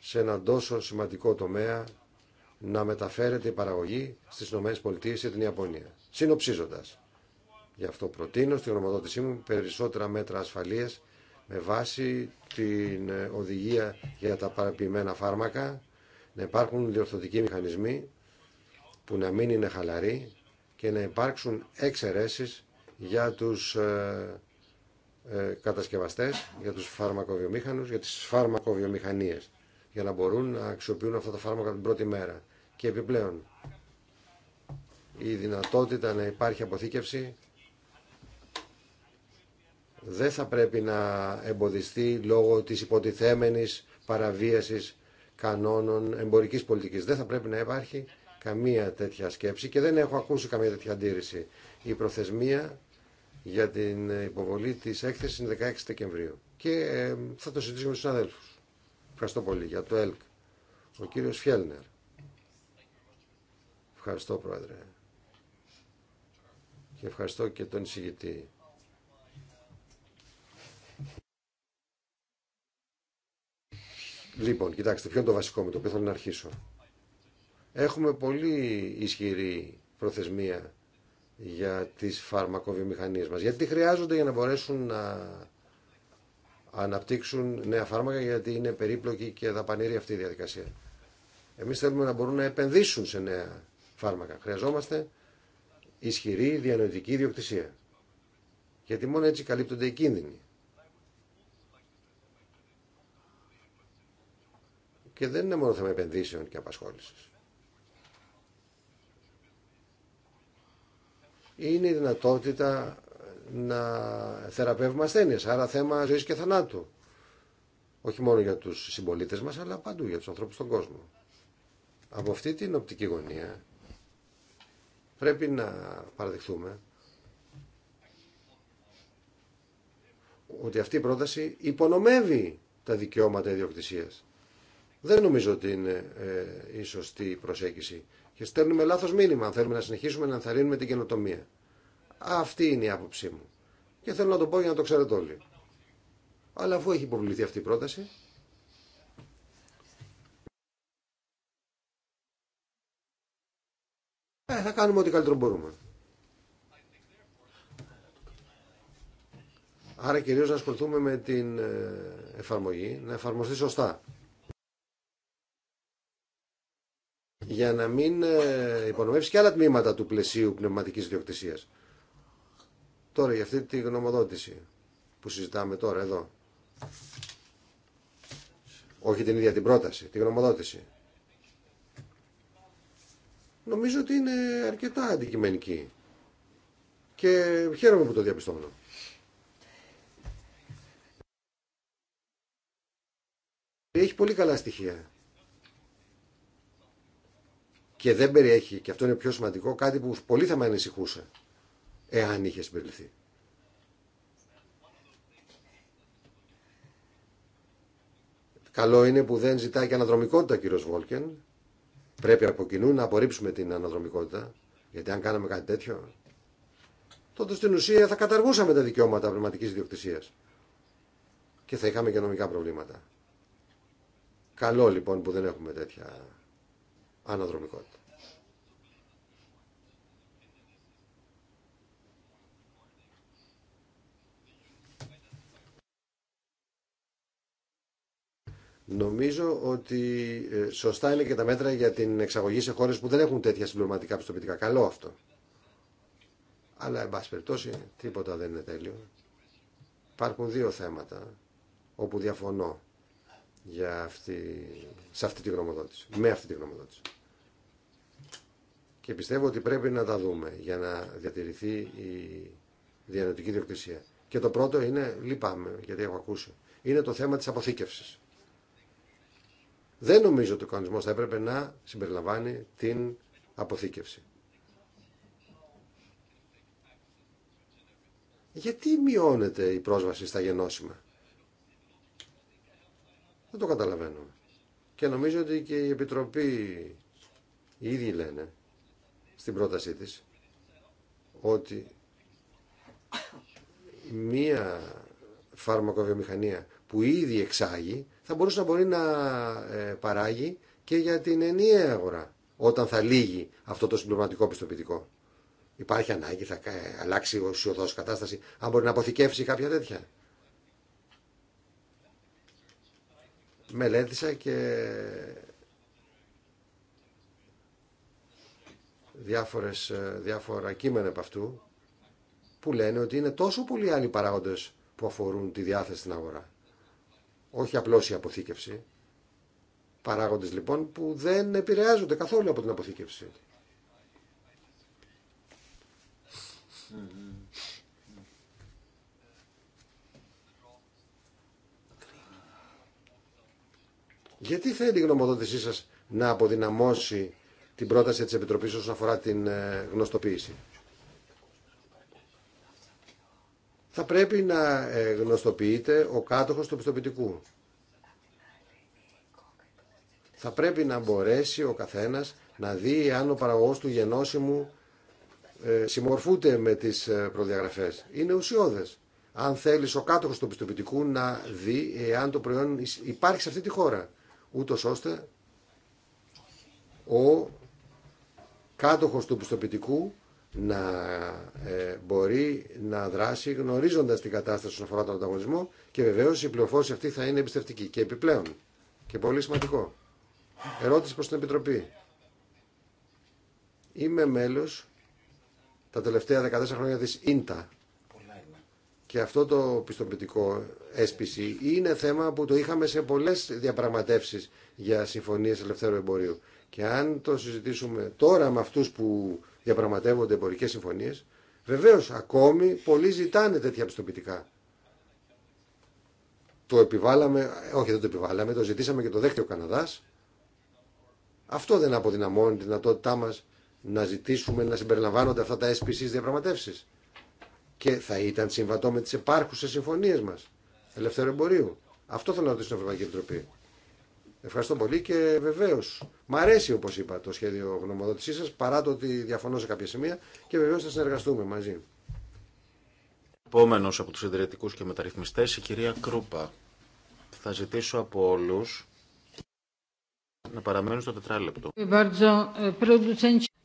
σε έναν τόσο σημαντικό τομέα να μεταφέρεται η παραγωγή στις ΗΠΑ ή την Ιαπωνία. Συνοψίζοντας, γι' αυτό προτείνω στη γνωμοδότησή μου περισσότερα μέτρα ασφαλεία με βάση την οδηγία για τα παραποιημένα φάρμακα, να υπάρχουν διορθωτικοί μηχανισμοί που να μην είναι χαλαροί και να υπάρξουν εξαιρέσεις για τους ε, ε, κατασκευαστές, για τους φαρμακοβιομήχανους, για τις φαρμακοβιομηχανίες, για να μπορούν να αξιοποιούν αυτά τα φάρμακα την πρώτη μέρα. Και επιπλέον, η δυνατότητα να υπάρχει αποθήκευση δεν θα πρέπει να εμποδιστεί λόγω της υποτιθέμενης παραβίασης κανόνων εμπορικής πολιτικής. Δεν θα πρέπει να υπάρχει καμία τέτοια σκέψη και δεν έχω ακούσει καμία τέτοια αντίρρηση. Η προθεσμία για την υποβολή της έκθεσης 16 Δεκεμβρίου. Και ε, θα το συζητήσουμε με του αδέλφους. Ευχαριστώ πολύ για το ΕΛΚ. Ο κύριος Φιέλνερ. Ευχαριστώ Πρόεδρε. Και ευχαριστώ και τον εισηγητή. Λοιπόν, κοιτάξτε, ποιο είναι το βασικό με το οποίο θέλω να αρχίσω. Έχουμε πολύ ισχυρή προθεσμία για τις φαρμακοβιομηχανίες μας. Γιατί χρειάζονται για να μπορέσουν να αναπτύξουν νέα φάρμακα γιατί είναι περίπλοκη και δαπανήρια αυτή η διαδικασία. Εμείς θέλουμε να μπορούν να επενδύσουν σε νέα φάρμακα. Χρειαζόμαστε ισχυρή διανοητική ιδιοκτησία. Γιατί μόνο έτσι καλύπτονται οι κίνδυνοι. Και δεν είναι μόνο θέμα επενδύσεων και απασχόλησης. είναι η δυνατότητα να θεραπεύουμε ασθένειε. Άρα θέμα ζωή και θανάτου. Όχι μόνο για του συμπολίτε μα, αλλά παντού για του ανθρώπου στον κόσμο. Από αυτή την οπτική γωνία πρέπει να παραδεχθούμε ότι αυτή η πρόταση υπονομεύει τα δικαιώματα ιδιοκτησίας. Δεν νομίζω ότι είναι ε, η σωστή προσέγγιση. Και στέλνουμε λάθο μήνυμα αν θέλουμε να συνεχίσουμε να ενθαρρύνουμε την καινοτομία. Αυτή είναι η άποψή μου. Και θέλω να το πω για να το ξέρετε όλοι. Αλλά αφού έχει υποβληθεί αυτή η πρόταση. Ε, θα κάνουμε ό,τι καλύτερο μπορούμε. Άρα κυρίως να ασχοληθούμε με την ε, εφαρμογή, να εφαρμοστεί σωστά. για να μην ε, υπονομεύσει και άλλα τμήματα του πλαισίου πνευματικής διοκτησίας. Τώρα για αυτή τη γνωμοδότηση που συζητάμε τώρα εδώ. Όχι την ίδια την πρόταση, τη γνωμοδότηση. Νομίζω ότι είναι αρκετά αντικειμενική. Και χαίρομαι που το διαπιστώνω. Έχει πολύ καλά στοιχεία και δεν περιέχει, και αυτό είναι πιο σημαντικό, κάτι που πολύ θα με ανησυχούσε εάν είχε συμπεριληφθεί. Καλό είναι που δεν ζητάει και αναδρομικότητα ο κύριο Βόλκεν. Πρέπει από κοινού να απορρίψουμε την αναδρομικότητα, γιατί αν κάναμε κάτι τέτοιο, τότε στην ουσία θα καταργούσαμε τα δικαιώματα πνευματική ιδιοκτησία. και θα είχαμε και νομικά προβλήματα. Καλό λοιπόν που δεν έχουμε τέτοια αναδρομικότητα. Νομίζω ότι ε, σωστά είναι και τα μέτρα για την εξαγωγή σε χώρες που δεν έχουν τέτοια συμπληρωματικά πιστοποιητικά. Καλό αυτό. Αλλά, εν πάση περιπτώσει, τίποτα δεν είναι τέλειο. Υπάρχουν δύο θέματα όπου διαφωνώ για αυτή, σε αυτή τη γνωμοδότηση, με αυτή τη γνωμοδότηση. Και πιστεύω ότι πρέπει να τα δούμε για να διατηρηθεί η διανοητική διοκτησία. Και το πρώτο είναι, λυπάμαι γιατί έχω ακούσει, είναι το θέμα της αποθήκευσης. Δεν νομίζω ότι ο κανονισμός θα έπρεπε να συμπεριλαμβάνει την αποθήκευση. Γιατί μειώνεται η πρόσβαση στα γενώσιμα. Δεν το καταλαβαίνω. Και νομίζω ότι και η Επιτροπή ήδη λένε στην πρότασή της ότι μία φαρμακοβιομηχανία που ήδη εξάγει θα μπορούσε να μπορεί να ε, παράγει και για την ενιαία αγορά όταν θα λύγει αυτό το συμπληρωματικό πιστοποιητικό. Υπάρχει ανάγκη, θα αλλάξει ο ουσιοδός κατάσταση, αν μπορεί να αποθηκεύσει κάποια τέτοια. μελέτησα και διάφορες, ε, διάφορα κείμενα από αυτού που λένε ότι είναι τόσο πολλοί άλλοι παράγοντες που αφορούν τη διάθεση στην αγορά. Όχι απλώς η αποθήκευση. Παράγοντες λοιπόν που δεν επηρεάζονται καθόλου από την αποθήκευση. Γιατί θέλει η γνωμοδότησή σας να αποδυναμώσει την πρόταση τη Επιτροπής όσον αφορά την ε, γνωστοποίηση. Θα πρέπει να ε, γνωστοποιείται ο κάτοχος του πιστοποιητικού. Θα πρέπει να μπορέσει ο καθένας να δει αν ο παραγωγός του γενώσιμου ε, συμμορφούνται με τις προδιαγραφές. Είναι ουσιώδες. Αν θέλεις ο κάτοχος του πιστοποιητικού να δει εάν το προϊόν υπάρχει σε αυτή τη χώρα ούτως ώστε ο κάτοχος του πιστοποιητικού να ε, μπορεί να δράσει γνωρίζοντας την κατάσταση όσον αφορά τον ανταγωνισμό και βεβαίως η πληροφόρηση αυτή θα είναι εμπιστευτική και επιπλέον και πολύ σημαντικό. Ερώτηση προς την Επιτροπή. Είμαι μέλος τα τελευταία 14 χρόνια της ΙΝΤΑ και αυτό το πιστοποιητικό SPC είναι θέμα που το είχαμε σε πολλές διαπραγματεύσεις για συμφωνίες ελευθέρου εμπορίου. Και αν το συζητήσουμε τώρα με αυτούς που διαπραγματεύονται εμπορικές συμφωνίες, βεβαίως ακόμη πολλοί ζητάνε τέτοια πιστοποιητικά. Το επιβάλαμε, όχι δεν το επιβάλαμε, το ζητήσαμε και το δέχτη ο Καναδάς. Αυτό δεν αποδυναμώνει τη δυνατότητά μας να ζητήσουμε να συμπεριλαμβάνονται αυτά τα SPC διαπραγματεύσεις και θα ήταν συμβατό με τι επάρχουσε συμφωνίες μας ελευθερου εμπορίου. Αυτό θέλω να ρωτήσω στην Ευρωπαϊκή Επιτροπή. Ευχαριστώ πολύ και βεβαίω. Μ' αρέσει όπω είπα το σχέδιο γνωμοδότησή σα παρά το ότι διαφωνώ σε κάποια σημεία και βεβαίω θα συνεργαστούμε μαζί. Επόμενο από του συντηρητικού και μεταρρυθμιστέ, η κυρία Κρούπα. Θα ζητήσω από όλου να παραμένουν στο τετράλεπτο.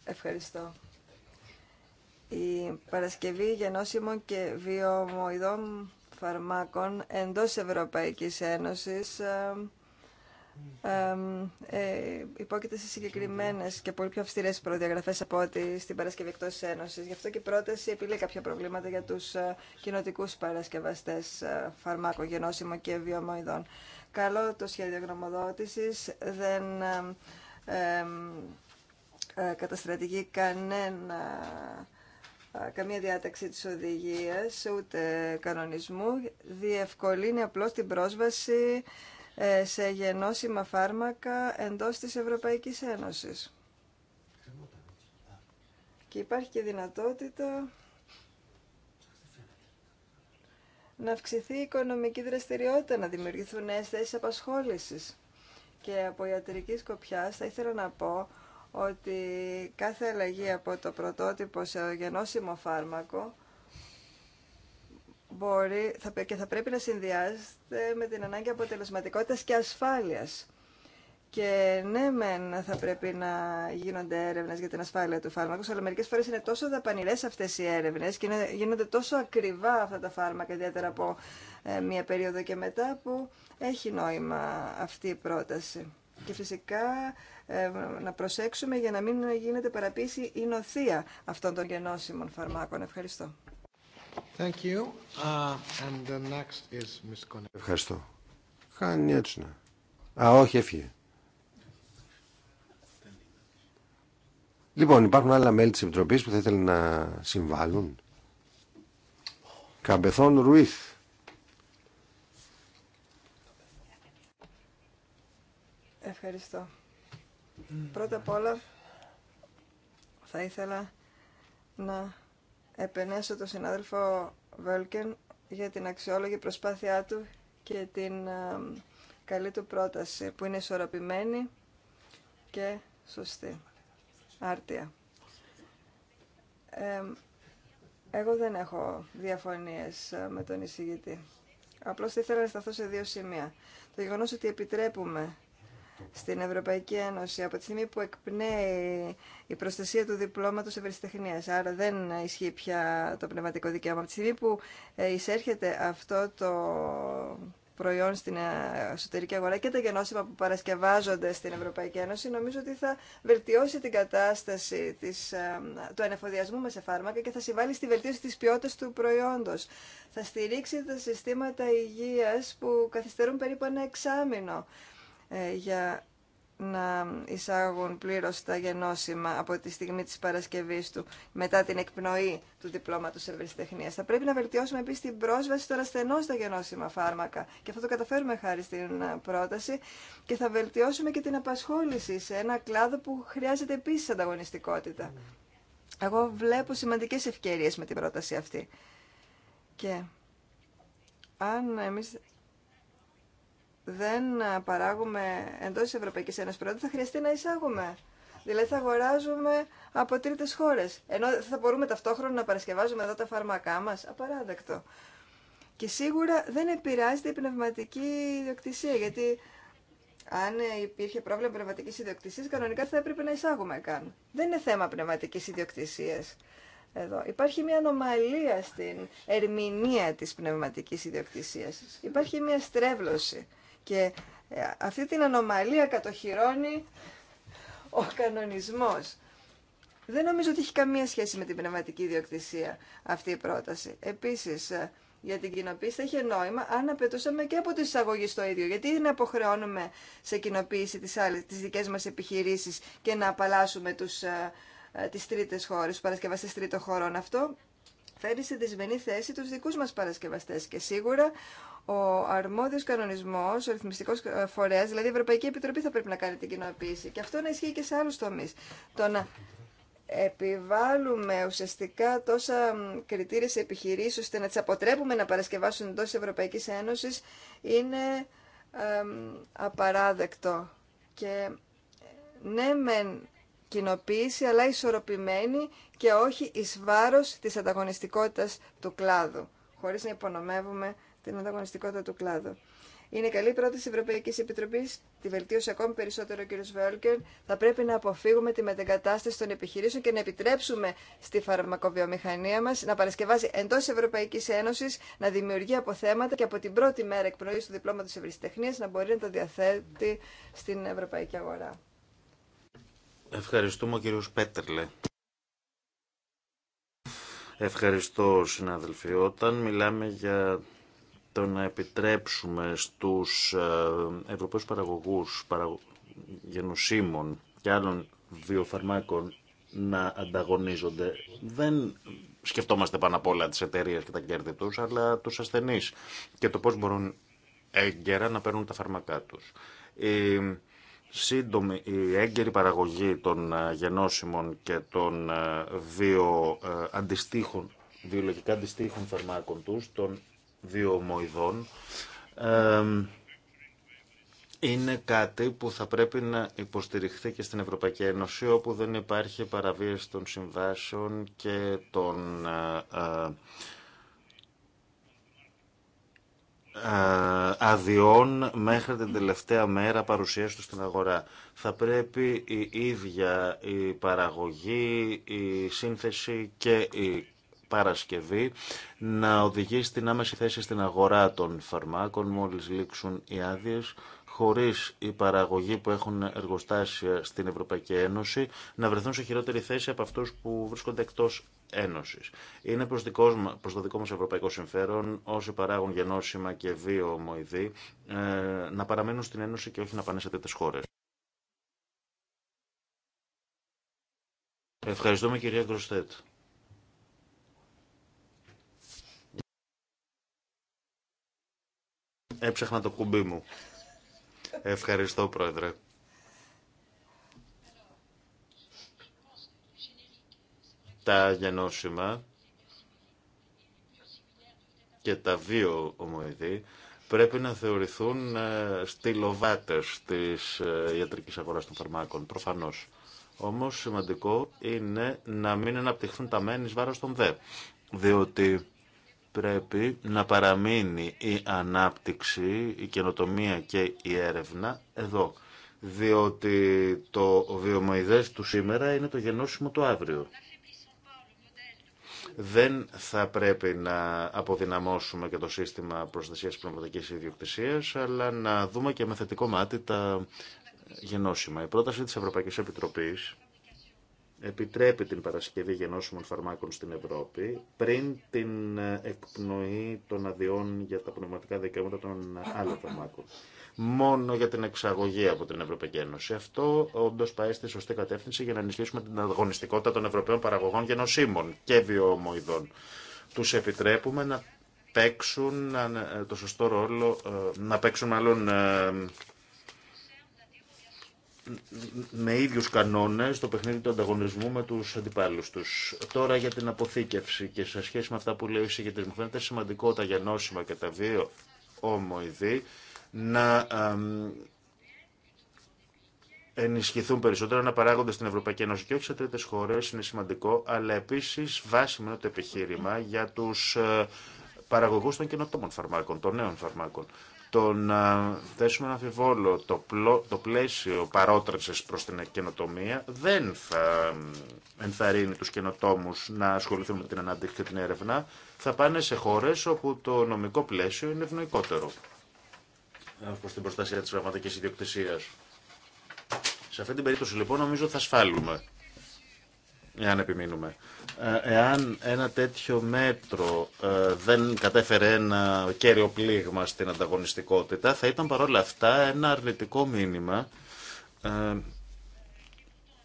Ευχαριστώ. Η παρασκευή γενώσιμων και βιομοειδών φαρμάκων εντός Ευρωπαϊκής Ένωσης ε, ε, ε, υπόκειται σε συγκεκριμένε και πολύ πιο αυστηρέ προδιαγραφέ από ό,τι στην Παρασκευή εκτό Ένωση. Γι' αυτό και η πρόταση επιλύει κάποια προβλήματα για του κοινοτικού παρασκευαστέ φαρμάκων, γενώσιμων και βιομοειδών. Καλό το σχέδιο γνωμοδότηση. Δεν καταστρατηγεί κανένα καμία διάταξη της οδηγίας ούτε κανονισμού διευκολύνει απλώς την πρόσβαση ε, σε γενώσιμα φάρμακα εντός της Ευρωπαϊκής Ένωσης. Και υπάρχει και δυνατότητα να αυξηθεί η οικονομική δραστηριότητα, να δημιουργηθούν νέες θέσεις απασχόλησης. Και από ιατρική σκοπιά θα ήθελα να πω ότι κάθε αλλαγή από το πρωτότυπο σε γενώσιμο φάρμακο μπορεί, θα, και θα πρέπει να συνδυάζεται με την ανάγκη αποτελεσματικότητας και ασφάλειας. Και ναι, μεν θα πρέπει να γίνονται έρευνε για την ασφάλεια του φάρμακου, αλλά μερικέ φορέ είναι τόσο δαπανηρέ αυτέ οι έρευνε και γίνονται τόσο ακριβά αυτά τα φάρμακα, ιδιαίτερα από ε, μία περίοδο και μετά, που έχει νόημα αυτή η πρόταση. Και φυσικά ε, να προσέξουμε για να μην γίνεται παραποίηση η νοθεία αυτών των γεννόσιμων φαρμάκων. Ευχαριστώ. Thank you. Uh, and Ευχαριστώ. Α, όχι, έφυγε. Λοιπόν, υπάρχουν άλλα μέλη της Επιτροπής που θα ήθελαν να συμβάλλουν. Καμπεθόν Ρουίθ. Ευχαριστώ. Πρώτα απ' όλα θα ήθελα να επενέσω τον συνάδελφο Βέλκεν για την αξιόλογη προσπάθειά του και την καλή του πρόταση που είναι ισορροπημένη και σωστή. Άρτια. εγώ δεν έχω διαφωνίες ε, με τον εισηγητή. Απλώς θα ήθελα να σταθώ σε δύο σημεία. Το γεγονός ότι επιτρέπουμε στην Ευρωπαϊκή Ένωση από τη στιγμή που εκπνέει η προστασία του διπλώματος ευρεσιτεχνίας. Άρα δεν ισχύει πια το πνευματικό δικαίωμα. Από τη στιγμή που ε, εισέρχεται αυτό το προϊόν στην ε, εσωτερική αγορά και τα γενώσιμα που παρασκευάζονται στην Ευρωπαϊκή Ένωση, νομίζω ότι θα βελτιώσει την κατάσταση της, ε, του ανεφοδιασμού με σε φάρμακα και θα συμβάλλει στη βελτίωση της ποιότητας του προϊόντος. Θα στηρίξει τα συστήματα υγείας που καθυστερούν περίπου ένα εξάμεινο ε, για να εισάγουν πλήρως τα γενώσιμα από τη στιγμή της Παρασκευής του μετά την εκπνοή του διπλώματος ευρεσιτεχνίας. Θα πρέπει να βελτιώσουμε επίσης την πρόσβαση των ασθενών στα γενώσιμα φάρμακα και αυτό το καταφέρουμε χάρη στην ε, πρόταση και θα βελτιώσουμε και την απασχόληση σε ένα κλάδο που χρειάζεται επίσης ανταγωνιστικότητα. Εγώ βλέπω σημαντικές ευκαιρίες με την πρόταση αυτή. Και αν εμείς δεν παράγουμε εντός τη Ευρωπαϊκής Ένωση πρώτα, θα χρειαστεί να εισάγουμε. Δηλαδή θα αγοράζουμε από τρίτε χώρε. Ενώ θα μπορούμε ταυτόχρονα να παρασκευάζουμε εδώ τα φάρμακά μα. Απαράδεκτο. Και σίγουρα δεν επηρεάζεται η πνευματική ιδιοκτησία, γιατί αν υπήρχε πρόβλημα πνευματική ιδιοκτησία, κανονικά θα έπρεπε να εισάγουμε καν. Δεν είναι θέμα πνευματική ιδιοκτησία. Εδώ. Υπάρχει μια ανομαλία στην ερμηνεία της πνευματικής ιδιοκτησίας. Υπάρχει μια στρέβλωση. Και ε, αυτή την ανομαλία κατοχυρώνει ο κανονισμός. Δεν νομίζω ότι έχει καμία σχέση με την πνευματική ιδιοκτησία αυτή η πρόταση. Επίσης, ε, για την κοινοποίηση θα είχε νόημα αν απαιτούσαμε και από τι εισαγωγή το ίδιο. Γιατί να αποχρεώνουμε σε κοινοποίηση τι τις δικές μας επιχειρήσεις και να απαλλάσσουμε τους, ε, τις τρίτες χώρες, τους παρασκευαστές τρίτων χωρών αυτό φέρει σε δυσμενή θέση τους δικούς μας παρασκευαστές και σίγουρα ο αρμόδιος κανονισμός, ο ρυθμιστικός ε, φορέας, δηλαδή η Ευρωπαϊκή Επιτροπή θα πρέπει να κάνει την κοινοποίηση. Και αυτό να ισχύει και σε άλλους τομείς. Το να επιβάλλουμε ουσιαστικά τόσα κριτήρια σε επιχειρήσεις ώστε να τις αποτρέπουμε να παρασκευάσουν εντός της Ευρωπαϊκής Ένωσης είναι απαράδεκτο. Και ναι με κοινοποίηση αλλά ισορροπημένη και όχι εις βάρος της ανταγωνιστικότητας του κλάδου χωρίς να υπονομεύουμε την ανταγωνιστικότητα του κλάδου. Είναι καλή πρόταση τη Ευρωπαϊκή Επιτροπή, τη βελτίωσε ακόμη περισσότερο ο κ. Βέλκερ. Θα πρέπει να αποφύγουμε τη μετεγκατάσταση των επιχειρήσεων και να επιτρέψουμε στη φαρμακοβιομηχανία μα να παρασκευάζει εντό Ευρωπαϊκή Ένωση, να δημιουργεί αποθέματα και από την πρώτη μέρα εκπνοή του διπλώματο ευρυστεχνία να μπορεί να τα διαθέτει στην ευρωπαϊκή αγορά. Ευχαριστούμε κ. Πέτερλε. Ευχαριστώ συνάδελφοι. Όταν μιλάμε για το να επιτρέψουμε στους ε, ευρωπαίους παραγωγούς γενοσύμων και άλλων βιοφαρμάκων να ανταγωνίζονται. Δεν σκεφτόμαστε πάνω απ' όλα τις εταιρείες και τα κέρδη τους, αλλά τους ασθενείς και το πώς μπορούν έγκαιρα να παίρνουν τα φαρμακά τους. Η σύντομη, η έγκαιρη παραγωγή των ε, γενώσιμων και των ε, βιο, αντιστοίχων, βιολογικά αντιστοίχων φαρμάκων τους, των δύο ομοειδών είναι κάτι που θα πρέπει να υποστηριχθεί και στην Ευρωπαϊκή Ένωση όπου δεν υπάρχει παραβίαση των συμβάσεων και των ε, ε, ε, αδειών μέχρι την τελευταία μέρα παρουσίας του στην αγορά. Θα πρέπει η ίδια η παραγωγή, η σύνθεση και η Παρασκευή να οδηγεί στην άμεση θέση στην αγορά των φαρμάκων μόλις λήξουν οι άδειε χωρίς οι παραγωγοί που έχουν εργοστάσια στην Ευρωπαϊκή Ένωση να βρεθούν σε χειρότερη θέση από αυτούς που βρίσκονται εκτός Ένωσης. Είναι προς, δικό, προς το δικό μας ευρωπαϊκό συμφέρον όσοι παράγουν γενώσιμα και βιομοειδή ε, να παραμένουν στην Ένωση και όχι να πάνε σε τέτοιες χώρες. Ευχαριστούμε κυρία Γκροστέτ. Έψαχνα το κουμπί μου. Ευχαριστώ, Πρόεδρε. Τα γενώσιμα και τα δύο πρέπει να θεωρηθούν ε, στυλοβάτες της ε, ιατρικής αγοράς των φαρμάκων, προφανώς. Όμως σημαντικό είναι να μην αναπτυχθούν τα μένεις βάρος των δε, διότι πρέπει να παραμείνει η ανάπτυξη, η καινοτομία και η έρευνα εδώ. Διότι το βιομοειδές του σήμερα είναι το γεννόσιμο το αύριο. Δεν θα πρέπει να αποδυναμώσουμε και το σύστημα προστασίας πνευματικής ιδιοκτησίας, αλλά να δούμε και με θετικό μάτι τα γεννόσιμα. Η πρόταση της Ευρωπαϊκής Επιτροπής επιτρέπει την παρασκευή γενώσιμων φαρμάκων στην Ευρώπη πριν την εκπνοή των αδειών για τα πνευματικά δικαιώματα των άλλων φαρμάκων. Μόνο για την εξαγωγή από την Ευρωπαϊκή Ένωση. Αυτό όντω πάει στη σωστή κατεύθυνση για να ενισχύσουμε την ανταγωνιστικότητα των Ευρωπαίων παραγωγών γενοσύμων και βιομοειδών. Του επιτρέπουμε να παίξουν ε, το σωστό ρόλο, ε, να παίξουν μάλλον ε, με ίδιους κανόνες το παιχνίδι του ανταγωνισμού με τους αντιπάλους τους. Τώρα για την αποθήκευση και σε σχέση με αυτά που λέει ο εισηγητής μου φαίνεται σημαντικό τα γενώσιμα και τα δύο όμοειδή να ενισχυθούν περισσότερο, να παράγονται στην Ευρωπαϊκή Ένωση και όχι σε τρίτες χώρες, είναι σημαντικό, αλλά επίσης βάσιμο είναι το επιχείρημα για τους ε, παραγωγούς των καινοτόμων φαρμάκων, των νέων φαρμάκων το να θέσουμε ένα αμφιβόλο το, το πλαίσιο παρότρεξης προς την καινοτομία δεν θα ενθαρρύνει τους καινοτόμους να ασχοληθούν με την ανάπτυξη και την έρευνα. Θα πάνε σε χώρες όπου το νομικό πλαίσιο είναι ευνοϊκότερο ε, προς την προστασία της πραγματικής ιδιοκτησίας. Σε αυτή την περίπτωση λοιπόν νομίζω θα ασφάλουμε εάν επιμείνουμε. Ε, εάν ένα τέτοιο μέτρο ε, δεν κατέφερε ένα κέριο πλήγμα στην ανταγωνιστικότητα, θα ήταν παρόλα αυτά ένα αρνητικό μήνυμα ε,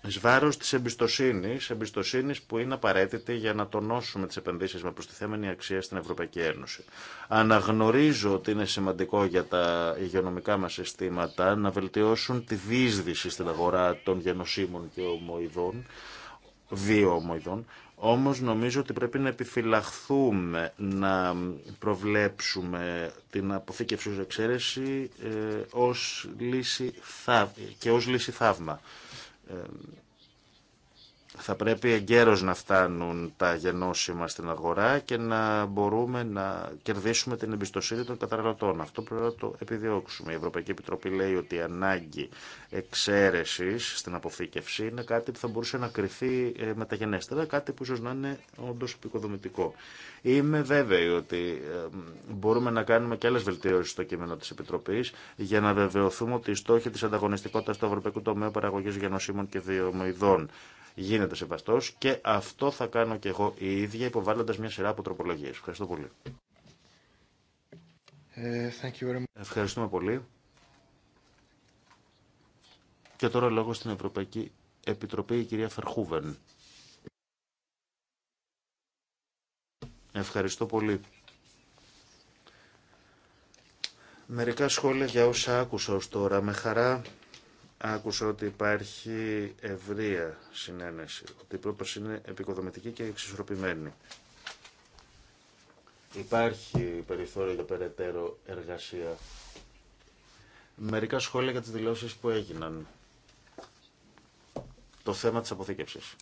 εις βάρος της εμπιστοσύνης, εμπιστοσύνης που είναι απαραίτητη για να τονώσουμε τις επενδύσεις με προστιθέμενη αξία στην Ευρωπαϊκή Ένωση. Αναγνωρίζω ότι είναι σημαντικό για τα υγειονομικά μας συστήματα να βελτιώσουν τη δίσδυση στην αγορά των γενοσύμων και ομοειδών, δύο ομοειδών, όμως νομίζω ότι πρέπει να επιφυλαχθούμε να προβλέψουμε την αποθήκευση ως εξαίρεση ε, ως λύση και ως λύση θαύμα. Ε, θα πρέπει εγκαίρως να φτάνουν τα γενώσιμα στην αγορά και να μπορούμε να κερδίσουμε την εμπιστοσύνη των καταναλωτών. Αυτό πρέπει να το επιδιώξουμε. Η Ευρωπαϊκή Επιτροπή λέει ότι η ανάγκη εξαίρεση στην αποθήκευση είναι κάτι που θα μπορούσε να κρυθεί ε, μεταγενέστερα, κάτι που ίσως να είναι όντω επικοδομητικό. Είμαι βέβαιη ότι ε, μπορούμε να κάνουμε και άλλε βελτιώσει στο κείμενο τη Επιτροπή για να βεβαιωθούμε ότι οι στόχοι τη ανταγωνιστικότητα του ευρωπαϊκού τομέα παραγωγή γενοσύμων και γίνεται σεβαστό και αυτό θα κάνω και εγώ η ίδια υποβάλλοντα μια σειρά από τροπολογίε. Ευχαριστώ πολύ. Ε, Ευχαριστούμε πολύ. Και τώρα λόγω στην Ευρωπαϊκή Επιτροπή η κυρία Φερχούβεν. Ευχαριστώ πολύ. Μερικά σχόλια για όσα άκουσα ως τώρα. Με χαρά άκουσα ότι υπάρχει ευρεία συνένεση, ότι η πρόταση είναι επικοδομητική και εξισορροπημένη. Υπάρχει περιθώριο για περαιτέρω εργασία. Μερικά σχόλια για τις δηλώσεις που έγιναν. Το θέμα της αποθήκευσης.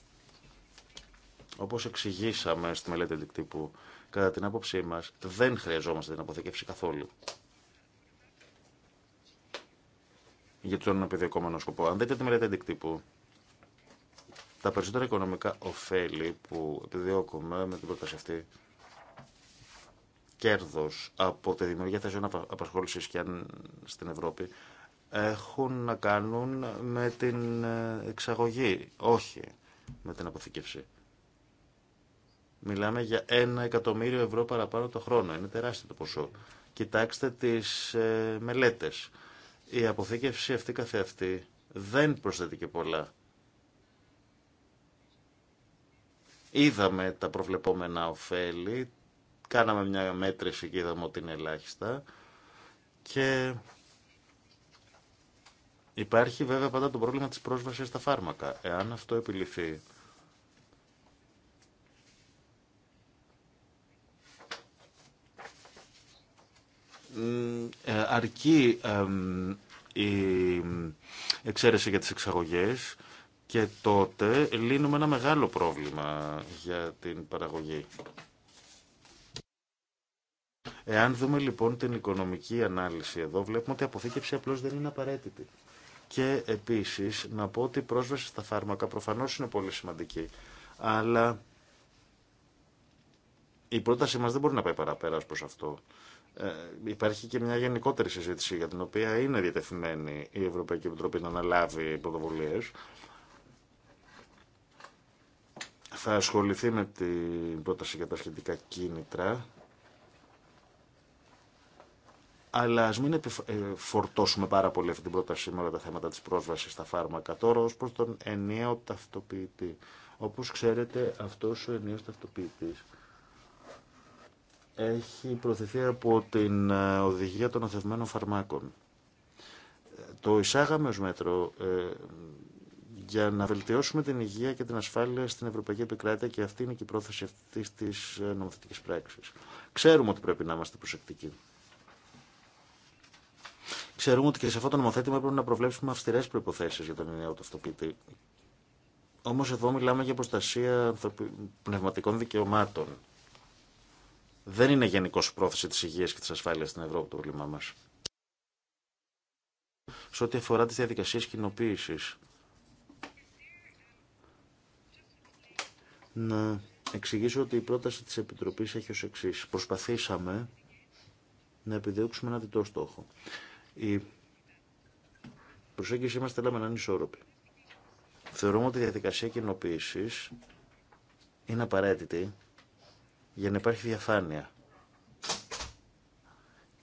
Όπως εξηγήσαμε στη μελέτη τύπου κατά την άποψή μας δεν χρειαζόμαστε την αποθήκευση καθόλου. για τον επιδιωκόμενο σκοπό. Αν δείτε τη μελέτη αντικτύπου, τα περισσότερα οικονομικά ωφέλη που επιδιώκουμε με την πρόταση αυτή, κέρδος από τη δημιουργία θέσεων απασχόληση και αν στην Ευρώπη, έχουν να κάνουν με την ε, εξαγωγή, όχι με την αποθήκευση. Μιλάμε για ένα εκατομμύριο ευρώ παραπάνω το χρόνο. Είναι τεράστιο το ποσό. Κοιτάξτε τις ε, μελέτες η αποθήκευση αυτή καθεαυτή δεν προσθέτει και πολλά. Είδαμε τα προβλεπόμενα ωφέλη, κάναμε μια μέτρηση και είδαμε ότι είναι ελάχιστα και υπάρχει βέβαια πάντα το πρόβλημα της πρόσβασης στα φάρμακα. Εάν αυτό επιληθεί, Ε, αρκεί η εξαίρεση για τις εξαγωγές και τότε λύνουμε ένα μεγάλο πρόβλημα για την παραγωγή. Εάν δούμε λοιπόν την οικονομική ανάλυση εδώ, βλέπουμε ότι η αποθήκευση απλώς δεν είναι απαραίτητη. Και επίσης να πω ότι η πρόσβαση στα φάρμακα προφανώς είναι πολύ σημαντική, αλλά η πρότασή μας δεν μπορεί να πάει παραπέρα ως προς αυτό. Ε, υπάρχει και μια γενικότερη συζήτηση για την οποία είναι διατεθειμένη η Ευρωπαϊκή Επιτροπή να αναλάβει πρωτοβουλίε. Θα ασχοληθεί με την πρόταση για τα σχετικά κίνητρα. Αλλά α μην ε, φορτώσουμε πάρα πολύ αυτή την πρόταση με όλα τα θέματα τη πρόσβαση στα φάρμακα τώρα ω προ τον ενιαίο ταυτοποιητή. Όπω ξέρετε, αυτό ο ενιαίο ταυτοποιητή έχει προωθηθεί από την ε, οδηγία των οθευμένων φαρμάκων. Το εισάγαμε ως μέτρο ε, για να βελτιώσουμε την υγεία και την ασφάλεια στην Ευρωπαϊκή Επικράτεια και αυτή είναι και η πρόθεση αυτής της ε, νομοθετικής πράξης. Ξέρουμε ότι πρέπει να είμαστε προσεκτικοί. Ξέρουμε ότι και σε αυτό το νομοθέτημα πρέπει να προβλέψουμε αυστηρέ προποθέσει για τον ενιαίο ταυτοποιητή. Όμως εδώ μιλάμε για προστασία πνευματικών δικαιωμάτων δεν είναι γενικώ πρόθεση τη υγεία και τη ασφάλεια στην Ευρώπη το πρόβλημά μα. Σε ό,τι αφορά τι διαδικασίε κοινοποίηση, να εξηγήσω ότι η πρόταση της Επιτροπής έχει ως εξής. Προσπαθήσαμε να επιδιώξουμε ένα διτό στόχο. Η προσέγγιση μας θέλαμε να είναι ισόρροπη. Θεωρούμε ότι η διαδικασία κοινοποίηση είναι απαραίτητη για να υπάρχει διαφάνεια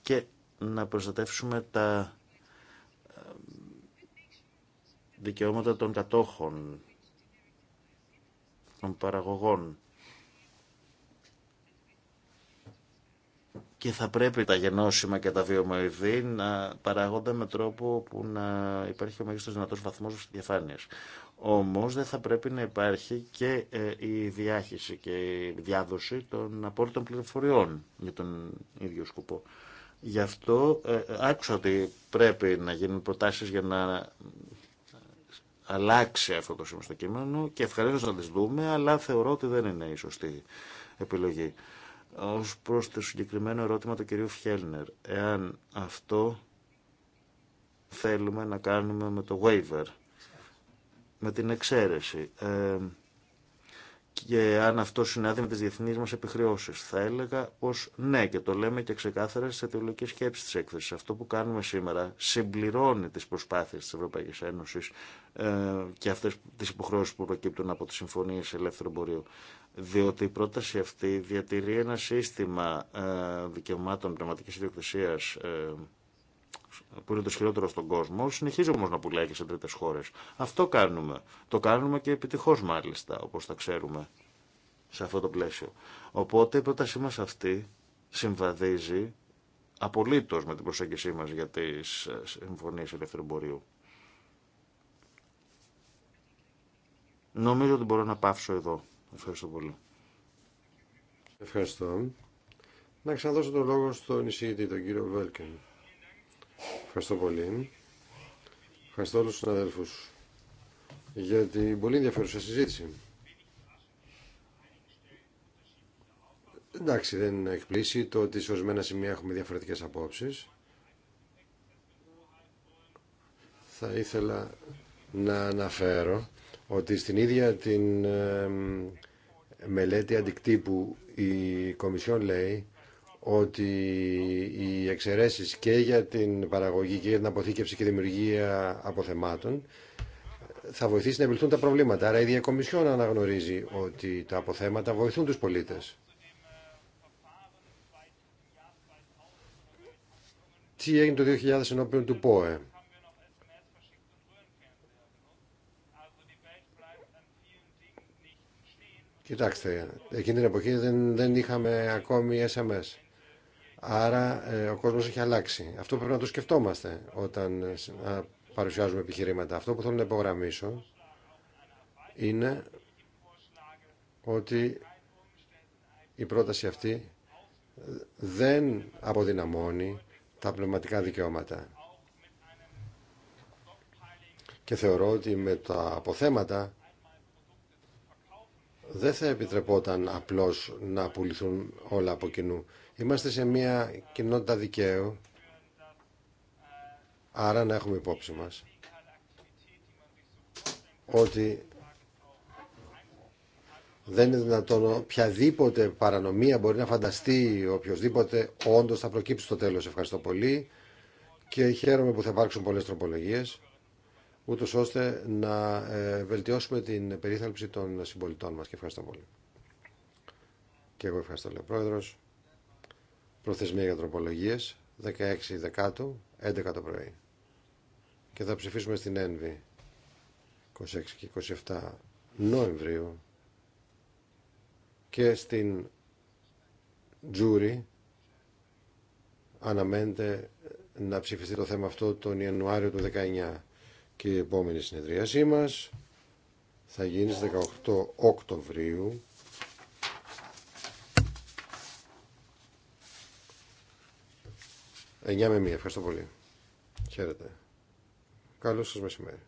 και να προστατεύσουμε τα ε, δικαιώματα των κατόχων, των παραγωγών. Και θα πρέπει τα γενώσιμα και τα βιομοειδή να παράγονται με τρόπο που να υπάρχει ο μέγιστος δυνατός βαθμός διαφάνειας. Όμως δεν θα πρέπει να υπάρχει και ε, η διάχυση και η διάδοση των απόλυτων πληροφοριών για τον ίδιο σκοπό. Γι' αυτό ε, ε, άκουσα ότι πρέπει να γίνουν προτάσεις για να αλλάξει αυτό το σήμα στο κείμενο και ευχαρίστω να τις δούμε, αλλά θεωρώ ότι δεν είναι η σωστή επιλογή. Ως προς το συγκεκριμένο ερώτημα του κυρίου Φιέλνερ, εάν αυτό θέλουμε να κάνουμε με το waiver με την εξαίρεση. Ε, και αν αυτό συνάδει με τι διεθνεί μα επιχρεώσει. Θα έλεγα πω ναι, και το λέμε και ξεκάθαρα σε αιτιολογικέ σκέψη τη έκθεση. Αυτό που κάνουμε σήμερα συμπληρώνει τι προσπάθειε τη Ευρωπαϊκή Ένωση ε, και αυτέ τι υποχρεώσει που προκύπτουν από τι συμφωνίε ελεύθερου εμπορίου. Διότι η πρόταση αυτή διατηρεί ένα σύστημα ε, δικαιωμάτων πνευματική ιδιοκτησία. Ε, που είναι το σχεδόντερο στον κόσμο, συνεχίζει όμω να πουλάει και σε τρίτε χώρε. Αυτό κάνουμε. Το κάνουμε και επιτυχώ μάλιστα, όπω τα ξέρουμε, σε αυτό το πλαίσιο. Οπότε η πρότασή μα αυτή συμβαδίζει απολύτω με την προσέγγιση μα για τι ε, συμφωνίε ελεύθερου εμπορίου. Νομίζω ότι μπορώ να πάψω εδώ. Ευχαριστώ πολύ. Ευχαριστώ. Να ξαναδώσω τον λόγο στον εισηγητή, τον κύριο Βέλκεν. Ευχαριστώ πολύ. Ευχαριστώ όλους τους αδέλφους για την πολύ ενδιαφέρουσα συζήτηση. Εντάξει, δεν εκπλήσει το ότι σε ορισμένα σημεία έχουμε διαφορετικές απόψεις. Θα ήθελα να αναφέρω ότι στην ίδια την μελέτη αντικτύπου η Κομισιόν λέει ότι οι εξαιρέσει και για την παραγωγή και για την αποθήκευση και δημιουργία αποθεμάτων θα βοηθήσει να επιληθούν τα προβλήματα. Άρα η Διακομισιόν αναγνωρίζει ότι τα αποθέματα βοηθούν τους πολίτες. Τι έγινε το 2000 ενώπιον του ΠΟΕ. Κοιτάξτε, εκείνη την εποχή δεν, δεν είχαμε ακόμη SMS. Άρα ε, ο κόσμος έχει αλλάξει. Αυτό πρέπει να το σκεφτόμαστε όταν ε, παρουσιάζουμε επιχειρήματα. Αυτό που θέλω να υπογραμμίσω είναι ότι η πρόταση αυτή ε, δεν αποδυναμώνει τα πνευματικά δικαιώματα. Και θεωρώ ότι με τα αποθέματα δεν θα επιτρεπόταν απλώς να πουληθούν όλα από κοινού. Είμαστε σε μια κοινότητα δικαίου, άρα να έχουμε υπόψη μας ότι δεν είναι δυνατόν οποιαδήποτε παρανομία μπορεί να φανταστεί οποιοδήποτε όντω θα προκύψει στο τέλος. Ευχαριστώ πολύ και χαίρομαι που θα υπάρξουν πολλές τροπολογίες ούτως ώστε να ε, βελτιώσουμε την περίθαλψη των συμπολιτών μας και ευχαριστώ πολύ. Και εγώ ευχαριστώ λέει ο Πρόεδρος προθεσμία για τροπολογίες 16 Δεκάτου 11 το πρωί και θα ψηφίσουμε στην ΕΝΒΗ 26 και 27 Νοεμβρίου και στην Τζούρι αναμένεται να ψηφιστεί το θέμα αυτό τον Ιανουάριο του 19 και η επόμενη συνεδρίασή μας θα γίνει στις 18 Οκτωβρίου 9 με 1. Ευχαριστώ πολύ. Χαίρετε. Καλό σας μεσημέρι.